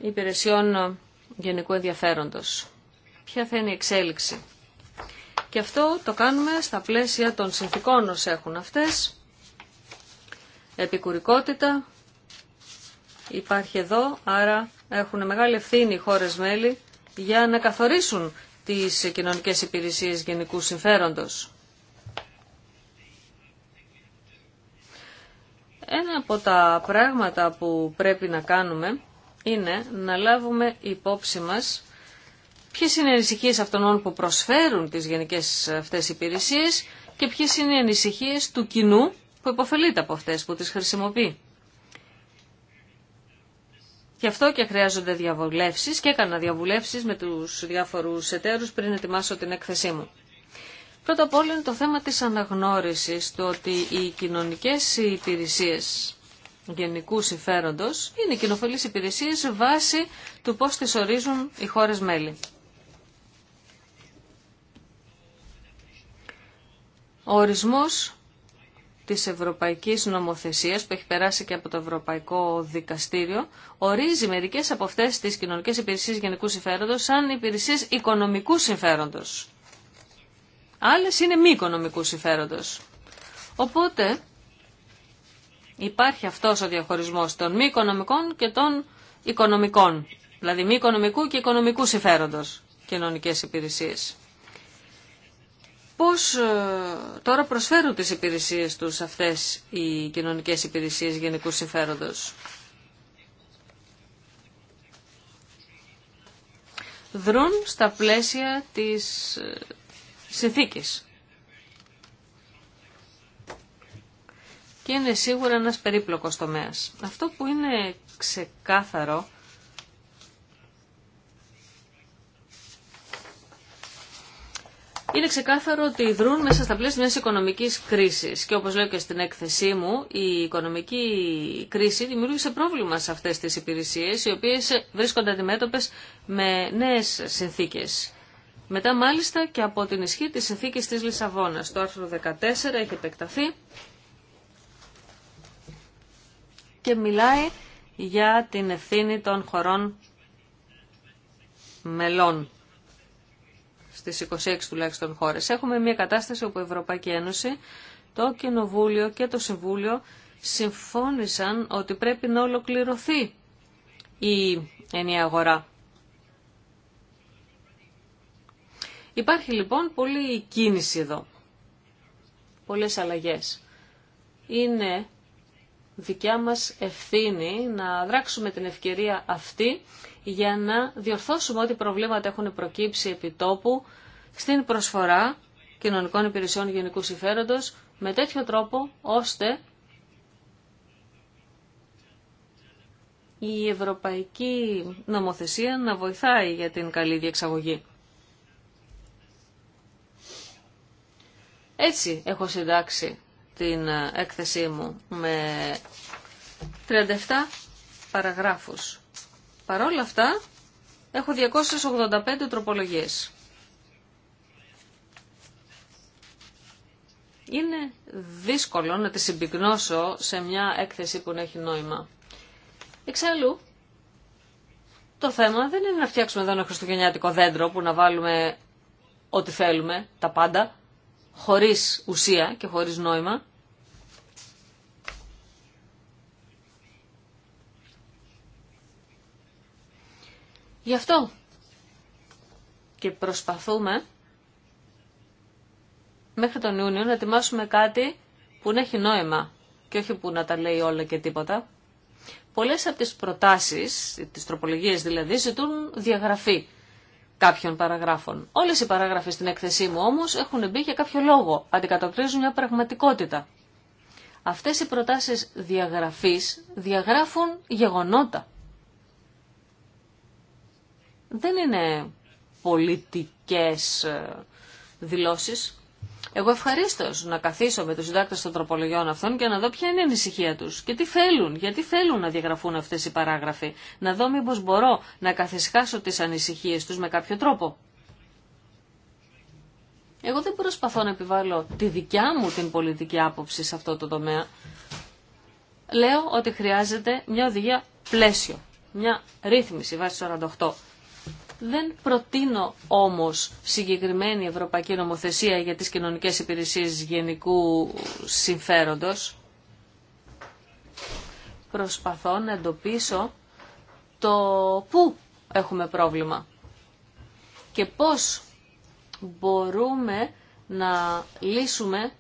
υπηρεσιών γενικού ενδιαφέροντος. Ποια θα είναι η εξέλιξη. Και αυτό το κάνουμε στα πλαίσια των συνθήκων όσοι έχουν αυτές. Επικουρικότητα υπάρχει εδώ, άρα έχουν μεγάλη ευθύνη οι χώρες μέλη για να καθορίσουν τις κοινωνικές υπηρεσίες γενικού συμφέροντος. Ένα από τα πράγματα που πρέπει να κάνουμε είναι να λάβουμε υπόψη μας ποιες είναι οι ανησυχίες αυτών που προσφέρουν τις γενικές αυτές υπηρεσίες και ποιες είναι οι ανησυχίες του κοινού που υποφελείται από αυτές, που τις χρησιμοποιεί. Γι' αυτό και χρειάζονται διαβουλεύσεις και έκανα διαβουλεύσεις με τους διάφορους εταίρους πριν ετοιμάσω την έκθεσή μου. Πρώτα απ' όλα είναι το θέμα της αναγνώρισης, του ότι οι κοινωνικές υπηρεσίε γενικού συμφέροντος είναι κοινοφελείς υπηρεσίες βάσει του πώς τις ορίζουν οι χώρες μέλη. Ο ορισμός της Ευρωπαϊκής Νομοθεσίας που έχει περάσει και από το Ευρωπαϊκό Δικαστήριο ορίζει μερικές από αυτές τις κοινωνικές υπηρεσίες γενικού συμφέροντος σαν υπηρεσίες οικονομικού συμφέροντος. Άλλες είναι μη οικονομικού συμφέροντος. Οπότε υπάρχει αυτός ο διαχωρισμός των μη οικονομικών και των οικονομικών. Δηλαδή μη οικονομικού και οικονομικού συμφέροντος κοινωνικές υπηρεσίες πώς ε, τώρα προσφέρουν τις υπηρεσίες τους αυτές οι κοινωνικές υπηρεσίες γενικού συμφέροντος. Δρούν στα πλαίσια της ε, συνθήκης. Και είναι σίγουρα ένας περίπλοκος τομέας. Αυτό που είναι ξεκάθαρο Είναι ξεκάθαρο ότι δρούν μέσα στα πλαίσια μιας οικονομικής κρίσης και όπως λέω και στην έκθεσή μου, η οικονομική κρίση δημιούργησε πρόβλημα σε αυτές τις υπηρεσίες οι οποίες βρίσκονται αντιμέτωπες με νέες συνθήκες. Μετά μάλιστα και από την ισχύ της συνθήκης της Λισαβόνας. Το άρθρο 14 έχει επεκταθεί και μιλάει για την ευθύνη των χωρών μελών στις 26 τουλάχιστον χώρες. Έχουμε μια κατάσταση όπου η Ευρωπαϊκή Ένωση, το Κοινοβούλιο και το Συμβούλιο συμφώνησαν ότι πρέπει να ολοκληρωθεί η ενιαία αγορά. Υπάρχει λοιπόν πολλή κίνηση εδώ, πολλές αλλαγές. Είναι δικιά μας ευθύνη να δράξουμε την ευκαιρία αυτή για να διορθώσουμε ό,τι προβλήματα έχουν προκύψει επί τόπου στην προσφορά κοινωνικών υπηρεσιών γενικού συμφέροντος με τέτοιο τρόπο ώστε η ευρωπαϊκή νομοθεσία να βοηθάει για την καλή διεξαγωγή. Έτσι έχω συντάξει την έκθεσή μου με 37 παραγράφους. Παρόλα αυτά έχω 285 τροπολογίες. Είναι δύσκολο να τη συμπυκνώσω σε μια έκθεση που έχει νόημα. Εξάλλου, το θέμα δεν είναι να φτιάξουμε εδώ ένα χριστουγεννιάτικο δέντρο που να βάλουμε ό,τι θέλουμε, τα πάντα χωρίς ουσία και χωρίς νόημα. Γι' αυτό και προσπαθούμε μέχρι τον Ιούνιο να ετοιμάσουμε κάτι που να έχει νόημα και όχι που να τα λέει όλα και τίποτα. Πολλές από τις προτάσεις, τις τροπολογίες δηλαδή, ζητούν διαγραφή κάποιων παραγράφων. Όλες οι παράγραφοι στην έκθεσή μου όμως έχουν μπει για κάποιο λόγο, αντικατοπτρίζουν μια πραγματικότητα. Αυτές οι προτάσεις διαγραφής διαγράφουν γεγονότα. Δεν είναι πολιτικές ε, δηλώσεις. Εγώ ευχαρίστω να καθίσω με του συντάκτε των τροπολογιών αυτών και να δω ποια είναι η ανησυχία του και τι θέλουν, γιατί θέλουν να διαγραφούν αυτέ οι παράγραφοι. Να δω μήπω μπορώ να καθισχάσω τι ανησυχίε του με κάποιο τρόπο. Εγώ δεν προσπαθώ να επιβάλλω τη δικιά μου την πολιτική άποψη σε αυτό το τομέα. Λέω ότι χρειάζεται μια οδηγία πλαίσιο, μια ρύθμιση βάσει 48. Δεν προτείνω όμως συγκεκριμένη ευρωπαϊκή νομοθεσία για τις κοινωνικές υπηρεσίες γενικού συμφέροντος. Προσπαθώ να εντοπίσω το πού έχουμε πρόβλημα και πώς μπορούμε να λύσουμε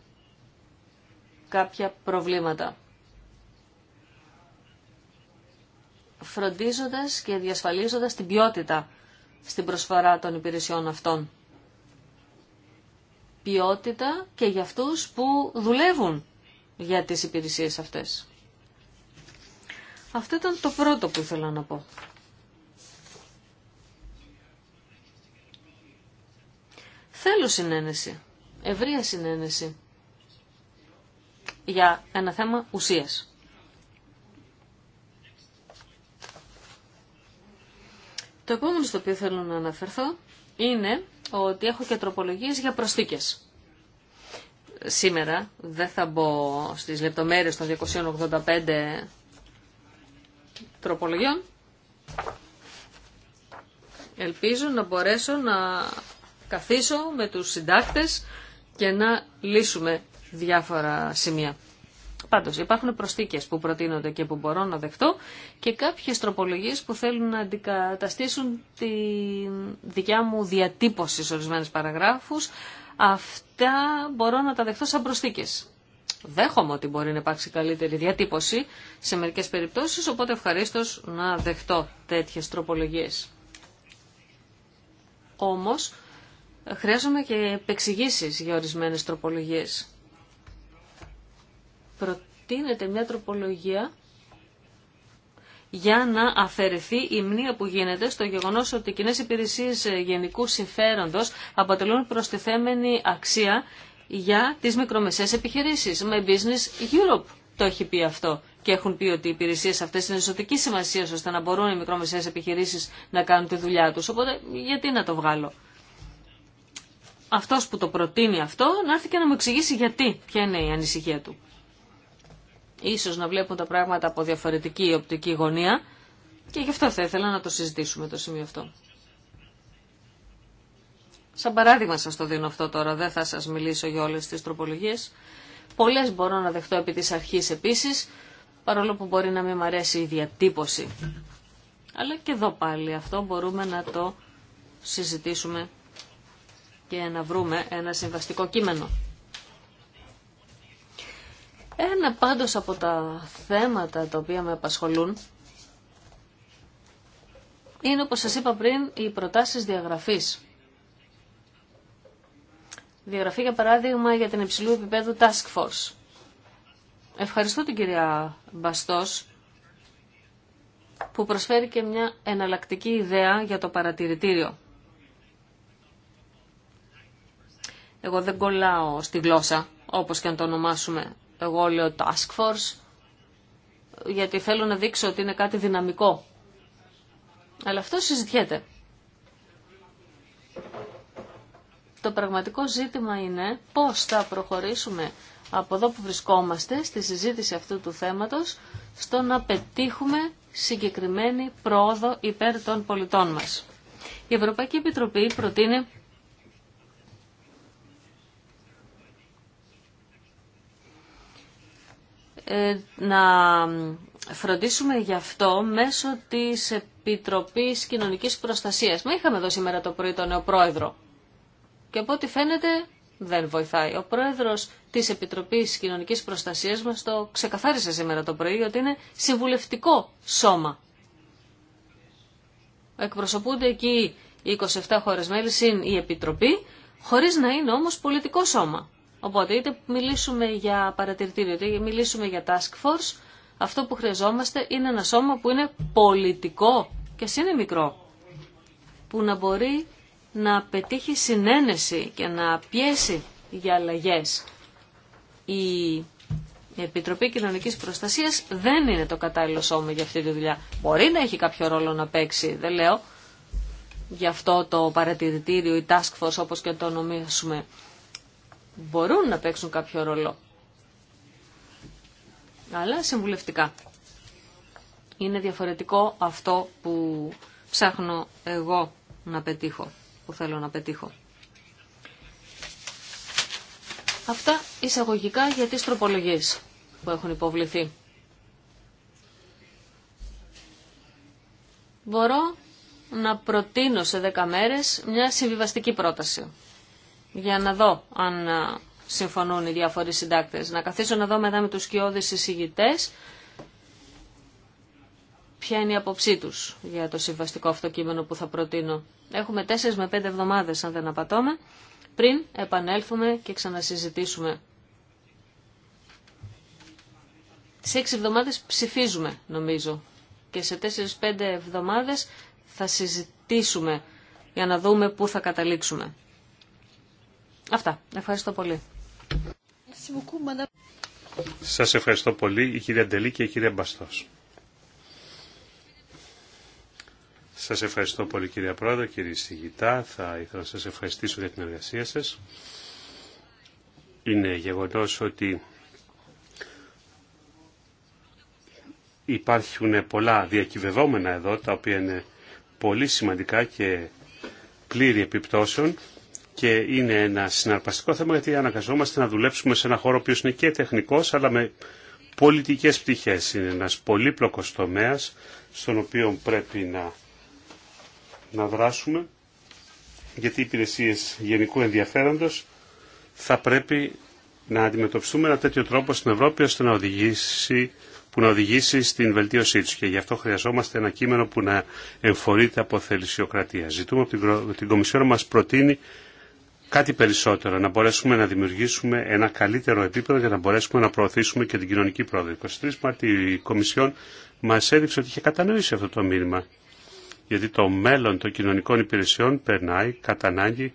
κάποια προβλήματα. Φροντίζοντας και διασφαλίζοντας την ποιότητα στην προσφορά των υπηρεσιών αυτών. Ποιότητα και για αυτούς που δουλεύουν για τις υπηρεσίες αυτές. Αυτό ήταν το πρώτο που ήθελα να πω. Θέλω συνένεση, ευρεία συνένεση για ένα θέμα ουσίας. Το επόμενο στο οποίο θέλω να αναφερθώ είναι ότι έχω και τροπολογίες για προστίκες. Σήμερα δεν θα μπω στις λεπτομέρειες των 285 τροπολογιών. Ελπίζω να μπορέσω να καθίσω με τους συντάκτες και να λύσουμε διάφορα σημεία. Πάντως υπάρχουν προσθήκες που προτείνονται και που μπορώ να δεχτώ και κάποιες τροπολογίες που θέλουν να αντικαταστήσουν τη δικιά μου διατύπωση σε ορισμένες παραγράφους. Αυτά μπορώ να τα δεχτώ σαν προσθήκες. Δέχομαι ότι μπορεί να υπάρξει καλύτερη διατύπωση σε μερικές περιπτώσεις, οπότε ευχαρίστω να δεχτώ τέτοιες τροπολογίες. Όμως, χρειάζομαι και επεξηγήσεις για ορισμένες τροπολογίες προτείνεται μια τροπολογία για να αφαιρεθεί η μνήμα που γίνεται στο γεγονός ότι οι κοινέ υπηρεσίες γενικού συμφέροντος αποτελούν προστιθέμενη αξία για τις μικρομεσαίες επιχειρήσεις. Με Business Europe το έχει πει αυτό και έχουν πει ότι οι υπηρεσίες αυτές είναι ζωτική σημασία ώστε να μπορούν οι μικρομεσαίες επιχειρήσεις να κάνουν τη δουλειά τους. Οπότε γιατί να το βγάλω. Αυτός που το προτείνει αυτό να έρθει και να μου εξηγήσει γιατί, ποια είναι η ανησυχία του ίσως να βλέπουν τα πράγματα από διαφορετική οπτική γωνία και γι' αυτό θα ήθελα να το συζητήσουμε το σημείο αυτό. Σαν παράδειγμα σας το δίνω αυτό τώρα, δεν θα σας μιλήσω για όλες τις τροπολογίες. Πολλές μπορώ να δεχτώ επί της αρχής επίσης, παρόλο που μπορεί να μην μου αρέσει η διατύπωση. Αλλά και εδώ πάλι αυτό μπορούμε να το συζητήσουμε και να βρούμε ένα συμβαστικό κείμενο. Ένα πάντως από τα θέματα τα οποία με απασχολούν είναι όπως σας είπα πριν οι προτάσεις διαγραφής. Διαγραφή για παράδειγμα για την υψηλού επίπεδου Task Force. Ευχαριστώ την κυρία Μπαστός που προσφέρει και μια εναλλακτική ιδέα για το παρατηρητήριο. Εγώ δεν κολλάω στη γλώσσα, όπως και αν το ονομάσουμε εγώ λέω task force, γιατί θέλω να δείξω ότι είναι κάτι δυναμικό. Αλλά αυτό συζητιέται. Το πραγματικό ζήτημα είναι πώς θα προχωρήσουμε από εδώ που βρισκόμαστε στη συζήτηση αυτού του θέματος στο να πετύχουμε συγκεκριμένη πρόοδο υπέρ των πολιτών μας. Η Ευρωπαϊκή Επιτροπή προτείνει Ε, να φροντίσουμε γι' αυτό μέσω της Επιτροπής Κοινωνικής Προστασίας. Μα είχαμε εδώ σήμερα το πρωί τον νέο πρόεδρο. Και από ό,τι φαίνεται δεν βοηθάει. Ο πρόεδρος της Επιτροπής Κοινωνικής Προστασίας μας το ξεκαθάρισε σήμερα το πρωί ότι είναι συμβουλευτικό σώμα. Εκπροσωπούνται εκεί οι 27 χώρες μέλη συν η Επιτροπή, χωρίς να είναι όμως πολιτικό σώμα. Οπότε είτε μιλήσουμε για παρατηρητήριο, είτε μιλήσουμε για task force, αυτό που χρειαζόμαστε είναι ένα σώμα που είναι πολιτικό και ας είναι μικρό, που να μπορεί να πετύχει συνένεση και να πιέσει για αλλαγέ. Η Επιτροπή Κοινωνικής Προστασίας δεν είναι το κατάλληλο σώμα για αυτή τη δουλειά. Μπορεί να έχει κάποιο ρόλο να παίξει, δεν λέω, γι' αυτό το παρατηρητήριο ή task force όπως και το ονομάσουμε μπορούν να παίξουν κάποιο ρόλο. Αλλά συμβουλευτικά. Είναι διαφορετικό αυτό που ψάχνω εγώ να πετύχω, που θέλω να πετύχω. Αυτά εισαγωγικά για τις τροπολογίες που έχουν υποβληθεί. Μπορώ να προτείνω σε 10 μέρες μια συμβιβαστική πρόταση για να δω αν συμφωνούν οι διάφοροι συντάκτες. Να καθίσω να δω μετά με τους σκιώδεις εισηγητές ποια είναι η απόψή του για το συμβαστικό αυτό κείμενο που θα προτείνω. Έχουμε 4 με πέντε εβδομάδες αν δεν απατώμε πριν επανέλθουμε και ξανασυζητήσουμε. Σε έξι εβδομάδες ψηφίζουμε νομίζω και σε 4 πεντε εβδομάδες θα συζητήσουμε για να δούμε πού θα καταλήξουμε. Αυτά. Ευχαριστώ πολύ. Σας ευχαριστώ πολύ η κυρία Ντελή και η κυρία Μπαστός. Σας ευχαριστώ πολύ κυρία Πρόεδρο, κύριε Σιγητά. Θα ήθελα να σας ευχαριστήσω για την εργασία σας. Είναι γεγονός ότι υπάρχουν πολλά διακυβευόμενα εδώ, τα οποία είναι πολύ σημαντικά και πλήρη επιπτώσεων και είναι ένα συναρπαστικό θέμα γιατί αναγκαζόμαστε να δουλέψουμε σε ένα χώρο που είναι και τεχνικός αλλά με πολιτικές πτυχές. Είναι ένας πολύπλοκος τομέας στον οποίο πρέπει να, να δράσουμε γιατί οι υπηρεσίες γενικού ενδιαφέροντος θα πρέπει να αντιμετωπιστούμε ένα τέτοιο τρόπο στην Ευρώπη ώστε να οδηγήσει, που να οδηγήσει στην βελτίωσή του. Και γι' αυτό χρειαζόμαστε ένα κείμενο που να εμφορείται από θελησιοκρατία. Ζητούμε από την, την Κομισιόν να μα προτείνει κάτι περισσότερο, να μπορέσουμε να δημιουργήσουμε ένα καλύτερο επίπεδο για να μπορέσουμε να προωθήσουμε και την κοινωνική πρόοδο. 23 Μαρτίου η Κομισιόν μας έδειξε ότι είχε κατανοήσει αυτό το μήνυμα. Γιατί το μέλλον των κοινωνικών υπηρεσιών περνάει κατά ανάγκη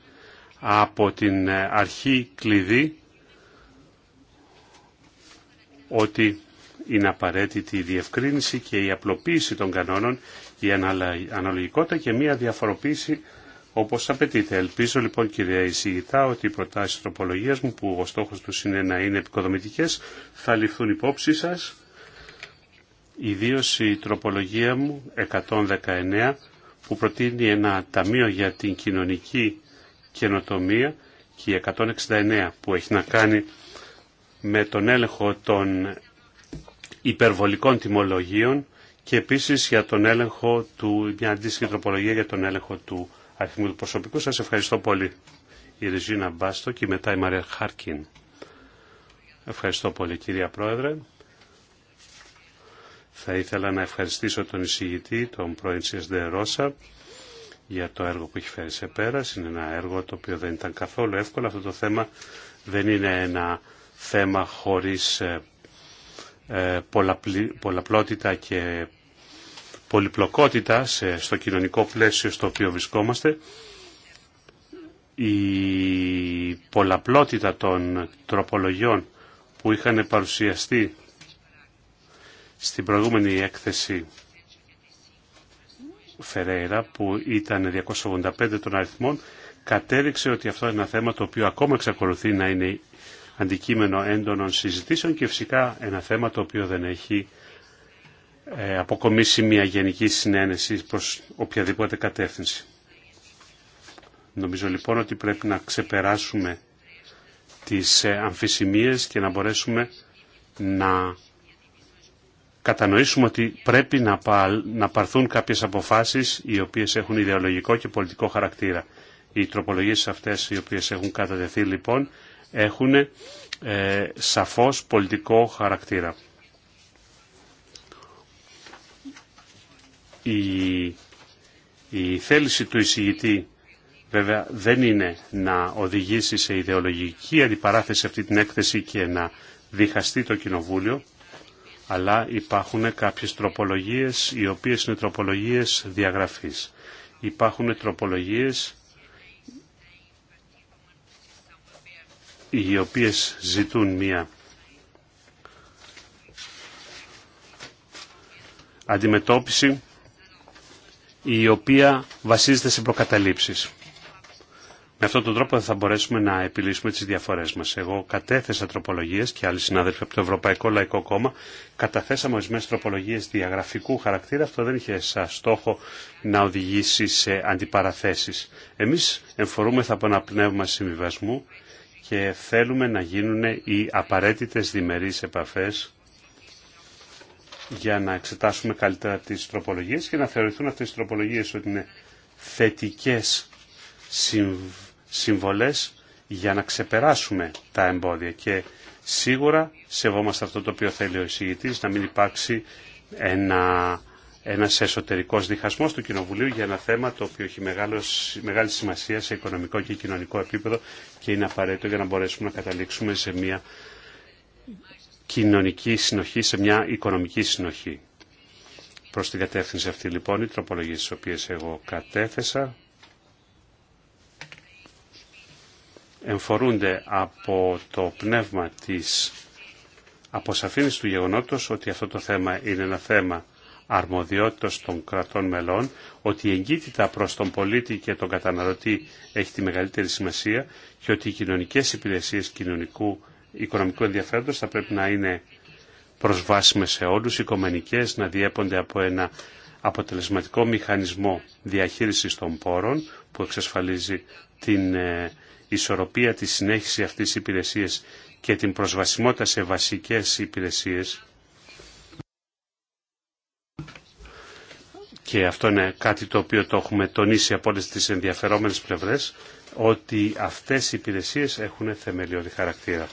από την ε, αρχή κλειδί ότι είναι απαραίτητη η διευκρίνηση και η απλοποίηση των κανόνων, η αναλογικότητα και μια διαφοροποίηση όπως απαιτείται. Ελπίζω λοιπόν κυρία Ισηγητά ότι οι προτάσεις τροπολογίας μου που ο στόχος τους είναι να είναι επικοδομητικές θα ληφθούν υπόψη σας. Ιδίως η τροπολογία μου 119 που προτείνει ένα ταμείο για την κοινωνική καινοτομία και η 169 που έχει να κάνει με τον έλεγχο των υπερβολικών τιμολογίων και επίσης για τον έλεγχο του, μια αντίστοιχη τροπολογία για τον έλεγχο του αριθμού του προσωπικού. Σας ευχαριστώ πολύ η Ριζίνα Μπάστο και μετά η Μαρία Χάρκιν. Ευχαριστώ πολύ κυρία Πρόεδρε. Θα ήθελα να ευχαριστήσω τον εισηγητή, τον πρώην CSD Ρώσα, για το έργο που έχει φέρει σε πέρα. Είναι ένα έργο το οποίο δεν ήταν καθόλου εύκολο. Αυτό το θέμα δεν είναι ένα θέμα χωρίς ε, ε, πολλαπλότητα και πολυπλοκότητα στο κοινωνικό πλαίσιο στο οποίο βρισκόμαστε, η πολλαπλότητα των τροπολογιών που είχαν παρουσιαστεί στην προηγούμενη έκθεση Φερέιρα που ήταν 285 των αριθμών κατέδειξε ότι αυτό είναι ένα θέμα το οποίο ακόμα εξακολουθεί να είναι αντικείμενο έντονων συζητήσεων και φυσικά ένα θέμα το οποίο δεν έχει ε, αποκομίσει μια γενική συνένεση προς οποιαδήποτε κατεύθυνση. Νομίζω λοιπόν ότι πρέπει να ξεπεράσουμε τις ε, αμφισημίες και να μπορέσουμε να κατανοήσουμε ότι πρέπει να, να παρθούν κάποιες αποφάσεις οι οποίες έχουν ιδεολογικό και πολιτικό χαρακτήρα. Οι τροπολογίες αυτές οι οποίες έχουν κατατεθεί λοιπόν έχουν ε, σαφώς πολιτικό χαρακτήρα. Η, θέληση του εισηγητή βέβαια δεν είναι να οδηγήσει σε ιδεολογική αντιπαράθεση αυτή την έκθεση και να διχαστεί το Κοινοβούλιο, αλλά υπάρχουν κάποιες τροπολογίες οι οποίες είναι τροπολογίες διαγραφής. Υπάρχουν τροπολογίες οι οποίες ζητούν μία αντιμετώπιση η οποία βασίζεται σε προκαταλήψεις. Με αυτόν τον τρόπο θα μπορέσουμε να επιλύσουμε τις διαφορές μας. Εγώ κατέθεσα τροπολογίες και άλλοι συνάδελφοι από το Ευρωπαϊκό Λαϊκό Κόμμα καταθέσαμε ορισμένε τροπολογίες διαγραφικού χαρακτήρα. Αυτό δεν είχε σαν στόχο να οδηγήσει σε αντιπαραθέσεις. Εμείς εμφορούμεθα από ένα πνεύμα συμβιβασμού και θέλουμε να γίνουν οι απαραίτητες διμερείς επαφές για να εξετάσουμε καλύτερα τις τροπολογίες και να θεωρηθούν αυτές οι τροπολογίες ότι είναι θετικές συμβολές για να ξεπεράσουμε τα εμπόδια και σίγουρα σεβόμαστε αυτό το οποίο θέλει ο εισηγητής να μην υπάρξει ένα, ένας εσωτερικός διχασμός του Κοινοβουλίου για ένα θέμα το οποίο έχει μεγάλη σημασία σε οικονομικό και κοινωνικό επίπεδο και είναι απαραίτητο για να μπορέσουμε να καταλήξουμε σε μια κοινωνική συνοχή σε μια οικονομική συνοχή. Προς την κατεύθυνση αυτή λοιπόν οι τροπολογίες τις οποίες εγώ κατέθεσα εμφορούνται από το πνεύμα της αποσαφήνισης του γεγονότος ότι αυτό το θέμα είναι ένα θέμα αρμοδιότητας των κρατών μελών, ότι η εγκύτητα προς τον πολίτη και τον καταναλωτή έχει τη μεγαλύτερη σημασία και ότι οι κοινωνικές υπηρεσίες κοινωνικού οικονομικού ενδιαφέροντος θα πρέπει να είναι προσβάσιμες σε όλους, οι οικομενικές να διέπονται από ένα αποτελεσματικό μηχανισμό διαχείρισης των πόρων που εξασφαλίζει την ε, ισορροπία, τη συνέχιση αυτής της υπηρεσίας και την προσβασιμότητα σε βασικές υπηρεσίες. Και αυτό είναι κάτι το οποίο το έχουμε τονίσει από όλες τις ενδιαφερόμενες πλευρές, ότι αυτές οι υπηρεσίες έχουν θεμελιώδη χαρακτήρα.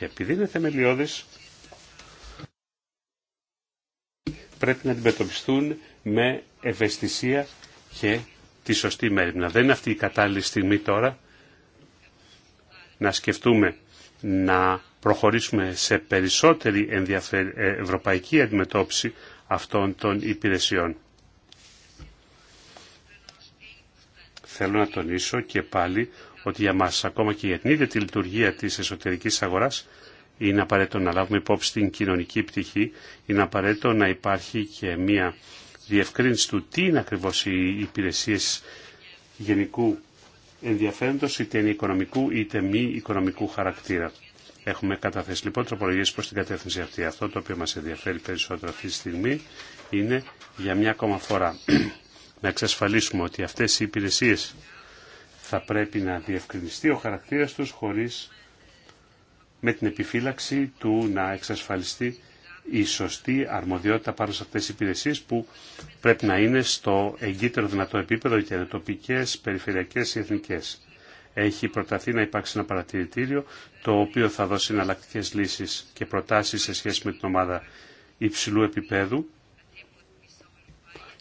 Και επειδή είναι θεμελιώδες, πρέπει να αντιμετωπιστούν με ευαισθησία και τη σωστή Να Δεν είναι αυτή η κατάλληλη στιγμή τώρα να σκεφτούμε να προχωρήσουμε σε περισσότερη ε, ευρωπαϊκή αντιμετώπιση αυτών των υπηρεσιών. Θέλω να τονίσω και πάλι ότι για μας ακόμα και για την ίδια τη λειτουργία της εσωτερικής αγοράς είναι απαραίτητο να λάβουμε υπόψη την κοινωνική πτυχή, είναι απαραίτητο να υπάρχει και μια διευκρίνηση του τι είναι ακριβώς οι υπηρεσίες γενικού ενδιαφέροντος, είτε είναι οικονομικού είτε μη οικονομικού χαρακτήρα. Έχουμε καταθέσει λοιπόν τροπολογίε προ την κατεύθυνση αυτή. Αυτό το οποίο μα ενδιαφέρει περισσότερο αυτή τη στιγμή είναι για μια ακόμα φορά να εξασφαλίσουμε ότι αυτέ οι υπηρεσίε θα πρέπει να διευκρινιστεί ο χαρακτήρας τους χωρίς με την επιφύλαξη του να εξασφαλιστεί η σωστή αρμοδιότητα πάνω σε αυτές τις υπηρεσίες που πρέπει να είναι στο εγκύτερο δυνατό επίπεδο για είναι τοπικές, περιφερειακές ή εθνικές. Έχει προταθεί να υπάρξει ένα παρατηρητήριο το οποίο θα δώσει εναλλακτικέ λύσεις και προτάσεις σε σχέση με την ομάδα υψηλού επίπεδου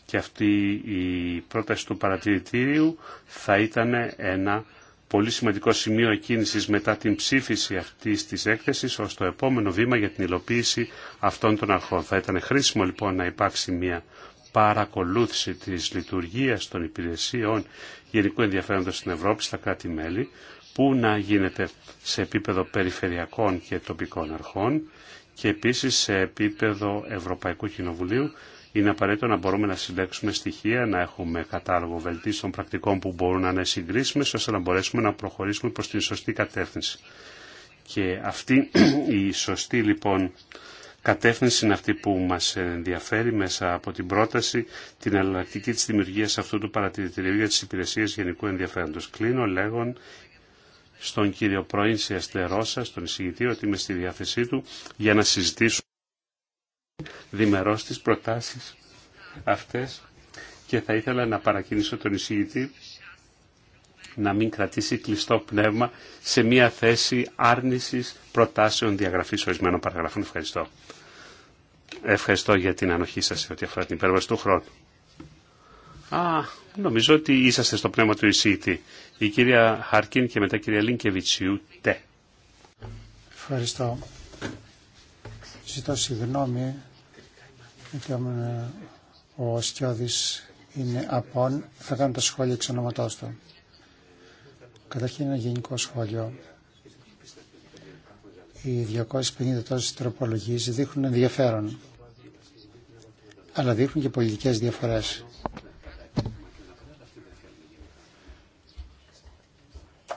και αυτή η πρόταση του παρατηρητήριου θα ήταν ένα πολύ σημαντικό σημείο εκκίνησης μετά την ψήφιση αυτής της έκθεσης ως το επόμενο βήμα για την υλοποίηση αυτών των αρχών. Θα ήταν χρήσιμο λοιπόν να υπάρξει μια παρακολούθηση της λειτουργίας των υπηρεσιών γενικού ενδιαφέροντος στην Ευρώπη στα κράτη-μέλη που να γίνεται σε επίπεδο περιφερειακών και τοπικών αρχών και επίσης σε επίπεδο Ευρωπαϊκού Κοινοβουλίου είναι απαραίτητο να μπορούμε να συλλέξουμε στοιχεία, να έχουμε κατάλογο βελτίστων πρακτικών που μπορούν να είναι συγκρίσιμε, ώστε να μπορέσουμε να προχωρήσουμε προ την σωστή κατεύθυνση. Και αυτή η σωστή λοιπόν κατεύθυνση είναι αυτή που μα ενδιαφέρει μέσα από την πρόταση την εναλλακτική τη δημιουργία αυτού του παρατηρητηρίου για τι υπηρεσίε γενικού ενδιαφέροντος. Κλείνω λέγον στον κύριο πρώην σα, στον εισηγητή, ότι είμαι στη διάθεσή του για να συζητήσουμε διμερώς τις προτάσεις αυτές και θα ήθελα να παρακινήσω τον εισηγητή να μην κρατήσει κλειστό πνεύμα σε μια θέση άρνησης προτάσεων διαγραφής ορισμένων παραγραφών. Ευχαριστώ. Ευχαριστώ για την ανοχή σας ό,τι αφορά την υπέρβαση του χρόνου. Α, νομίζω ότι είσαστε στο πνεύμα του εισηγητή. Η κυρία Χαρκίν και μετά η κυρία Λίνκεβιτσιού Ευχαριστώ. Ζητώ συγγνώμη και ο Στιώδης είναι απόν, θα κάνω τα σχόλια εξ ονόματός του. Καταρχήν ένα γενικό σχόλιο. Οι 250 τόσες τροπολογίες δείχνουν ενδιαφέρον, αλλά δείχνουν και πολιτικές διαφορές.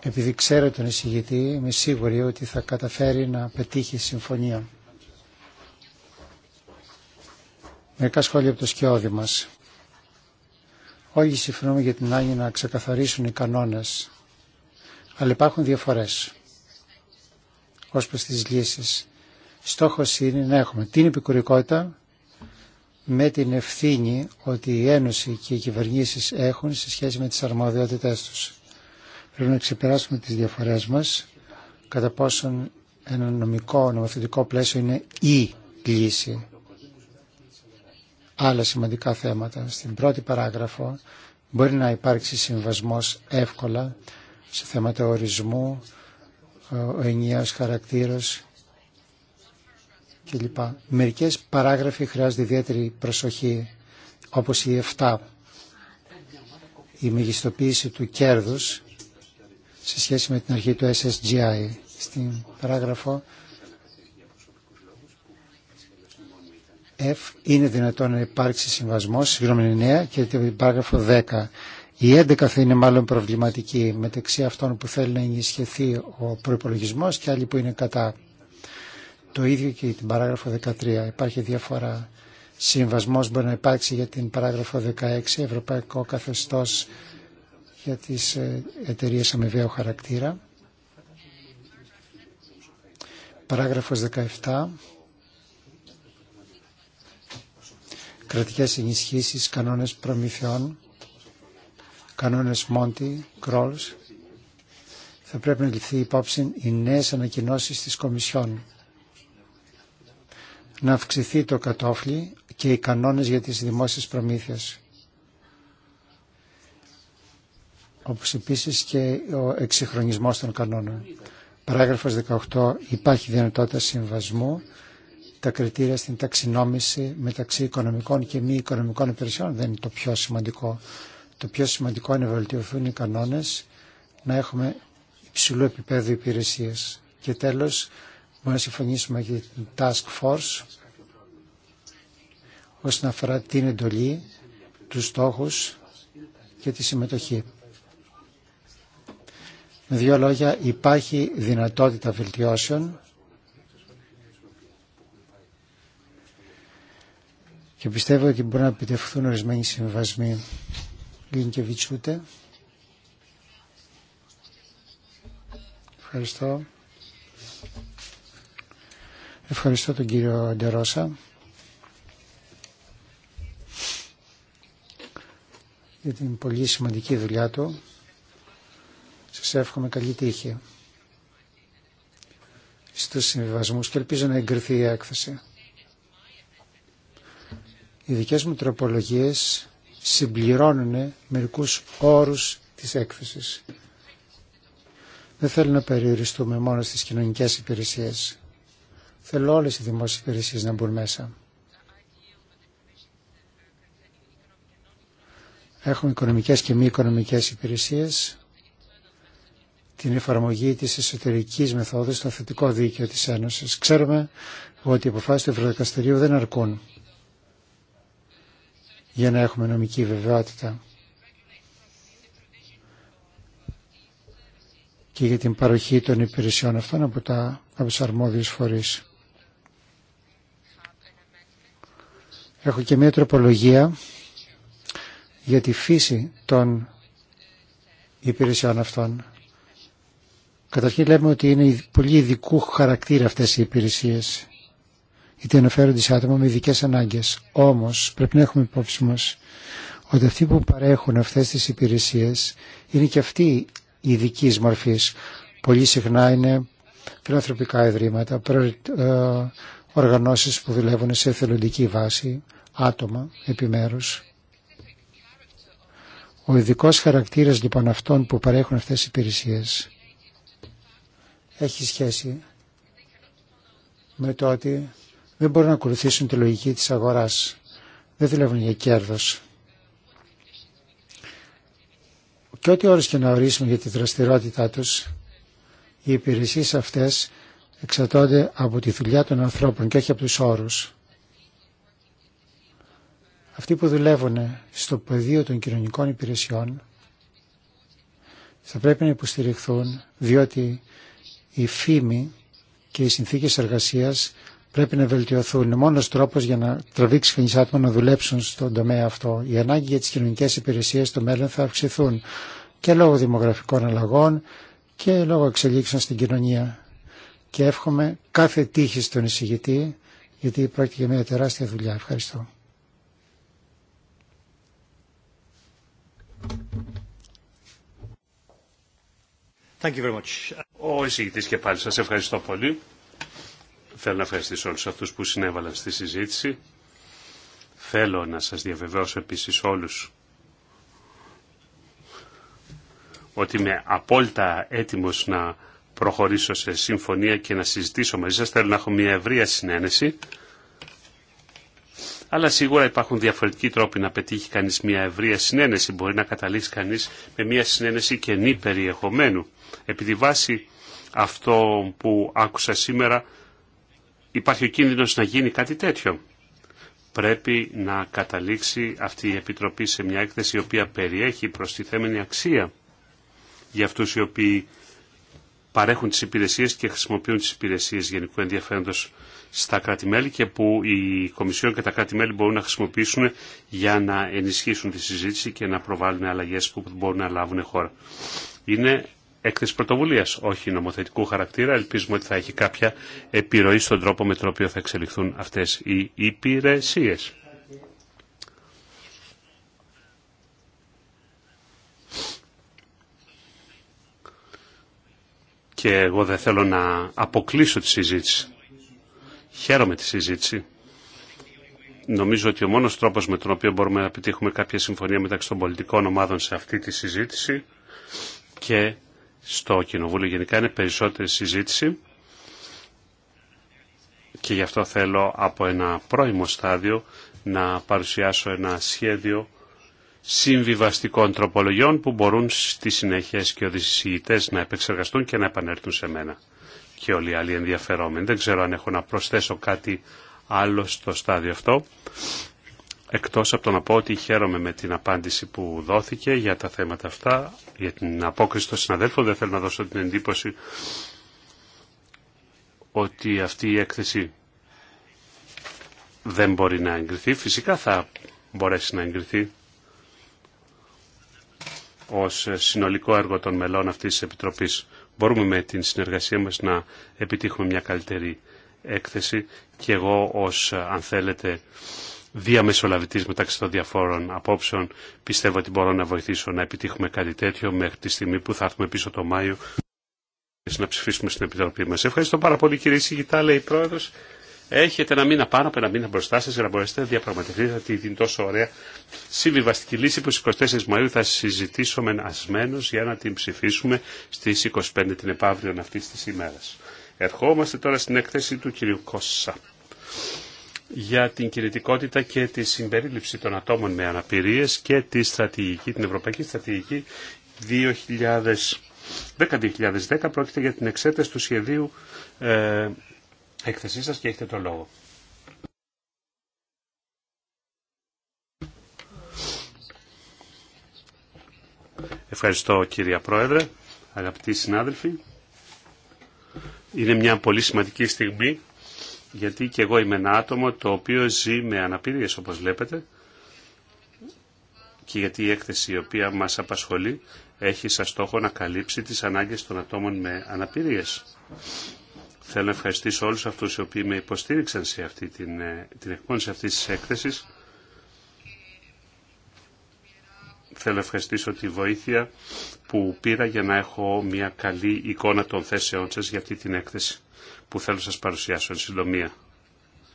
Επειδή ξέρω τον εισηγητή, είμαι σίγουρη ότι θα καταφέρει να πετύχει συμφωνία. Μερικά σχόλια από το σκιώδη μας. Όλοι συμφωνούμε για την άγνοια να ξεκαθαρίσουν οι κανόνες, αλλά υπάρχουν διαφορές ως προς τις λύσεις. Στόχος είναι να έχουμε την επικουρικότητα με την ευθύνη ότι η Ένωση και οι κυβερνήσεις έχουν σε σχέση με τις αρμοδιότητές τους. Πρέπει να ξεπεράσουμε τις διαφορές μας κατά πόσον ένα νομικό, νομοθετικό πλαίσιο είναι η λύση άλλα σημαντικά θέματα. Στην πρώτη παράγραφο μπορεί να υπάρξει συμβασμός εύκολα σε θέματα ορισμού, ε, ο ενιαίος χαρακτήρας κλπ. Μερικές παράγραφοι χρειάζονται ιδιαίτερη προσοχή, όπως η 7, η μεγιστοποίηση του κέρδους σε σχέση με την αρχή του SSGI. Στην παράγραφο F είναι δυνατόν να υπάρξει συμβασμό, συγγνώμη 9 και την παράγραφο 10. Η 11 θα είναι μάλλον προβληματική μεταξύ αυτών που θέλει να ενισχυθεί ο προπολογισμό και άλλοι που είναι κατά. Το ίδιο και την παράγραφο 13. Υπάρχει διαφορά. Συμβασμό μπορεί να υπάρξει για την παράγραφο 16, ευρωπαϊκό καθεστώ για τι ε, εταιρείε αμοιβαίου χαρακτήρα. Παράγραφος 17 κρατικές ενισχύσεις, κανόνες προμηθειών, κανόνες Μόντι, Κρόλς, θα πρέπει να ληφθεί υπόψη οι νέες ανακοινώσεις της Κομισιόν. Να αυξηθεί το κατόφλι και οι κανόνες για τις δημόσιες προμήθειες. Όπως επίσης και ο εξυγχρονισμός των κανόνων. Παράγραφος 18. Υπάρχει δυνατότητα συμβασμού τα κριτήρια στην ταξινόμηση μεταξύ οικονομικών και μη οικονομικών υπηρεσιών δεν είναι το πιο σημαντικό. Το πιο σημαντικό είναι να βελτιωθούν οι κανόνες, να έχουμε υψηλού επίπεδου υπηρεσίε. Και τέλος, μπορούμε να συμφωνήσουμε για την Task Force όσον αφορά την εντολή, του στόχους και τη συμμετοχή. Με δύο λόγια, υπάρχει δυνατότητα βελτιώσεων και πιστεύω ότι μπορεί να επιτευχθούν ορισμένοι συμβασμοί. Βιτσούτε. Ευχαριστώ. Ευχαριστώ τον κύριο Ντερόσα. για την πολύ σημαντική δουλειά του. Σας εύχομαι καλή τύχη στους συμβιβασμούς και ελπίζω να εγκριθεί η έκθεση. Οι δικές μου τροπολογίες συμπληρώνουν μερικούς όρους της έκθεσης. Δεν θέλω να περιοριστούμε μόνο στις κοινωνικές υπηρεσίες. Θέλω όλες οι δημόσιες υπηρεσίες να μπουν μέσα. Έχουμε οικονομικές και μη οικονομικές υπηρεσίες, την εφαρμογή της εσωτερικής μεθόδου στο θετικό δίκαιο της Ένωσης. Ξέρουμε ότι οι αποφάσεις του Ευρωδικαστηρίου δεν αρκούν για να έχουμε νομική βεβαιότητα και για την παροχή των υπηρεσιών αυτών από, τα, από φορείς. Έχω και μια τροπολογία για τη φύση των υπηρεσιών αυτών. Καταρχήν λέμε ότι είναι πολύ ειδικού χαρακτήρα αυτές οι υπηρεσίες είτε αναφέρονται σε άτομα με ειδικέ ανάγκες. Όμως πρέπει να έχουμε υπόψη μα ότι αυτοί που παρέχουν αυτές τις υπηρεσίες είναι και αυτοί ειδική μορφής. Πολύ συχνά είναι φιλανθρωπικά ιδρύματα, ε, οργανώσει που δουλεύουν σε εθελοντική βάση, άτομα, επιμέρους. Ο ειδικό χαρακτήρας λοιπόν αυτών που παρέχουν αυτέ τις υπηρεσίε έχει σχέση με το ότι δεν μπορούν να ακολουθήσουν τη λογική της αγοράς. Δεν δουλεύουν για κέρδος. Και ό,τι ώρες και να ορίσουμε για τη δραστηριότητά τους, οι υπηρεσίες αυτές εξαρτώνται από τη δουλειά των ανθρώπων και όχι από τους όρους. Αυτοί που δουλεύουν στο πεδίο των κοινωνικών υπηρεσιών θα πρέπει να υποστηριχθούν διότι η φήμη και οι συνθήκες εργασίας πρέπει να βελτιωθούν. Είναι μόνος τρόπος για να τραβήξει κανεί άτομα να δουλέψουν στον τομέα αυτό. Η ανάγκη για τις κοινωνικές υπηρεσίες στο μέλλον θα αυξηθούν και λόγω δημογραφικών αλλαγών και λόγω εξελίξεων στην κοινωνία. Και εύχομαι κάθε τύχη στον εισηγητή, γιατί πρόκειται για μια τεράστια δουλειά. Ευχαριστώ. Thank you very much. Ο εισηγητής και πάλι σας ευχαριστώ πολύ. Θέλω να ευχαριστήσω όλους αυτούς που συνέβαλαν στη συζήτηση. Θέλω να σας διαβεβαιώσω επίσης όλους ότι είμαι απόλυτα έτοιμος να προχωρήσω σε συμφωνία και να συζητήσω μαζί σας. Θέλω να έχω μια ευρεία συνένεση. Αλλά σίγουρα υπάρχουν διαφορετικοί τρόποι να πετύχει κανείς μια ευρεία συνένεση. Μπορεί να καταλήξει κανείς με μια συνένεση καινή περιεχομένου. Επειδή βάση αυτό που άκουσα σήμερα υπάρχει ο κίνδυνος να γίνει κάτι τέτοιο. Πρέπει να καταλήξει αυτή η Επιτροπή σε μια έκθεση η οποία περιέχει προστιθέμενη αξία για αυτούς οι οποίοι παρέχουν τις υπηρεσίες και χρησιμοποιούν τις υπηρεσίες γενικού ενδιαφέροντος στα κράτη-μέλη και που οι Κομισιόν και τα κράτη-μέλη μπορούν να χρησιμοποιήσουν για να ενισχύσουν τη συζήτηση και να προβάλλουν αλλαγές που μπορούν να λάβουν χώρα. Είναι έκθεση πρωτοβουλία, όχι νομοθετικού χαρακτήρα. Ελπίζουμε ότι θα έχει κάποια επιρροή στον τρόπο με τον οποίο θα εξελιχθούν αυτέ οι υπηρεσίε. Και εγώ δεν θέλω να αποκλείσω τη συζήτηση. Χαίρομαι τη συζήτηση. Νομίζω ότι ο μόνος τρόπος με τον οποίο μπορούμε να επιτύχουμε κάποια συμφωνία μεταξύ των πολιτικών ομάδων σε αυτή τη συζήτηση και στο Κοινοβούλιο γενικά είναι περισσότερη συζήτηση και γι' αυτό θέλω από ένα πρώιμο στάδιο να παρουσιάσω ένα σχέδιο συμβιβαστικών τροπολογιών που μπορούν στη συνέχεια και οι να επεξεργαστούν και να επανέλθουν σε μένα και όλοι οι άλλοι ενδιαφερόμενοι. Δεν ξέρω αν έχω να προσθέσω κάτι άλλο στο στάδιο αυτό εκτός από το να πω ότι χαίρομαι με την απάντηση που δόθηκε για τα θέματα αυτά, για την απόκριση των συναδέλφων. Δεν θέλω να δώσω την εντύπωση ότι αυτή η έκθεση δεν μπορεί να εγκριθεί. Φυσικά θα μπορέσει να εγκριθεί ως συνολικό έργο των μελών αυτής της Επιτροπής. Μπορούμε με την συνεργασία μας να επιτύχουμε μια καλύτερη έκθεση και εγώ ως, αν θέλετε, διαμεσολαβητής μεταξύ των διαφόρων απόψεων. Πιστεύω ότι μπορώ να βοηθήσω να επιτύχουμε κάτι τέτοιο μέχρι τη στιγμή που θα έρθουμε πίσω το Μάιο να ψηφίσουμε στην Επιτροπή μα. Ευχαριστώ πάρα πολύ κύριε Σιγητά, λέει η Πρόεδρος. Έχετε ένα μήνα πάνω από ένα μήνα μπροστά σα για να μπορέσετε να διαπραγματευτείτε αυτή την τόσο ωραία συμβιβαστική λύση που στις 24 Μαου θα συζητήσουμε ασμένω για να την ψηφίσουμε στι 25 την επαύριον αυτή τη ημέρα. Ερχόμαστε τώρα στην έκθεση του κυρίου Κώσσα για την κινητικότητα και τη συμπερίληψη των ατόμων με αναπηρίες και τη στρατηγική, την Ευρωπαϊκή Στρατηγική 2010-2010 πρόκειται για την εξέταση του σχεδίου ε, έκθεσή σας και έχετε το λόγο. Ευχαριστώ κυρία Πρόεδρε, αγαπητοί συνάδελφοι. Είναι μια πολύ σημαντική στιγμή γιατί και εγώ είμαι ένα άτομο το οποίο ζει με αναπηρίες όπως βλέπετε και γιατί η έκθεση η οποία μας απασχολεί έχει σαν στόχο να καλύψει τις ανάγκες των ατόμων με αναπηρίες. Θέλω να ευχαριστήσω όλους αυτούς οι οποίοι με υποστήριξαν σε αυτή την, ε, την εκπόνηση αυτής της έκθεσης. Θέλω να ευχαριστήσω τη βοήθεια που πήρα για να έχω μια καλή εικόνα των θέσεών σας για αυτή την έκθεση που θέλω να σας παρουσιάσω εν συντομία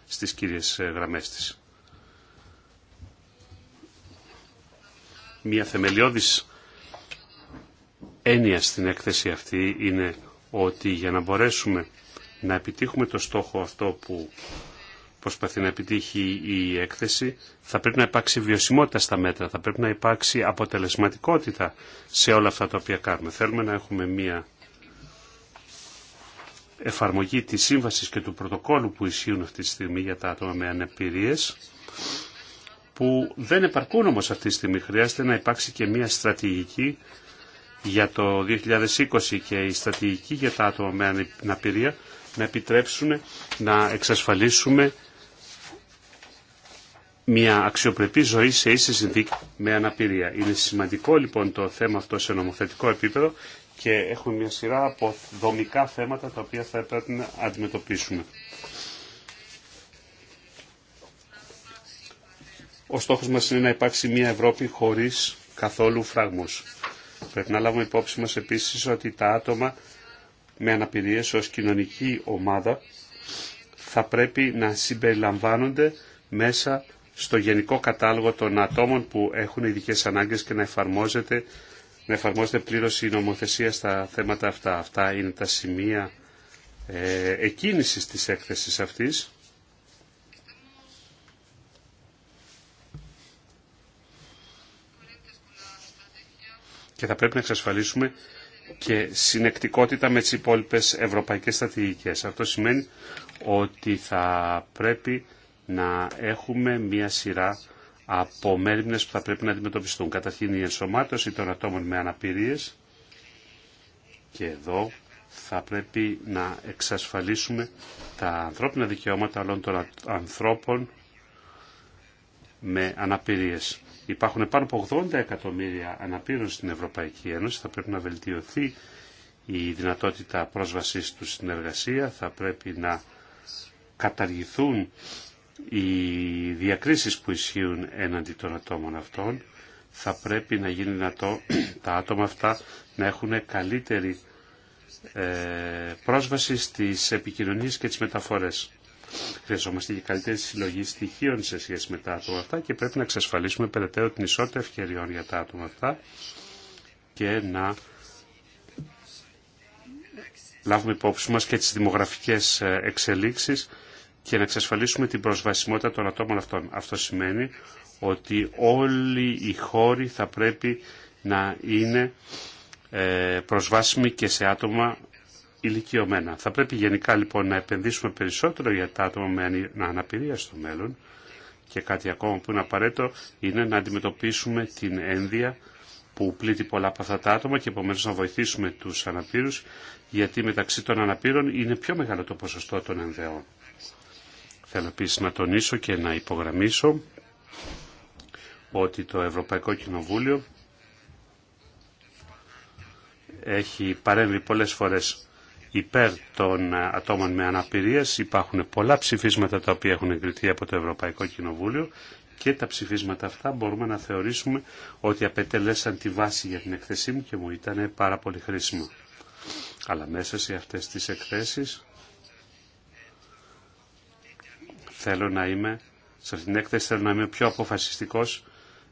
στις κύριες ε, γραμμές της. Μια θεμελιώδης έννοια στην έκθεση αυτή είναι ότι για να μπορέσουμε να επιτύχουμε το στόχο αυτό που προσπαθεί να επιτύχει η έκθεση, θα πρέπει να υπάρξει βιωσιμότητα στα μέτρα, θα πρέπει να υπάρξει αποτελεσματικότητα σε όλα αυτά τα οποία κάνουμε. Θέλουμε να έχουμε μία εφαρμογή της σύμβασης και του πρωτοκόλου που ισχύουν αυτή τη στιγμή για τα άτομα με αναπηρίες που δεν επαρκούν όμως αυτή τη στιγμή. Χρειάζεται να υπάρξει και μια στρατηγική για το 2020 και η στρατηγική για τα άτομα με αναπηρία να επιτρέψουν να εξασφαλίσουμε μια αξιοπρεπή ζωή σε ίση συνθήκη με αναπηρία. Είναι σημαντικό λοιπόν το θέμα αυτό σε νομοθετικό επίπεδο και έχουμε μια σειρά από δομικά θέματα τα οποία θα πρέπει να αντιμετωπίσουμε. Ο στόχος μας είναι να υπάρξει μια Ευρώπη χωρίς καθόλου φράγμους. Πρέπει να λάβουμε υπόψη μας επίσης ότι τα άτομα με αναπηρίες ως κοινωνική ομάδα θα πρέπει να συμπεριλαμβάνονται μέσα στο γενικό κατάλογο των ατόμων που έχουν ειδικές ανάγκες και να εφαρμόζεται να εφαρμόζεται πλήρως η νομοθεσία στα θέματα αυτά. Αυτά είναι τα σημεία ε, εκκίνησης της έκθεσης αυτής. Και θα πρέπει να εξασφαλίσουμε και συνεκτικότητα με τις υπόλοιπες ευρωπαϊκές στρατηγικές. Αυτό σημαίνει ότι θα πρέπει να έχουμε μία σειρά από μέρημνες που θα πρέπει να αντιμετωπιστούν. Καταρχήν η ενσωμάτωση των ατόμων με αναπηρίες και εδώ θα πρέπει να εξασφαλίσουμε τα ανθρώπινα δικαιώματα όλων των ανθρώπων με αναπηρίες. Υπάρχουν πάνω από 80 εκατομμύρια αναπήρων στην Ευρωπαϊκή Ένωση. Θα πρέπει να βελτιωθεί η δυνατότητα πρόσβασής τους στην εργασία. Θα πρέπει να καταργηθούν οι διακρίσεις που ισχύουν έναντι των ατόμων αυτών θα πρέπει να γίνει δυνατό τα άτομα αυτά να έχουν καλύτερη ε, πρόσβαση στις επικοινωνίες και τις μεταφορές. Χρειαζόμαστε και καλύτερη συλλογή στοιχείων σε σχέση με τα άτομα αυτά και πρέπει να εξασφαλίσουμε περαιτέρω την ισότητα ευκαιριών για τα άτομα αυτά και να λάβουμε υπόψη μας και τις δημογραφικές ε, εξελίξεις και να εξασφαλίσουμε την προσβασιμότητα των ατόμων αυτών. Αυτό σημαίνει ότι όλοι οι χώροι θα πρέπει να είναι ε, προσβάσιμοι και σε άτομα ηλικιωμένα. Θα πρέπει γενικά λοιπόν να επενδύσουμε περισσότερο για τα άτομα με αναπηρία στο μέλλον και κάτι ακόμα που είναι απαραίτητο είναι να αντιμετωπίσουμε την ένδια που πλήττει πολλά από αυτά τα άτομα και επομένως να βοηθήσουμε τους αναπήρους γιατί μεταξύ των αναπήρων είναι πιο μεγάλο το ποσοστό των ενδεών. Θέλω να τονίσω και να υπογραμμίσω ότι το Ευρωπαϊκό Κοινοβούλιο έχει παρέμβει πολλές φορές υπέρ των ατόμων με αναπηρίες. Υπάρχουν πολλά ψηφίσματα τα οποία έχουν εγκριθεί από το Ευρωπαϊκό Κοινοβούλιο και τα ψηφίσματα αυτά μπορούμε να θεωρήσουμε ότι απετελέσαν τη βάση για την εκθεσή μου και μου ήταν πάρα πολύ χρήσιμο. Αλλά μέσα σε αυτές τις εκθέσεις Θέλω να είμαι, σε αυτήν την έκθεση θέλω να είμαι πιο αποφασιστικός,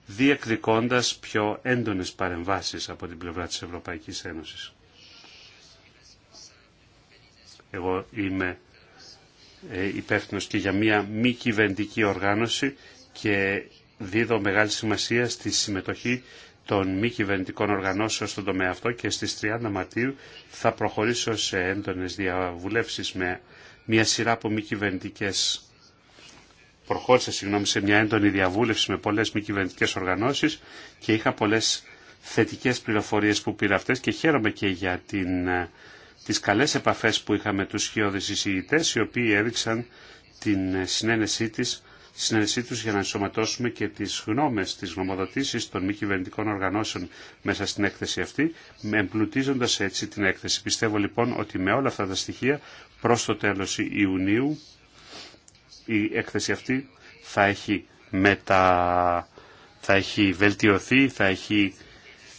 διεκδικώντας πιο έντονες παρεμβάσεις από την πλευρά της Ευρωπαϊκής Ένωσης. Εγώ είμαι ε, υπεύθυνο και για μια μη κυβερνητική οργάνωση και δίδω μεγάλη σημασία στη συμμετοχή των μη κυβερνητικών οργανώσεων στον τομέα αυτό και στις 30 Μαρτίου θα προχωρήσω σε έντονες διαβουλεύσεις με μια σειρά από μη κυβερνητικές προχώρησα συγγνώμη, σε μια έντονη διαβούλευση με πολλές μη κυβερνητικές οργανώσεις και είχα πολλές θετικές πληροφορίες που πήρα αυτές και χαίρομαι και για την, ε, τις καλές επαφές που είχα με τους χειώδες εισηγητές οι οποίοι έδειξαν την ε, συνένεσή, της, τους για να ενσωματώσουμε και τις γνώμες, τι γνωμοδοτήσει των μη κυβερνητικών οργανώσεων μέσα στην έκθεση αυτή, εμπλουτίζοντας έτσι την έκθεση. Πιστεύω λοιπόν ότι με όλα αυτά τα στοιχεία προ το τέλο Ιουνίου η έκθεση αυτή θα έχει, μετα... θα έχει βελτιωθεί, θα έχει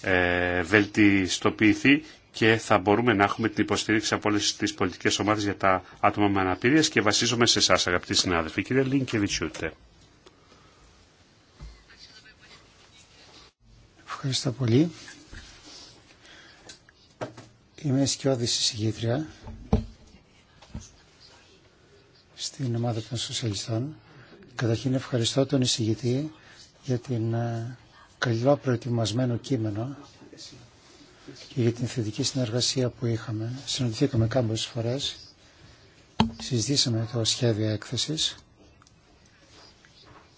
ε, βελτιστοποιηθεί και θα μπορούμε να έχουμε την υποστήριξη από όλε τι πολιτικέ ομάδε για τα άτομα με αναπηρία και βασίζομαι σε εσά, αγαπητοί συνάδελφοι. Κύριε Λίνκεβιτσιούτε. Ευχαριστώ πολύ. Είμαι σκιώδης εισηγήτρια στην ομάδα των σοσιαλιστών. Καταρχήν ευχαριστώ τον εισηγητή για την ε, καλό προετοιμασμένο κείμενο και για την θετική συνεργασία που είχαμε. Συναντηθήκαμε κάποιες φορές, συζητήσαμε το σχέδιο έκθεσης.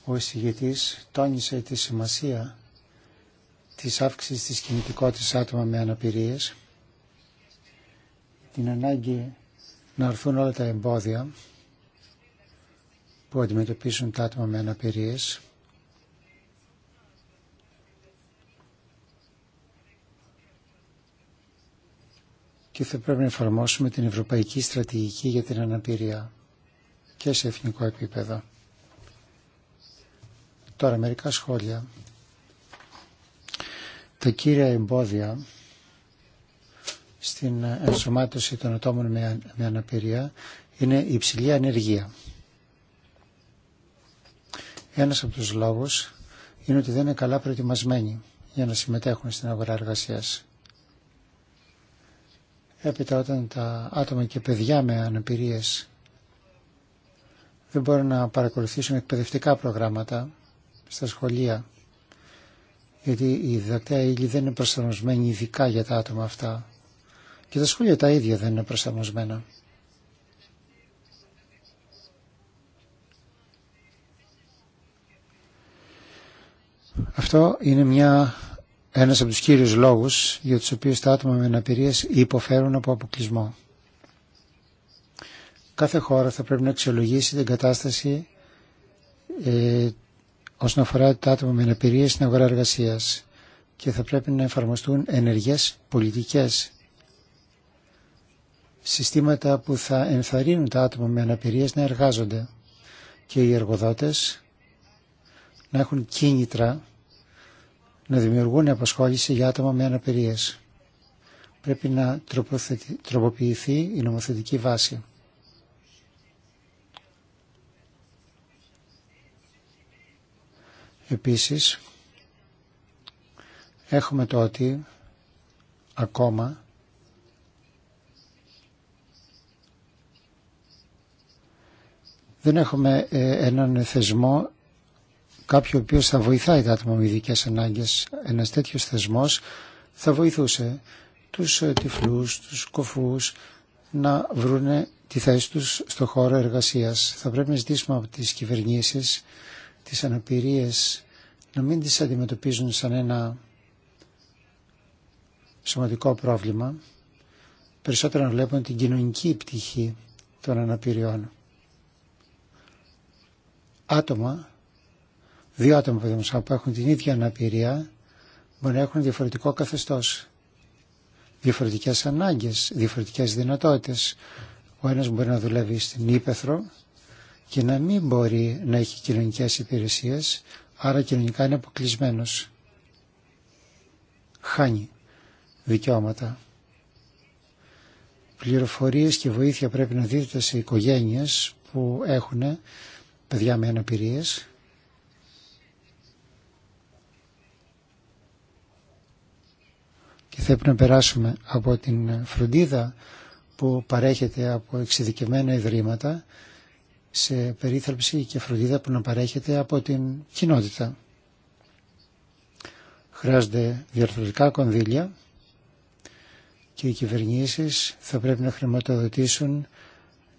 Ο εισηγητής τόνισε τη σημασία της αύξησης της κινητικότητας άτομα με αναπηρίες, την ανάγκη να έρθουν όλα τα εμπόδια που αντιμετωπίζουν τα άτομα με αναπηρίες και θα πρέπει να εφαρμόσουμε την Ευρωπαϊκή Στρατηγική για την Αναπηρία και σε εθνικό επίπεδο. Τώρα μερικά σχόλια. Τα κύρια εμπόδια στην ενσωμάτωση των ατόμων με αναπηρία είναι η υψηλή ανεργία. Ένας από τους λόγους είναι ότι δεν είναι καλά προετοιμασμένοι για να συμμετέχουν στην αγορά εργασίας. Έπειτα όταν τα άτομα και παιδιά με αναπηρίες δεν μπορούν να παρακολουθήσουν εκπαιδευτικά προγράμματα στα σχολεία γιατί η διδακτέα ύλη δεν είναι προσαρμοσμένη ειδικά για τα άτομα αυτά και τα σχολεία τα ίδια δεν είναι προσαρμοσμένα. Αυτό είναι μια, ένας από τους κύριους λόγους για τους οποίους τα άτομα με αναπηρίες υποφέρουν από αποκλεισμό. Κάθε χώρα θα πρέπει να αξιολογήσει την κατάσταση ε, όσον αφορά τα άτομα με αναπηρίες στην αγορά εργασίας και θα πρέπει να εφαρμοστούν ενεργές πολιτικές συστήματα που θα ενθαρρύνουν τα άτομα με αναπηρίες να εργάζονται και οι εργοδότες να έχουν κίνητρα να δημιουργούν απασχόληση για άτομα με αναπηρίες. Πρέπει να τροποποιηθεί η νομοθετική βάση. Επίσης, έχουμε το ότι ακόμα δεν έχουμε ε, έναν θεσμό κάποιο ο οποίος θα βοηθάει τα άτομα με ειδικέ ανάγκε. Ένα τέτοιο θεσμό θα βοηθούσε τους ε, τυφλούς, τους κοφούς να βρούνε τη θέση τους στο χώρο εργασίας. Θα πρέπει να ζητήσουμε από τις κυβερνήσεις τις αναπηρίες να μην τι αντιμετωπίζουν σαν ένα σωματικό πρόβλημα, περισσότερο να βλέπουν την κοινωνική πτυχή των αναπηριών. Άτομα δύο άτομα που έχουν την ίδια αναπηρία μπορεί να έχουν διαφορετικό καθεστώς, διαφορετικές ανάγκες, διαφορετικές δυνατότητες. Ο ένας μπορεί να δουλεύει στην Ήπεθρο και να μην μπορεί να έχει κοινωνικές υπηρεσίες, άρα κοινωνικά είναι αποκλεισμένο. Χάνει δικαιώματα. Πληροφορίες και βοήθεια πρέπει να δίδεται σε οικογένειες που έχουν παιδιά με αναπηρίες και θα πρέπει να περάσουμε από την φροντίδα που παρέχεται από εξειδικευμένα ιδρύματα σε περίθαλψη και φροντίδα που να παρέχεται από την κοινότητα. Χρειάζονται διαρθρωτικά κονδύλια και οι κυβερνήσεις θα πρέπει να χρηματοδοτήσουν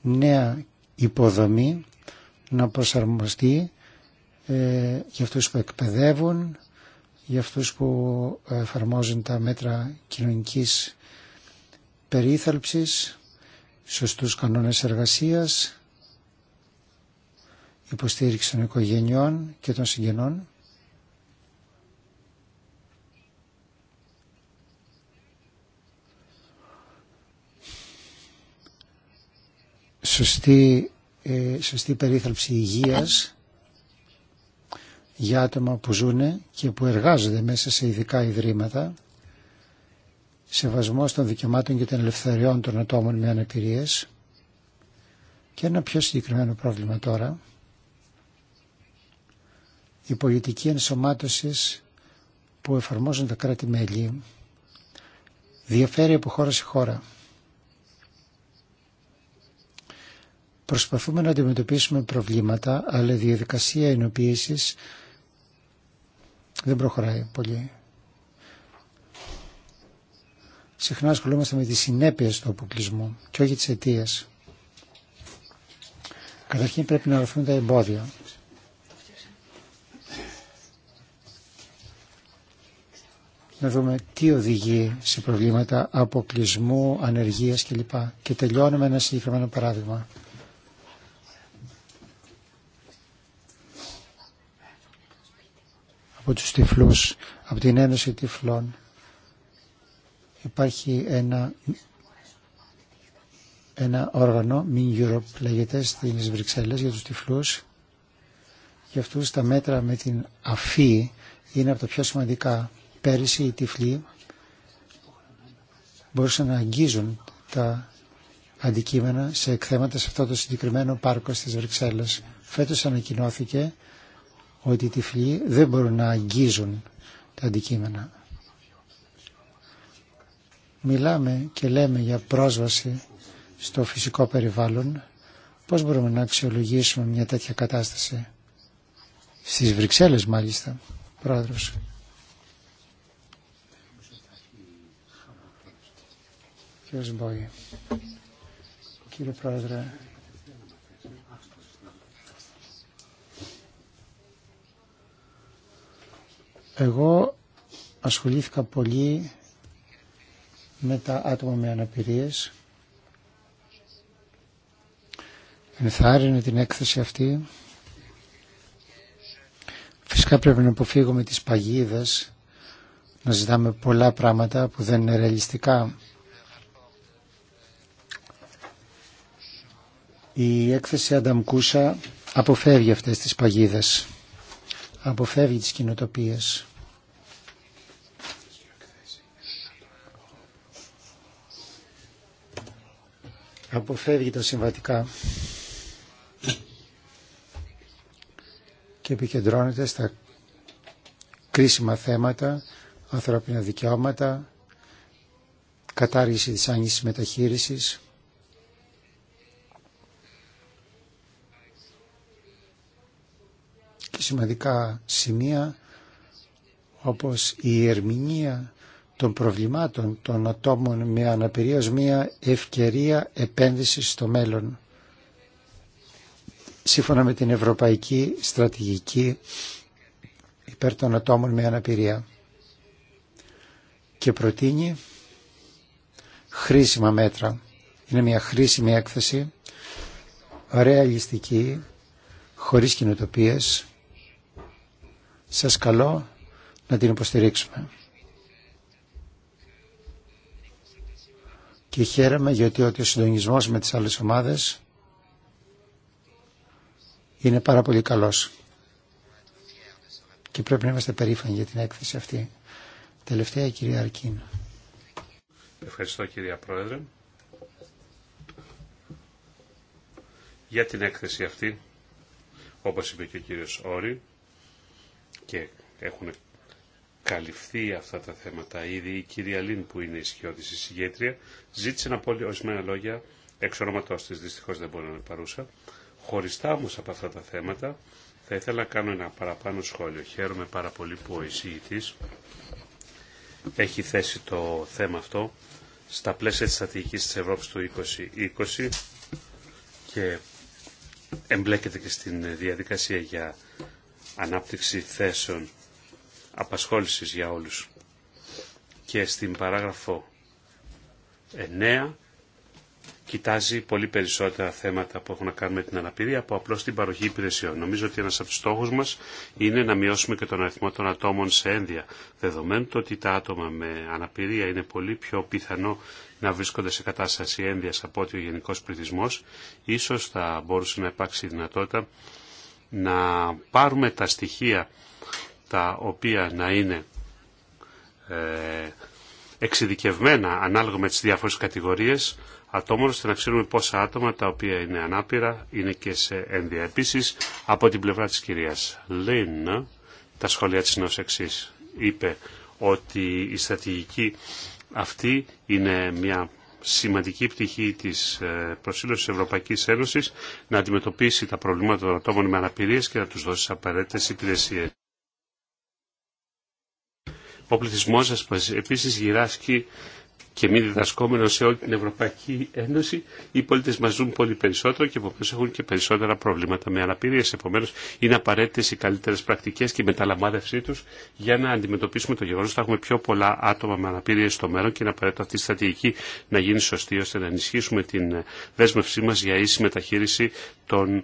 νέα υποδομή να προσαρμοστεί ε, για αυτούς που εκπαιδεύουν, για αυτούς που εφαρμόζουν τα μέτρα κοινωνικής περίθαλψης, σωστούς κανόνες εργασίας, υποστήριξη των οικογενειών και των συγγενών. Σωστή, ε, σωστή περίθαλψη υγείας για άτομα που ζουν και που εργάζονται μέσα σε ειδικά ιδρύματα, σεβασμό των δικαιωμάτων και των ελευθεριών των ατόμων με αναπηρίες και ένα πιο συγκεκριμένο πρόβλημα τώρα, η πολιτική ενσωμάτωση που εφαρμόζουν τα κράτη-μέλη διαφέρει από χώρα σε χώρα. Προσπαθούμε να αντιμετωπίσουμε προβλήματα, αλλά η διαδικασία ενοποίησης δεν προχωράει πολύ. Συχνά ασχολούμαστε με τις συνέπειες του αποκλεισμού και όχι τις αιτίε. Καταρχήν πρέπει να αρθούν τα εμπόδια. Να δούμε τι οδηγεί σε προβλήματα αποκλεισμού, ανεργίας κλπ. Και τελειώνουμε ένα συγκεκριμένο παράδειγμα. από τους τυφλούς, από την Ένωση Τυφλών. Υπάρχει ένα, ένα όργανο, Mean Europe λέγεται, στις Βρυξέλλες για τους τυφλούς. Για αυτούς τα μέτρα με την αφή είναι από τα πιο σημαντικά. Πέρυσι οι τυφλοί μπορούσαν να αγγίζουν τα αντικείμενα σε εκθέματα σε αυτό το συγκεκριμένο πάρκο στις Βρυξέλλες. Φέτος ανακοινώθηκε ότι οι τυφλοί δεν μπορούν να αγγίζουν τα αντικείμενα. Μιλάμε και λέμε για πρόσβαση στο φυσικό περιβάλλον. Πώς μπορούμε να αξιολογήσουμε μια τέτοια κατάσταση. Στις Βρυξέλλες μάλιστα, πρόεδρος. Κύριε Πρόεδρε, Εγώ ασχολήθηκα πολύ με τα άτομα με αναπηρίες. Ενθάρρυνε την έκθεση αυτή. Φυσικά πρέπει να αποφύγουμε τις παγίδες, να ζητάμε πολλά πράγματα που δεν είναι ρεαλιστικά. Η έκθεση Ανταμκούσα αποφεύγει αυτές τις παγίδες, αποφεύγει τις κοινοτοπίες. αποφεύγει τα συμβατικά και επικεντρώνεται στα κρίσιμα θέματα, ανθρώπινα δικαιώματα, κατάργηση της άγγισης μεταχείρισης, και σημαντικά σημεία όπως η ερμηνεία των προβλημάτων των ατόμων με αναπηρία μια ευκαιρία επένδυσης στο μέλλον. Σύμφωνα με την Ευρωπαϊκή Στρατηγική υπέρ των ατόμων με αναπηρία και προτείνει χρήσιμα μέτρα. Είναι μια χρήσιμη έκθεση, ρεαλιστική, χωρίς κοινοτοπίες. Σας καλώ να την υποστηρίξουμε. και χαίρομαι γιατί ότι ο συντονισμός με τις άλλες ομάδες είναι πάρα πολύ καλός. Και πρέπει να είμαστε περήφανοι για την έκθεση αυτή. Τελευταία η κυρία Αρκίν. Ευχαριστώ κυρία Πρόεδρε. Για την έκθεση αυτή, όπως είπε και ο κύριος Όρη, και έχουν καλυφθεί αυτά τα θέματα. Ήδη η κυρία Λίν που είναι η τη εισηγήτρια ζήτησε να πω ορισμένα λόγια εξ ονόματός της, δυστυχώς δεν μπορεί να είναι παρούσα. Χωριστά όμως από αυτά τα θέματα θα ήθελα να κάνω ένα παραπάνω σχόλιο. Χαίρομαι πάρα πολύ που ο εισηγητής έχει θέσει το θέμα αυτό στα πλαίσια της στρατηγικής της Ευρώπης του 2020 και εμπλέκεται και στην διαδικασία για ανάπτυξη θέσεων απασχόλησης για όλους. Και στην παράγραφο 9 κοιτάζει πολύ περισσότερα θέματα που έχουν να κάνουν με την αναπηρία από απλώς την παροχή υπηρεσιών. Νομίζω ότι ένας από τους στόχους μας είναι να μειώσουμε και τον αριθμό των ατόμων σε ένδια, δεδομένου το ότι τα άτομα με αναπηρία είναι πολύ πιο πιθανό να βρίσκονται σε κατάσταση ένδυας από ότι ο γενικός πληθυσμό ίσως θα μπορούσε να υπάρξει δυνατότητα να πάρουμε τα στοιχεία τα οποία να είναι ε, εξειδικευμένα ανάλογα με τις διάφορες κατηγορίες ατόμων, ώστε να ξέρουμε πόσα άτομα τα οποία είναι ανάπηρα είναι και σε ένδια. Επίσης, από την πλευρά της κυρίας Λίν, τα σχόλια της είναι εξής. Είπε ότι η στρατηγική αυτή είναι μια σημαντική πτυχή της ε, προσήλωσης της Ευρωπαϊκής Ένωσης να αντιμετωπίσει τα προβλήματα των ατόμων με αναπηρίες και να τους δώσει απαραίτητες υπηρεσίες. Ο πληθυσμός σας επίσης γυράσκει και μη διδασκόμενο σε όλη την Ευρωπαϊκή Ένωση, οι πολίτε μα ζουν πολύ περισσότερο και επομένω έχουν και περισσότερα προβλήματα με αναπηρίε. Επομένω, είναι απαραίτητε οι καλύτερε πρακτικέ και η μεταλαμβάνευσή του για να αντιμετωπίσουμε το γεγονό ότι θα έχουμε πιο πολλά άτομα με αναπηρίε στο μέλλον και είναι απαραίτητο αυτή η στρατηγική να γίνει σωστή ώστε να ενισχύσουμε την δέσμευσή μα για ίση μεταχείριση των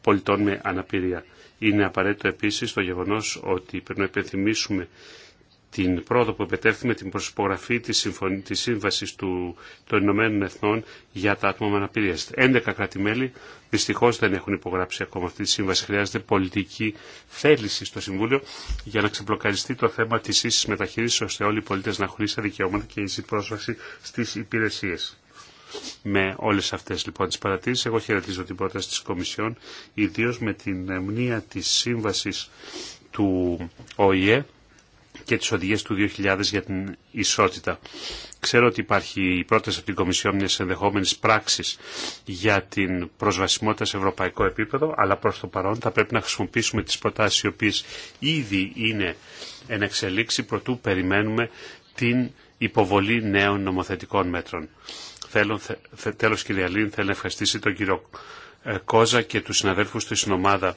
πολιτών με αναπηρία. Είναι απαραίτητο επίση το γεγονό ότι πρέπει να υπενθυμίσουμε την πρόοδο που επετέφθη με την προσπογραφή της, συμφωνή, της σύμβασης των Ηνωμένων Εθνών για τα άτομα με αναπηρία. 11 κράτη-μέλη δυστυχώς δεν έχουν υπογράψει ακόμα αυτή τη σύμβαση. Χρειάζεται πολιτική θέληση στο Συμβούλιο για να ξεπλοκαριστεί το θέμα της ίσης μεταχείρισης ώστε όλοι οι πολίτες να έχουν ίσα δικαιώματα και ίση πρόσβαση στις υπηρεσίες. Με όλε αυτέ λοιπόν τι παρατηρήσει, εγώ χαιρετίζω την πρόταση τη Κομισιόν, ιδίω με την μνήα τη σύμβαση του ΟΗΕ και τις οδηγίες του 2000 για την ισότητα. Ξέρω ότι υπάρχει η πρόταση από την Κομισιόν μιας ενδεχόμενης πράξης για την προσβασιμότητα σε ευρωπαϊκό επίπεδο, αλλά προς το παρόν θα πρέπει να χρησιμοποιήσουμε τις προτάσεις οι οποίες ήδη είναι εν εξελίξη, προτού περιμένουμε την υποβολή νέων νομοθετικών μέτρων. Θέλω, θε, τέλος κύριε θέλω να ευχαριστήσει τον κύριο ε, Κόζα και τους συναδέλφους του ομάδα,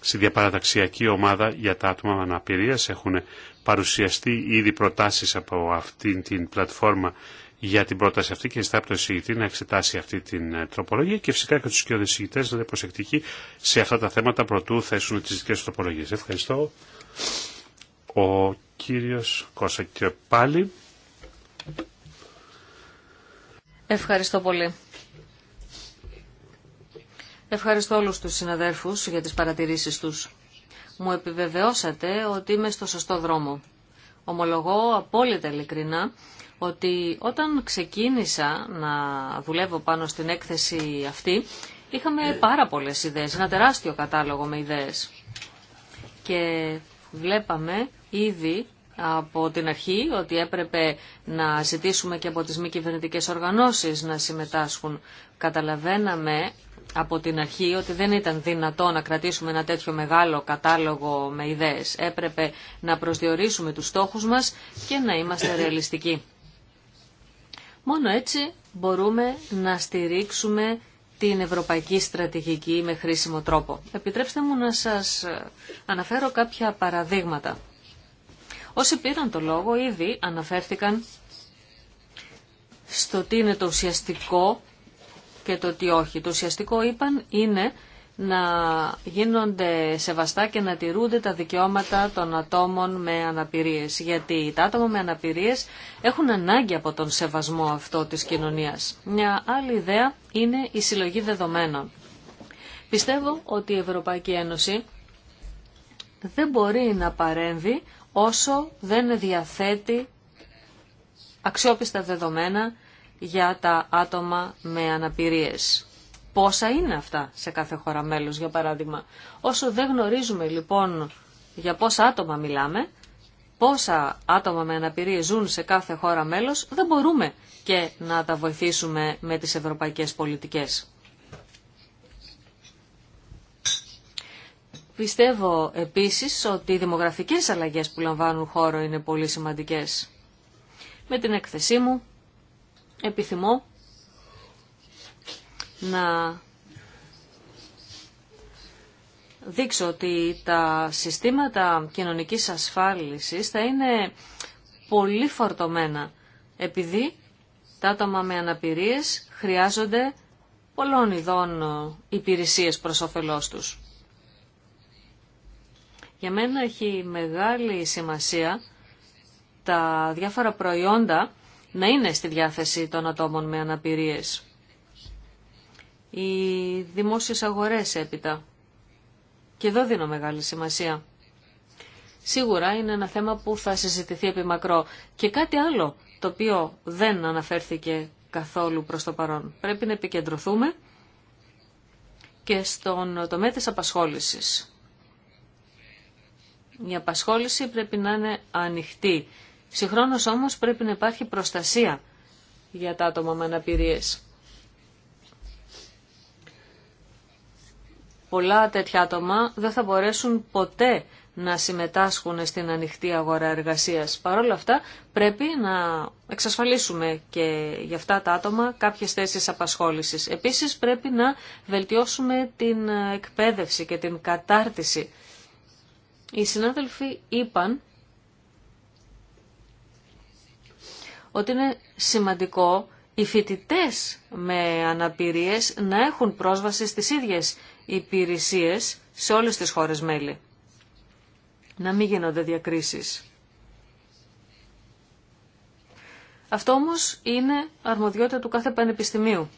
στη διαπαραταξιακή ομάδα για τα άτομα με αναπηρία. Έχουν παρουσιαστεί ήδη προτάσεις από αυτήν την πλατφόρμα για την πρόταση αυτή και ζητά από τον συγητή να εξετάσει αυτή την ε, τροπολογία και φυσικά και του κοιόδε συγητέ να είναι προσεκτικοί σε αυτά τα θέματα προτού θέσουν τι δικέ του τροπολογίε. Ευχαριστώ. Ο κύριο Κώστα και πάλι. Ευχαριστώ πολύ. Ευχαριστώ όλους τους συναδέρφους για τις παρατηρήσεις τους μου επιβεβαιώσατε ότι είμαι στο σωστό δρόμο. Ομολογώ απόλυτα ειλικρινά ότι όταν ξεκίνησα να δουλεύω πάνω στην έκθεση αυτή, είχαμε ε. πάρα πολλές ιδέες, ένα τεράστιο κατάλογο με ιδέες. Και βλέπαμε ήδη από την αρχή ότι έπρεπε να ζητήσουμε και από τις μη κυβερνητικέ οργανώσεις να συμμετάσχουν. Καταλαβαίναμε από την αρχή ότι δεν ήταν δυνατό να κρατήσουμε ένα τέτοιο μεγάλο κατάλογο με ιδέες. Έπρεπε να προσδιορίσουμε τους στόχους μας και να είμαστε ρεαλιστικοί. Μόνο έτσι μπορούμε να στηρίξουμε την ευρωπαϊκή στρατηγική με χρήσιμο τρόπο. Επιτρέψτε μου να σας αναφέρω κάποια παραδείγματα. Όσοι πήραν το λόγο ήδη αναφέρθηκαν στο τι είναι το ουσιαστικό και το τι όχι. Το ουσιαστικό είπαν είναι να γίνονται σεβαστά και να τηρούνται τα δικαιώματα των ατόμων με αναπηρίες. Γιατί τα άτομα με αναπηρίες έχουν ανάγκη από τον σεβασμό αυτό της κοινωνίας. Μια άλλη ιδέα είναι η συλλογή δεδομένων. Πιστεύω ότι η Ευρωπαϊκή Ένωση δεν μπορεί να παρέμβει όσο δεν διαθέτει αξιόπιστα δεδομένα για τα άτομα με αναπηρίες. Πόσα είναι αυτά σε κάθε χώρα μέλος, για παράδειγμα. Όσο δεν γνωρίζουμε λοιπόν για πόσα άτομα μιλάμε, πόσα άτομα με αναπηρίες ζουν σε κάθε χώρα μέλος, δεν μπορούμε και να τα βοηθήσουμε με τις ευρωπαϊκές πολιτικές. Πιστεύω επίσης ότι οι δημογραφικές αλλαγές που λαμβάνουν χώρο είναι πολύ σημαντικές. Με την έκθεσή μου επιθυμώ να δείξω ότι τα συστήματα κοινωνικής ασφάλισης θα είναι πολύ φορτωμένα επειδή τα άτομα με αναπηρίες χρειάζονται πολλών ειδών υπηρεσίες προς όφελός τους. Για μένα έχει μεγάλη σημασία τα διάφορα προϊόντα να είναι στη διάθεση των ατόμων με αναπηρίες. Οι δημόσιες αγορές έπειτα. Και εδώ δίνω μεγάλη σημασία. Σίγουρα είναι ένα θέμα που θα συζητηθεί επί μακρό. Και κάτι άλλο το οποίο δεν αναφέρθηκε καθόλου προς το παρόν. Πρέπει να επικεντρωθούμε και στον τομέα της απασχόλησης. Η απασχόληση πρέπει να είναι ανοιχτή Συγχρόνω όμως πρέπει να υπάρχει προστασία για τα άτομα με αναπηρίες. Πολλά τέτοια άτομα δεν θα μπορέσουν ποτέ να συμμετάσχουν στην ανοιχτή αγορά εργασίας. Παρ' όλα αυτά πρέπει να εξασφαλίσουμε και για αυτά τα άτομα κάποιες θέσεις απασχόλησης. Επίσης πρέπει να βελτιώσουμε την εκπαίδευση και την κατάρτιση. Οι συνάδελφοι είπαν ότι είναι σημαντικό οι φοιτητέ με αναπηρίες να έχουν πρόσβαση στις ίδιες υπηρεσίες σε όλες τις χώρες μέλη. Να μην γίνονται διακρίσεις. Αυτό όμως είναι αρμοδιότητα του κάθε πανεπιστημίου.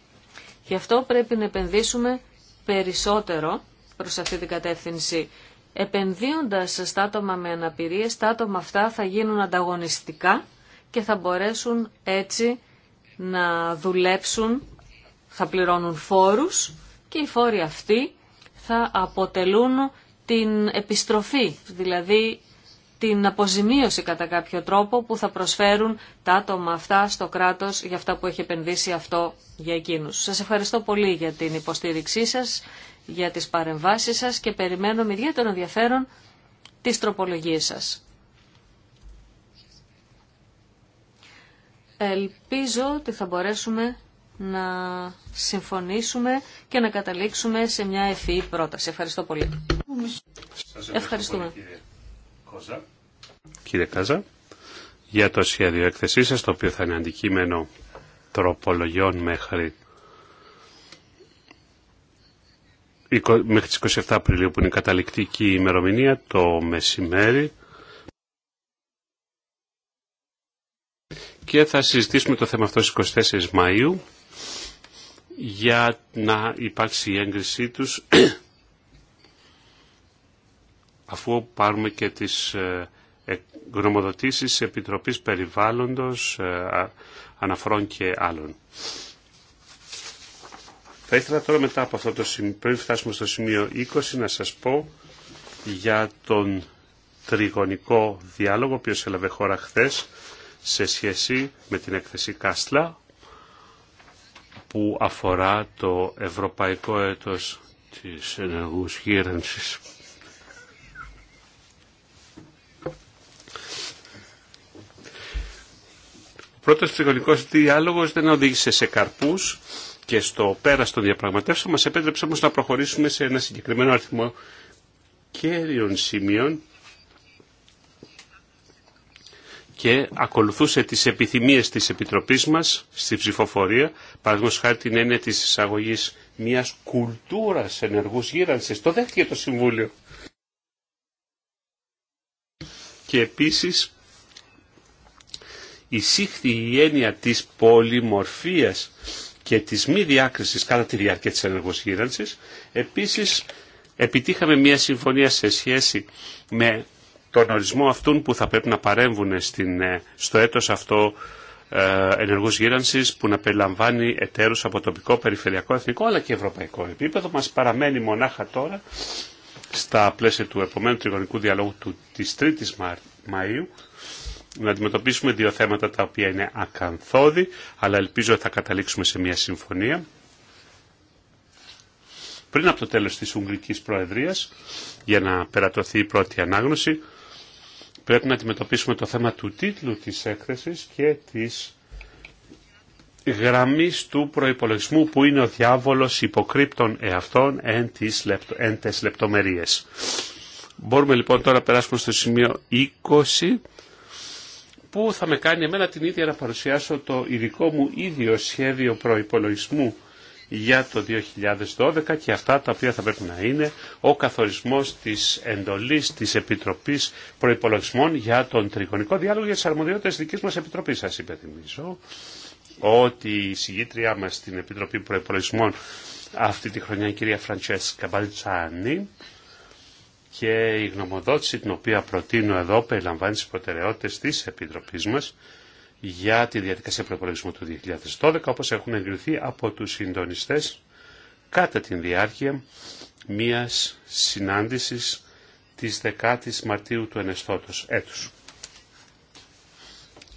Γι' αυτό πρέπει να επενδύσουμε περισσότερο προς αυτή την κατεύθυνση. Επενδύοντας στα άτομα με αναπηρίες, τα άτομα αυτά θα γίνουν ανταγωνιστικά και θα μπορέσουν έτσι να δουλέψουν, θα πληρώνουν φόρους και οι φόροι αυτοί θα αποτελούν την επιστροφή, δηλαδή την αποζημίωση κατά κάποιο τρόπο που θα προσφέρουν τα άτομα αυτά στο κράτος για αυτά που έχει επενδύσει αυτό για εκείνους. Σας ευχαριστώ πολύ για την υποστήριξή σας, για τις παρεμβάσεις σας και περιμένω με ιδιαίτερο ενδιαφέρον τις τροπολογίες σας. Ελπίζω ότι θα μπορέσουμε να συμφωνήσουμε και να καταλήξουμε σε μια ευφυή πρόταση. Ευχαριστώ πολύ. Ευχαριστούμε. κύριε Κάζα, για το σχέδιο έκθεσή σας, το οποίο θα είναι αντικείμενο τροπολογιών μέχρι, μέχρι τις 27 Απριλίου, που είναι η καταληκτική ημερομηνία, το μεσημέρι. και θα συζητήσουμε το θέμα αυτό στις 24 Μαΐου για να υπάρξει η έγκρισή τους αφού πάρουμε και τις ε, γνωμοδοτήσεις Επιτροπής Περιβάλλοντος, ε, Αναφορών και άλλων. Θα ήθελα τώρα μετά από αυτό το σημείο, πριν φτάσουμε στο σημείο 20, να σας πω για τον τριγωνικό διάλογο, ο οποίος έλαβε χώρα χθες σε σχέση με την έκθεση Κάστλα που αφορά το ευρωπαϊκό έτος της ενεργούς γύρενσης. Ο πρώτος ψυχολογικός διάλογος δεν οδήγησε σε καρπούς και στο πέρας των διαπραγματεύσεων μας επέτρεψε όμως να προχωρήσουμε σε ένα συγκεκριμένο αριθμό κέριων σημείων και ακολουθούσε τις επιθυμίες της Επιτροπής μας στη ψηφοφορία, παραδείγματος χάρη την έννοια της εισαγωγής μιας κουλτούρας ενεργούς γύρανσης. Το δέχτηκε το Συμβούλιο. Και επίσης εισήχθη η έννοια της πολυμορφίας και της μη διάκρισης κατά τη διάρκεια της ενεργούς γύρανσης. Επίσης επιτύχαμε μια συμφωνία σε σχέση με τον ορισμό αυτών που θα πρέπει να παρέμβουν ε, στο έτος αυτό ε, ενεργούς γύρανσης που να περιλαμβάνει εταίρους από τοπικό, περιφερειακό, εθνικό αλλά και ευρωπαϊκό επίπεδο. Μας παραμένει μονάχα τώρα στα πλαίσια του επομένου τριγωνικού διαλόγου του, της 3ης Μαΐου να αντιμετωπίσουμε δύο θέματα τα οποία είναι ακαθόδη, αλλά ελπίζω ότι θα καταλήξουμε σε μια συμφωνία. Πριν από το τέλος της Ουγγρικής Προεδρίας, για να περατωθεί η πρώτη ανάγνωση, πρέπει να αντιμετωπίσουμε το θέμα του τίτλου της έκθεσης και της γραμμής του προϋπολογισμού που είναι ο διάβολος υποκρύπτων εαυτών εν, τις λεπτο, λεπτομερίες. Μπορούμε λοιπόν τώρα να περάσουμε στο σημείο 20 που θα με κάνει εμένα την ίδια να παρουσιάσω το ειδικό μου ίδιο σχέδιο προϋπολογισμού για το 2012 και αυτά τα οποία θα πρέπει να είναι ο καθορισμός της εντολής της Επιτροπής Προϋπολογισμών για τον τριγωνικό διάλογο για τις αρμοδιότητες δικής μας Επιτροπής. Σας υπενθυμίζω ότι η συγγήτριά μας στην Επιτροπή Προϋπολογισμών αυτή τη χρονιά η κυρία Φραντσέσκα Μπαλτσάνη και η γνωμοδότηση την οποία προτείνω εδώ περιλαμβάνει τις προτεραιότητες της Επιτροπής μας για τη διαδικασία προπολογισμού του 2012, όπως έχουν εγκριθεί από τους συντονιστές κατά την διάρκεια μίας συνάντησης της 10ης Μαρτίου του ενεστώτος έτους.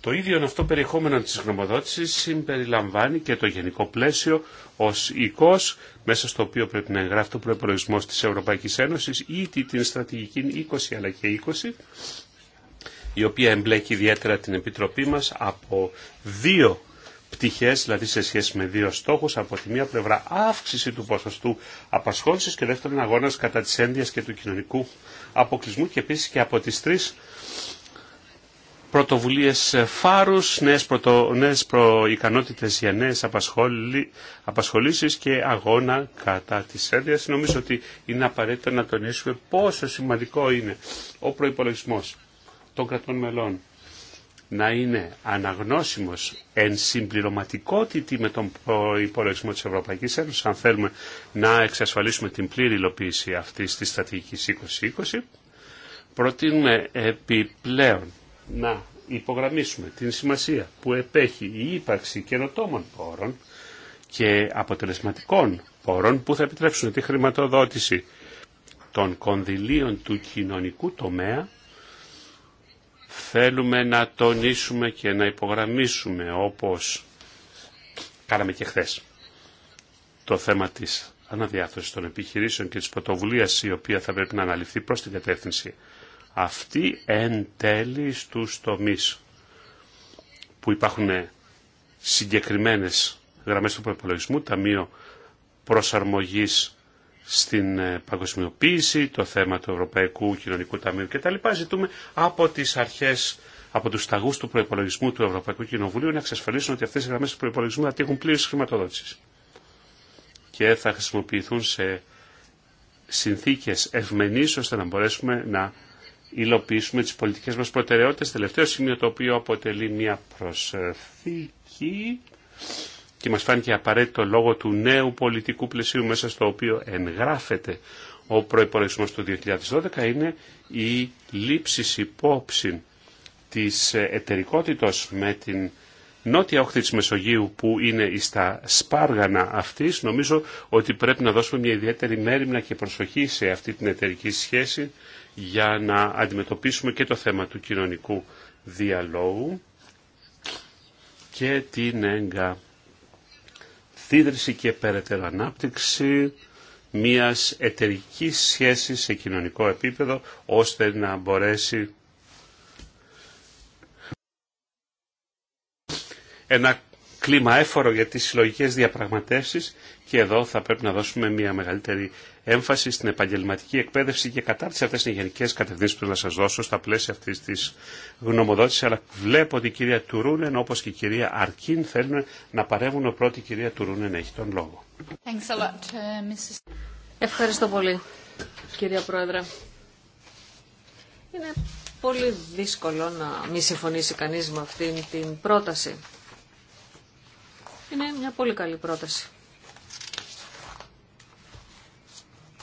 Το ίδιο αυτό περιεχόμενο της γνωμοδότησης συμπεριλαμβάνει και το γενικό πλαίσιο ως οικός μέσα στο οποίο πρέπει να εγγράφει το προπολογισμό της Ευρωπαϊκής Ένωσης ή την στρατηγική 20 αλλά και 20 η οποία εμπλέκει ιδιαίτερα την Επιτροπή μας από δύο πτυχές, δηλαδή σε σχέση με δύο στόχους, από τη μία πλευρά αύξηση του ποσοστού απασχόλησης και δεύτερον αγώνας κατά της ένδυας και του κοινωνικού αποκλεισμού και επίσης και από τις τρεις πρωτοβουλίες φάρους, νέες, πρωτο, νέες προικανότητες για νέες απασχολη, απασχολήσεις και αγώνα κατά της ένδυας. Νομίζω ότι είναι απαραίτητο να τονίσουμε πόσο σημαντικό είναι ο προϋπολογισμός των κρατών μελών να είναι αναγνώσιμος εν συμπληρωματικότητα με τον υπολογισμό της Ευρωπαϊκής Ένωσης, αν θέλουμε να εξασφαλίσουμε την πλήρη υλοποίηση αυτής της στρατηγικής 2020, προτείνουμε επιπλέον να υπογραμμίσουμε την σημασία που επέχει η ύπαρξη καινοτόμων πόρων και αποτελεσματικών πόρων που θα επιτρέψουν τη χρηματοδότηση των κονδυλίων του κοινωνικού τομέα θέλουμε να τονίσουμε και να υπογραμμίσουμε όπως κάναμε και χθες το θέμα της αναδιάθρωσης των επιχειρήσεων και της πρωτοβουλία η οποία θα πρέπει να αναλυθεί προς την κατεύθυνση αυτή εν τέλει στους τομείς που υπάρχουν συγκεκριμένες γραμμές του προπολογισμού, Ταμείο Προσαρμογής στην ε, παγκοσμιοποίηση, το θέμα του Ευρωπαϊκού Κοινωνικού Ταμείου κτλ. Ζητούμε από τις αρχές, από τους σταγούς του προϋπολογισμού του Ευρωπαϊκού Κοινοβουλίου να εξασφαλίσουν ότι αυτές οι γραμμές του προϋπολογισμού θα τύχουν πλήρης χρηματοδότηση και θα χρησιμοποιηθούν σε συνθήκες ευμενής ώστε να μπορέσουμε να υλοποιήσουμε τις πολιτικές μας προτεραιότητες. Τελευταίο σημείο το οποίο αποτελεί μια προσθήκη και μας φάνηκε απαραίτητο λόγο του νέου πολιτικού πλαισίου μέσα στο οποίο εγγράφεται ο προϋπολογισμός του 2012 είναι η λήψη υπόψη της εταιρικότητος με την νότια όχθη της Μεσογείου που είναι στα σπάργανα αυτής. Νομίζω ότι πρέπει να δώσουμε μια ιδιαίτερη μέρημνα και προσοχή σε αυτή την εταιρική σχέση για να αντιμετωπίσουμε και το θέμα του κοινωνικού διαλόγου και την έγκα δίδρυση και περαιτέρω ανάπτυξη μιας εταιρική σχέσης σε κοινωνικό επίπεδο, ώστε να μπορέσει ένα κλίμα έφορο για τις συλλογικές διαπραγματεύσεις και εδώ θα πρέπει να δώσουμε μια μεγαλύτερη έμφαση στην επαγγελματική εκπαίδευση και κατάρτιση. Αυτέ είναι οι γενικέ κατευθύνσει που θα σα δώσω στα πλαίσια αυτή τη γνωμοδότηση. Αλλά βλέπω ότι η κυρία Τουρούνεν όπω και η κυρία Αρκίν θέλουν να παρέμβουν. Ο πρώτη κυρία Τουρούνεν έχει τον λόγο. Uh, Ευχαριστώ πολύ, κυρία Πρόεδρε. Είναι πολύ δύσκολο να μη συμφωνήσει κανείς με αυτήν την πρόταση. Είναι μια πολύ καλή πρόταση.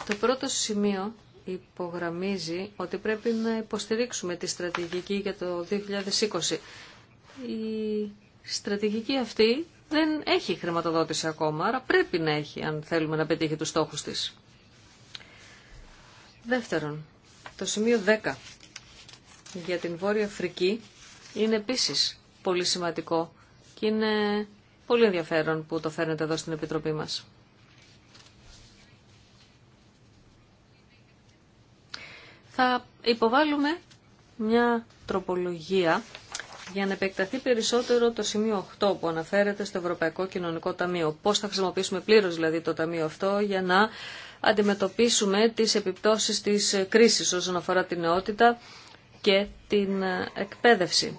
Το πρώτο σημείο υπογραμμίζει ότι πρέπει να υποστηρίξουμε τη στρατηγική για το 2020. Η στρατηγική αυτή δεν έχει χρηματοδότηση ακόμα, άρα πρέπει να έχει αν θέλουμε να πετύχει τους στόχους της. Δεύτερον, το σημείο 10 για την Βόρεια Αφρική είναι επίσης πολύ σημαντικό και είναι πολύ ενδιαφέρον που το φέρνετε εδώ στην Επιτροπή μας. θα υποβάλουμε μια τροπολογία για να επεκταθεί περισσότερο το σημείο 8 που αναφέρεται στο Ευρωπαϊκό Κοινωνικό Ταμείο. Πώς θα χρησιμοποιήσουμε πλήρως δηλαδή το ταμείο αυτό για να αντιμετωπίσουμε τις επιπτώσεις της κρίσης όσον αφορά την νεότητα και την εκπαίδευση.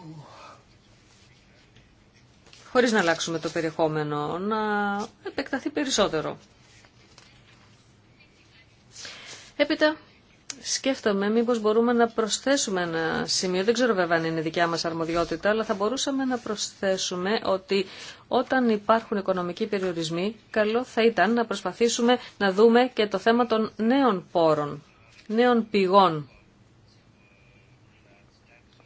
Χωρίς να αλλάξουμε το περιεχόμενο, να επεκταθεί περισσότερο. Έπειτα, σκέφτομαι μήπως μπορούμε να προσθέσουμε ένα σημείο, δεν ξέρω βέβαια αν είναι δικιά μας αρμοδιότητα, αλλά θα μπορούσαμε να προσθέσουμε ότι όταν υπάρχουν οικονομικοί περιορισμοί, καλό θα ήταν να προσπαθήσουμε να δούμε και το θέμα των νέων πόρων, νέων πηγών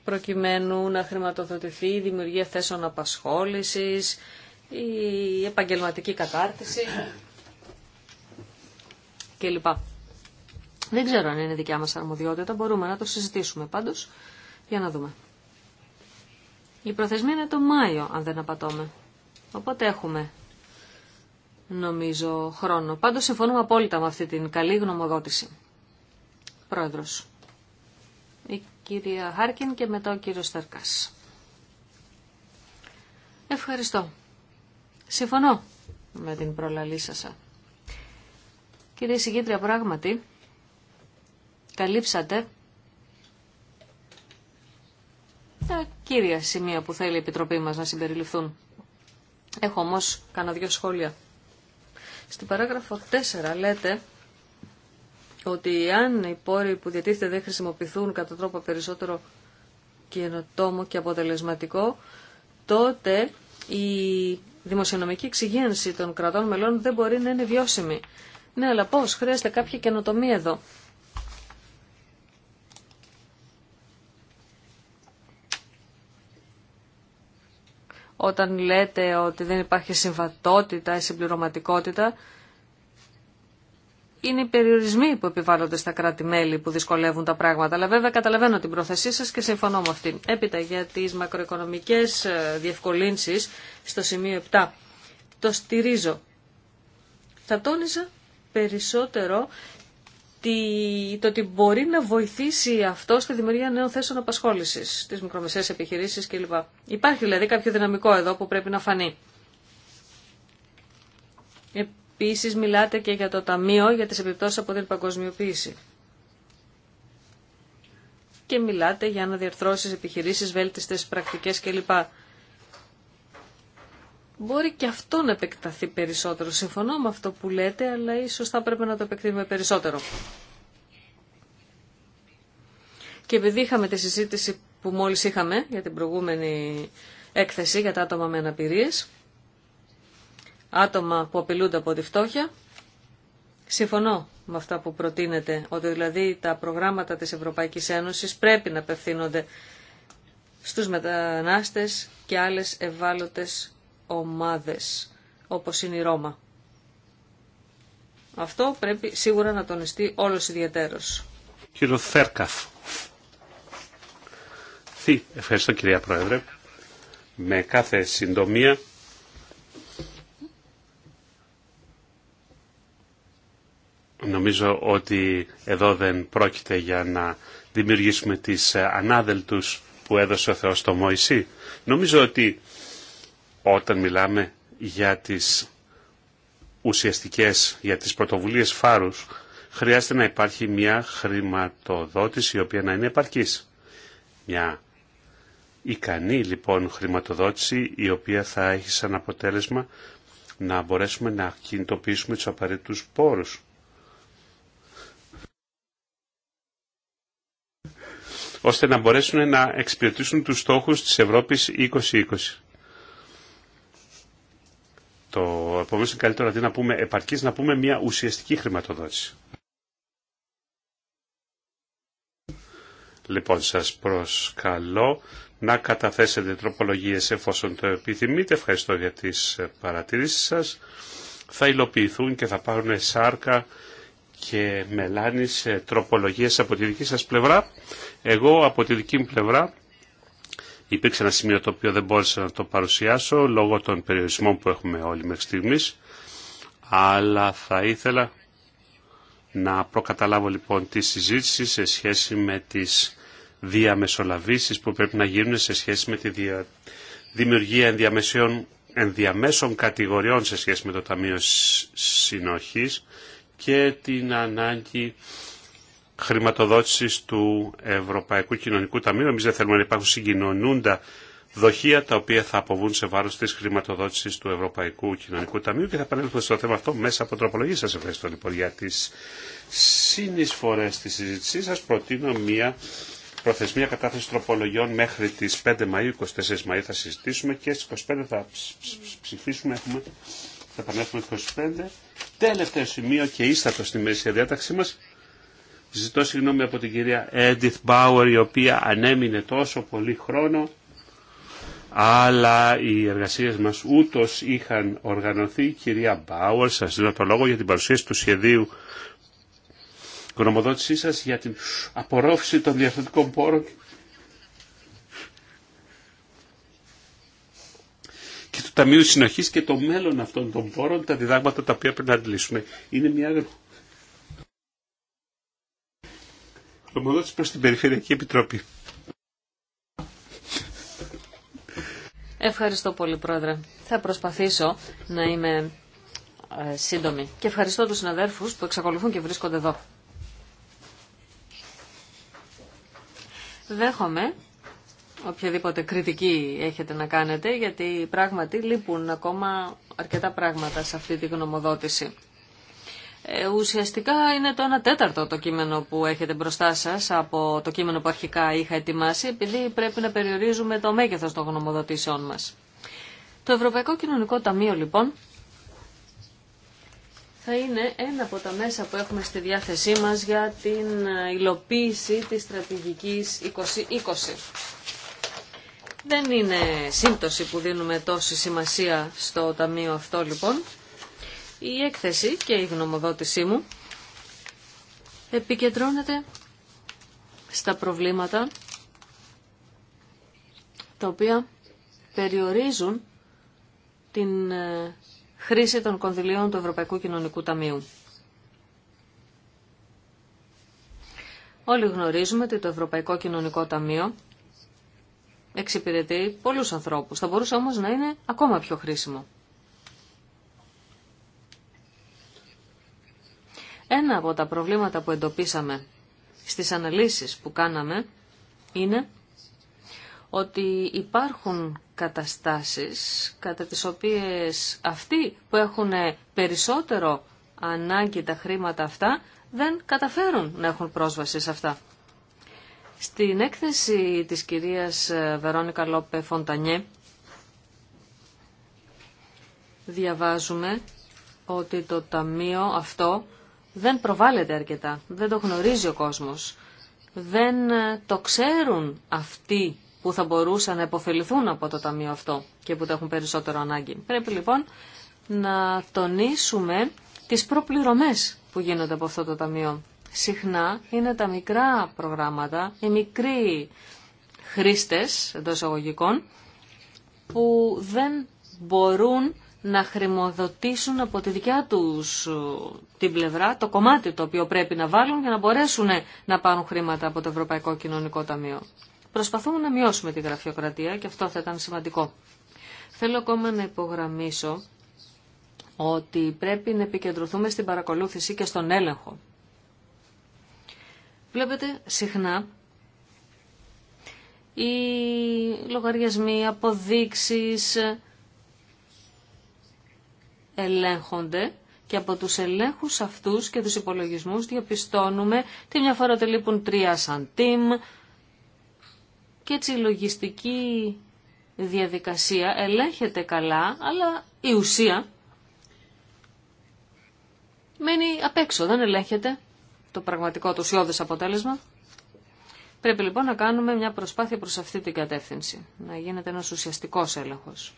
προκειμένου να χρηματοδοτηθεί η δημιουργία θέσεων απασχόλησης, η επαγγελματική κατάρτιση κλπ. Δεν ξέρω αν είναι δικιά μας αρμοδιότητα, μπορούμε να το συζητήσουμε πάντως για να δούμε. Η προθεσμία είναι το Μάιο, αν δεν απατώμε. Οπότε έχουμε, νομίζω, χρόνο. Πάντως συμφωνούμε απόλυτα με αυτή την καλή γνωμοδότηση. Πρόεδρος. Η κυρία Χάρκιν και μετά ο κύριος Θερκάς. Ευχαριστώ. Συμφωνώ με την προλαλή σας. Κύριε Συγκήτρια, πράγματι, καλύψατε τα κύρια σημεία που θέλει η Επιτροπή μας να συμπεριληφθούν. Έχω όμως κάνα δύο σχόλια. Στην παράγραφο 4 λέτε ότι αν οι πόροι που διατίθεται δεν χρησιμοποιηθούν κατά τρόπο περισσότερο καινοτόμο και αποτελεσματικό, τότε η δημοσιονομική εξυγένση των κρατών μελών δεν μπορεί να είναι βιώσιμη. Ναι, αλλά πώς, χρειάζεται κάποια καινοτομία εδώ. όταν λέτε ότι δεν υπάρχει συμβατότητα ή συμπληρωματικότητα, είναι οι περιορισμοί που επιβάλλονται στα κράτη-μέλη που δυσκολεύουν τα πράγματα. Αλλά βέβαια καταλαβαίνω την πρόθεσή σας και συμφωνώ με αυτή. Έπειτα για τις μακροοικονομικές ε, διευκολύνσεις στο σημείο 7. Το στηρίζω. Θα τόνιζα περισσότερο το ότι μπορεί να βοηθήσει αυτό στη δημιουργία νέων θέσεων απασχόληση στι μικρομεσαίε επιχειρήσει κλπ. Υπάρχει δηλαδή κάποιο δυναμικό εδώ που πρέπει να φανεί. Επίση, μιλάτε και για το Ταμείο για τι επιπτώσει από την παγκοσμιοποίηση. Και μιλάτε για αναδιαρθρώσει επιχειρήσει, βέλτιστε πρακτικέ κλπ μπορεί και αυτό να επεκταθεί περισσότερο. Συμφωνώ με αυτό που λέτε, αλλά ίσως θα πρέπει να το επεκτείνουμε περισσότερο. Και επειδή είχαμε τη συζήτηση που μόλις είχαμε για την προηγούμενη έκθεση για τα άτομα με αναπηρίες, άτομα που απειλούνται από τη φτώχεια, συμφωνώ με αυτά που προτείνεται, ότι δηλαδή τα προγράμματα της Ευρωπαϊκής Ένωσης πρέπει να απευθύνονται στους μετανάστες και άλλες ευάλωτες ομάδες, όπως είναι η Ρώμα. Αυτό πρέπει σίγουρα να τονιστεί όλος ιδιαίτερος. Κύριο Θέρκαφ. Ευχαριστώ κυρία Πρόεδρε. Με κάθε συντομία νομίζω ότι εδώ δεν πρόκειται για να δημιουργήσουμε τις ε, ανάδελτους που έδωσε ο Θεός στο Μωυσή. Νομίζω ότι όταν μιλάμε για τις ουσιαστικές, για τις πρωτοβουλίες φάρους, χρειάζεται να υπάρχει μια χρηματοδότηση η οποία να είναι επαρκής. Μια ικανή λοιπόν χρηματοδότηση η οποία θα έχει σαν αποτέλεσμα να μπορέσουμε να κινητοποιήσουμε τους απαραίτητους πόρους. ώστε να μπορέσουν να εξυπηρετήσουν τους στόχους της Ευρώπης 2020. Το επομένω είναι καλύτερο αντί να πούμε επαρκή να πούμε μια ουσιαστική χρηματοδότηση. Λοιπόν, σας προσκαλώ να καταθέσετε τροπολογίες εφόσον το επιθυμείτε. Ευχαριστώ για τις παρατηρήσεις σας. Θα υλοποιηθούν και θα πάρουν σάρκα και μελάνι σε τροπολογίες από τη δική σας πλευρά. Εγώ από τη δική μου πλευρά Υπήρξε ένα σημείο το οποίο δεν μπόρεσα να το παρουσιάσω λόγω των περιορισμών που έχουμε όλοι μέχρι στιγμής, αλλά θα ήθελα να προκαταλάβω λοιπόν τη συζήτηση σε σχέση με τις διαμεσολαβήσεις που πρέπει να γίνουν σε σχέση με τη δημιουργία ενδιαμέσων κατηγοριών σε σχέση με το Ταμείο Συνοχής και την ανάγκη Χρηματοδότηση του Ευρωπαϊκού Κοινωνικού Ταμείου. Εμεί δεν θέλουμε να υπάρχουν συγκοινωνούντα δοχεία τα οποία θα αποβούν σε βάρος της χρηματοδότηση του Ευρωπαϊκού Κοινωνικού Ταμείου και θα επανέλθουμε στο θέμα αυτό μέσα από τροπολογία Σα Ευχαριστώ λοιπόν για τι συνεισφορέ τη συζητησή σα, Προτείνω μια προθεσμία κατάθεση τροπολογιών μέχρι τι 5 Μαΐου, 24 Μαΐου θα συζητήσουμε και στι 25 θα ψηφίσουμε, έχουμε, θα επανέλθουμε 25. Τελευταίο σημείο και ίστατο στη μέση διάταξή μα. Ζητώ συγγνώμη από την κυρία Έντιθ Μπάουερ η οποία ανέμεινε τόσο πολύ χρόνο αλλά οι εργασίες μας ούτως είχαν οργανωθεί. κυρία Μπάουερ, σας δίνω το λόγο για την παρουσίαση του σχεδίου γνωμοδότησή σας για την απορρόφηση των διαφορετικών πόρων και του Ταμείου Συνοχής και το μέλλον αυτών των πόρων, τα διδάγματα τα οποία πρέπει να αντιλήσουμε. Είναι μια προς την Περιφερειακή Επιτροπή. Ευχαριστώ πολύ, Πρόεδρε. Θα προσπαθήσω να είμαι ε, σύντομη. Και ευχαριστώ τους συναδέρφους που εξακολουθούν και βρίσκονται εδώ. Δέχομαι οποιαδήποτε κριτική έχετε να κάνετε, γιατί πράγματι λείπουν ακόμα αρκετά πράγματα σε αυτή τη γνωμοδότηση. Ε, ουσιαστικά είναι το ένα τέταρτο το κείμενο που έχετε μπροστά σα από το κείμενο που αρχικά είχα ετοιμάσει, επειδή πρέπει να περιορίζουμε το μέγεθος των γνωμοδοτήσεών μας. Το Ευρωπαϊκό Κοινωνικό Ταμείο, λοιπόν, θα είναι ένα από τα μέσα που έχουμε στη διάθεσή μας για την υλοποίηση της στρατηγικής 2020. Δεν είναι σύμπτωση που δίνουμε τόση σημασία στο ταμείο αυτό, λοιπόν, η έκθεση και η γνωμοδότησή μου επικεντρώνεται στα προβλήματα τα οποία περιορίζουν την ε, χρήση των κονδυλίων του Ευρωπαϊκού Κοινωνικού Ταμείου. Όλοι γνωρίζουμε ότι το Ευρωπαϊκό Κοινωνικό Ταμείο εξυπηρετεί πολλούς ανθρώπους. Θα μπορούσε όμως να είναι ακόμα πιο χρήσιμο. Ένα από τα προβλήματα που εντοπίσαμε στις αναλύσεις που κάναμε είναι ότι υπάρχουν καταστάσεις κατά τις οποίες αυτοί που έχουν περισσότερο ανάγκη τα χρήματα αυτά δεν καταφέρουν να έχουν πρόσβαση σε αυτά. Στην έκθεση της κυρίας Βερόνικα Λόπε Φοντανιέ διαβάζουμε ότι το ταμείο αυτό δεν προβάλλεται αρκετά, δεν το γνωρίζει ο κόσμος, δεν ε, το ξέρουν αυτοί που θα μπορούσαν να υποφεληθούν από το ταμείο αυτό και που το έχουν περισσότερο ανάγκη. Πρέπει λοιπόν να τονίσουμε τις προπληρωμές που γίνονται από αυτό το ταμείο. Συχνά είναι τα μικρά προγράμματα, οι μικροί χρήστες εντό εισαγωγικών, που δεν μπορούν να χρημοδοτήσουν από τη δικιά τους ε, την πλευρά το κομμάτι το οποίο πρέπει να βάλουν για να μπορέσουν να πάρουν χρήματα από το Ευρωπαϊκό Κοινωνικό Ταμείο. Προσπαθούμε να μειώσουμε τη γραφειοκρατία και αυτό θα ήταν σημαντικό. Θέλω ακόμα να υπογραμμίσω ότι πρέπει να επικεντρωθούμε στην παρακολούθηση και στον έλεγχο. Βλέπετε συχνά οι λογαριασμοί, αποδείξεις, ελέγχονται και από τους ελέγχους αυτούς και τους υπολογισμούς διαπιστώνουμε τι μια φορά ότι τρία σαντίμ και έτσι η λογιστική διαδικασία ελέγχεται καλά, αλλά η ουσία μένει απ' έξω, δεν ελέγχεται το πραγματικό το ουσιώδες αποτέλεσμα. Πρέπει λοιπόν να κάνουμε μια προσπάθεια προς αυτή την κατεύθυνση, να γίνεται ένας ουσιαστικός έλεγχος.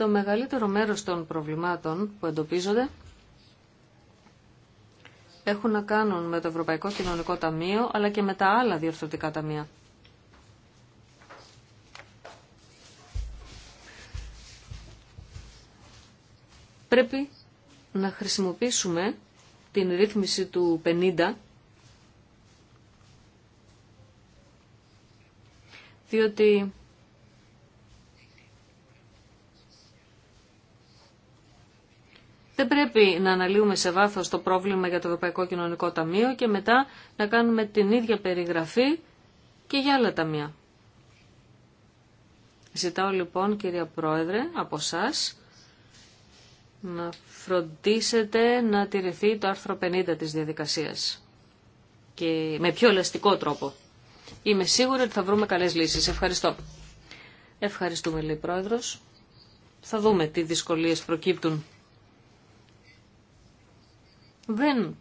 Το μεγαλύτερο μέρος των προβλημάτων που εντοπίζονται έχουν να κάνουν με το Ευρωπαϊκό Κοινωνικό Ταμείο αλλά και με τα άλλα διορθωτικά ταμεία. Πρέπει να χρησιμοποιήσουμε την ρύθμιση του 50 διότι Δεν πρέπει να αναλύουμε σε βάθος το πρόβλημα για το Ευρωπαϊκό Κοινωνικό Ταμείο και μετά να κάνουμε την ίδια περιγραφή και για άλλα ταμεία. Ζητάω λοιπόν κυρία Πρόεδρε από εσά να φροντίσετε να τηρηθεί το άρθρο 50 της διαδικασίας και με πιο ελαστικό τρόπο. Είμαι σίγουρη ότι θα βρούμε καλές λύσεις. Ευχαριστώ. Ευχαριστούμε λέει Πρόεδρος. Θα δούμε τι δυσκολίες προκύπτουν δεν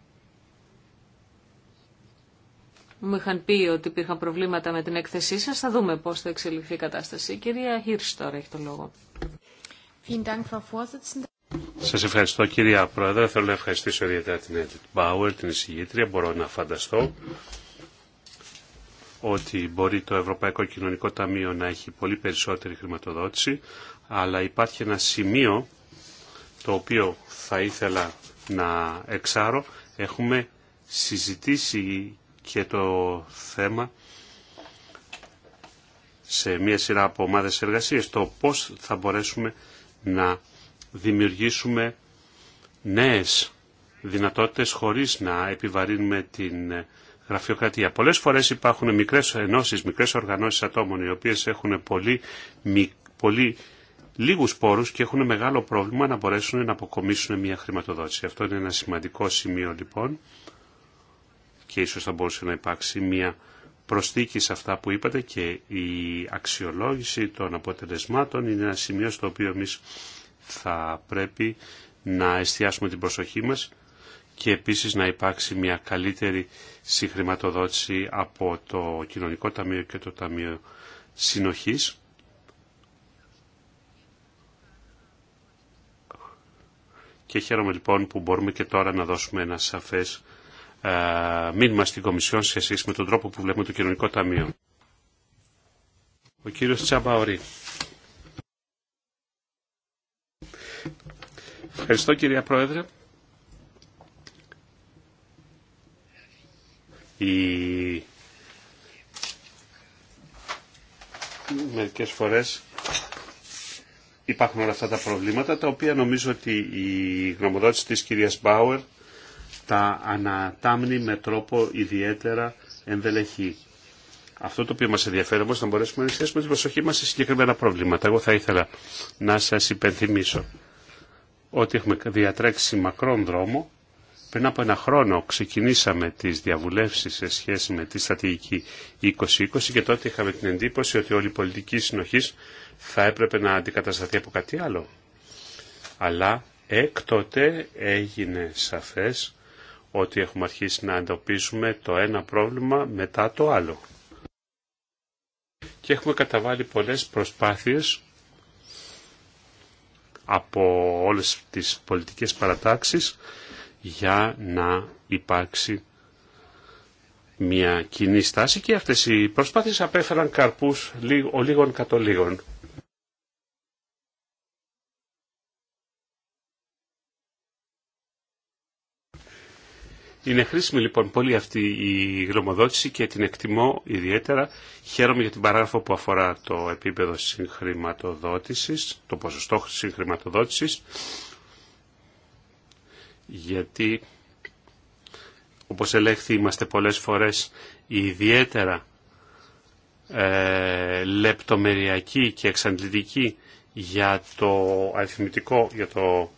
μου είχαν πει ότι υπήρχαν προβλήματα με την έκθεσή σας. Θα δούμε πώς θα εξελιχθεί η κατάσταση. Η κυρία Χίρς τώρα έχει το λόγο. Σας ευχαριστώ κυρία Πρόεδρε. Θέλω να ευχαριστήσω ιδιαίτερα την Edith Bauer, την εισηγήτρια. Μπορώ να φανταστώ ότι μπορεί το Ευρωπαϊκό Κοινωνικό Ταμείο να έχει πολύ περισσότερη χρηματοδότηση, αλλά υπάρχει ένα σημείο το οποίο θα ήθελα να εξάρω. Έχουμε συζητήσει και το θέμα σε μια σειρά από ομάδες εργασίες το πώς θα μπορέσουμε να δημιουργήσουμε νέες δυνατότητες χωρίς να επιβαρύνουμε την γραφειοκρατία. Πολλές φορές υπάρχουν μικρές ενώσεις, μικρές οργανώσεις ατόμων οι οποίες έχουν πολύ, πολύ λίγους πόρους και έχουν μεγάλο πρόβλημα να μπορέσουν να αποκομίσουν μια χρηματοδότηση. Αυτό είναι ένα σημαντικό σημείο λοιπόν και ίσως θα μπορούσε να υπάρξει μια προσθήκη σε αυτά που είπατε και η αξιολόγηση των αποτελεσμάτων είναι ένα σημείο στο οποίο εμείς θα πρέπει να εστιάσουμε την προσοχή μας και επίσης να υπάρξει μια καλύτερη συγχρηματοδότηση από το Κοινωνικό Ταμείο και το Ταμείο Συνοχής και χαίρομαι λοιπόν που μπορούμε και τώρα να δώσουμε ένα σαφές ε, μήνυμα στην Κομισιόν σε σχέση με τον τρόπο που βλέπουμε το κοινωνικό ταμείο. Ο κύριος Τσαμπαωρή. Ευχαριστώ κυρία Πρόεδρε. Η... Μερικές φορές υπάρχουν όλα αυτά τα προβλήματα τα οποία νομίζω ότι η γνωμοδότηση της κυρίας Μπάουερ τα ανατάμνει με τρόπο ιδιαίτερα ενδελεχή. Αυτό το οποίο μας ενδιαφέρει όμως να μπορέσουμε να εστιάσουμε την προσοχή μας σε συγκεκριμένα προβλήματα. Εγώ θα ήθελα να σας υπενθυμίσω ότι έχουμε διατρέξει μακρόν δρόμο. Πριν από ένα χρόνο ξεκινήσαμε τις διαβουλεύσεις σε σχέση με τη στρατηγική 2020 και τότε είχαμε την εντύπωση ότι όλη η πολιτική συνοχής θα έπρεπε να αντικατασταθεί από κάτι άλλο. Αλλά έκτοτε έγινε σαφές ότι έχουμε αρχίσει να εντοπίσουμε το ένα πρόβλημα μετά το άλλο. Και έχουμε καταβάλει πολλές προσπάθειες από όλες τις πολιτικές παρατάξεις για να υπάρξει μια κοινή στάση και αυτές οι προσπάθειες απέφεραν καρπούς ο λίγων κατ' ο Είναι χρήσιμη λοιπόν πολύ αυτή η γνωμοδότηση και την εκτιμώ ιδιαίτερα. Χαίρομαι για την παράγραφο που αφορά το επίπεδο συγχρηματοδότησης, το ποσοστό συγχρηματοδότησης, γιατί όπως ελέγχθη είμαστε πολλές φορές ιδιαίτερα ε, λεπτομεριακοί και εξαντλητικοί για το αριθμητικό, για το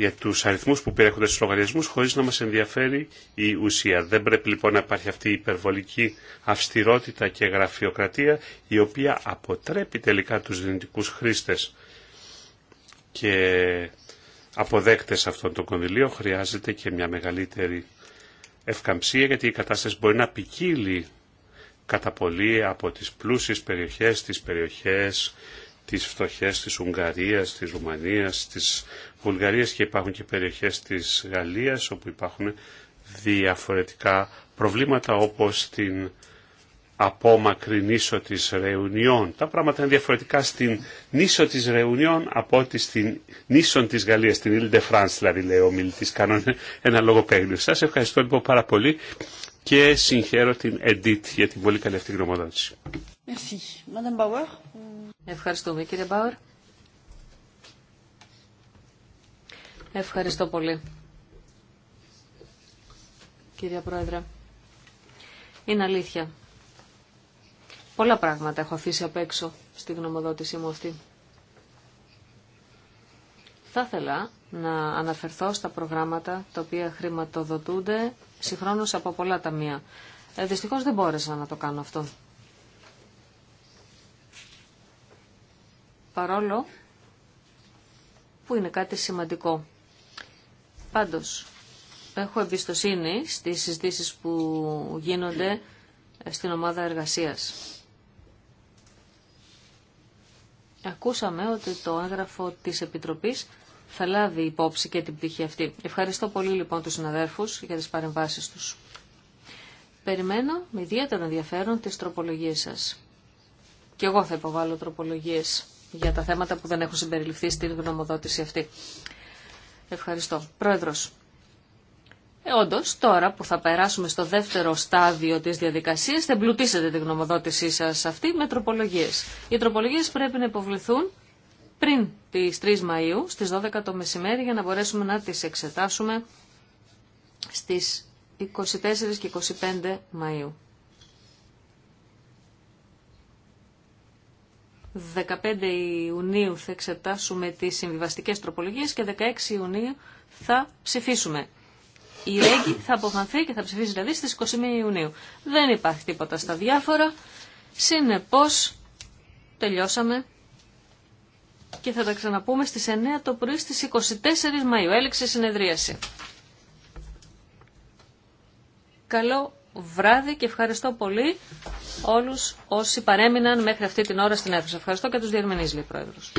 για του αριθμού που περιέχονται στου λογαριασμού, χωρί να μα ενδιαφέρει η ουσία. Δεν πρέπει λοιπόν να υπάρχει αυτή η υπερβολική αυστηρότητα και γραφειοκρατία η οποία αποτρέπει τελικά τους δυνητικού χρήστε. και αποδέκτες αυτών των κονδυλίων χρειάζεται και μια μεγαλύτερη ευκαμψία γιατί η κατάσταση μπορεί να ποικίλει κατά πολύ από τις πλούσιες περιοχές, τις περιοχές, τις φτωχές της Ουγγαρίας, της Ρουμανίας, της Βουλγαρίας και υπάρχουν και περιοχές της Γαλλίας όπου υπάρχουν διαφορετικά προβλήματα όπως την απόμακρη νήσο της Ρεουνιών. Τα πράγματα είναι διαφορετικά στην νήσο της Ρεουνιών από ότι στην νήσο της Γαλλίας, την Ile de France δηλαδή λέει ο μιλητής, κάνω ένα λόγο παίγνιο. Σας ευχαριστώ λοιπόν πάρα πολύ και συγχαίρω την Edit για την πολύ καλή αυτή γνωμοδότηση. Ευχαριστούμε κύριε Μπάουερ. Ευχαριστώ πολύ. Κυρία Πρόεδρε, είναι αλήθεια. Πολλά πράγματα έχω αφήσει απ' έξω στη γνωμοδότησή μου αυτή. Θα ήθελα να αναφερθώ στα προγράμματα τα οποία χρηματοδοτούνται συγχρόνως από πολλά ταμεία. Ε, δυστυχώς δεν μπόρεσα να το κάνω αυτό. Παρόλο που είναι κάτι σημαντικό Πάντως, έχω εμπιστοσύνη στις συζητήσει που γίνονται στην ομάδα εργασίας. Ακούσαμε ότι το έγγραφο της Επιτροπής θα λάβει υπόψη και την πτυχή αυτή. Ευχαριστώ πολύ λοιπόν τους συναδέρφους για τις παρεμβάσεις τους. Περιμένω με ιδιαίτερο ενδιαφέρον τις τροπολογίες σας. Και εγώ θα υποβάλω τροπολογίες για τα θέματα που δεν έχουν συμπεριληφθεί στην γνωμοδότηση αυτή. Ευχαριστώ. Πρόεδρος. Ε, Όντω, τώρα που θα περάσουμε στο δεύτερο στάδιο τη διαδικασία, θα εμπλουτίσετε τη γνωμοδότησή σα αυτή με τροπολογίε. Οι τροπολογίε πρέπει να υποβληθούν πριν τι 3 Μαου στι 12 το μεσημέρι για να μπορέσουμε να τι εξετάσουμε στι 24 και 25 Μαου. 15 Ιουνίου θα εξετάσουμε τις συμβιβαστικές τροπολογίες και 16 Ιουνίου θα ψηφίσουμε. Η Ρέγκη θα αποφανθεί και θα ψηφίσει δηλαδή στις 21 Ιουνίου. Δεν υπάρχει τίποτα στα διάφορα. Συνεπώς τελειώσαμε και θα τα ξαναπούμε στις 9 το πρωί στις 24 Μαΐου. Έληξε συνεδρίαση. Καλό βράδυ και ευχαριστώ πολύ όλους όσοι παρέμειναν μέχρι αυτή την ώρα στην αίθουσα. Ευχαριστώ και τους διερμηνείς, λέει Πρόεδρος.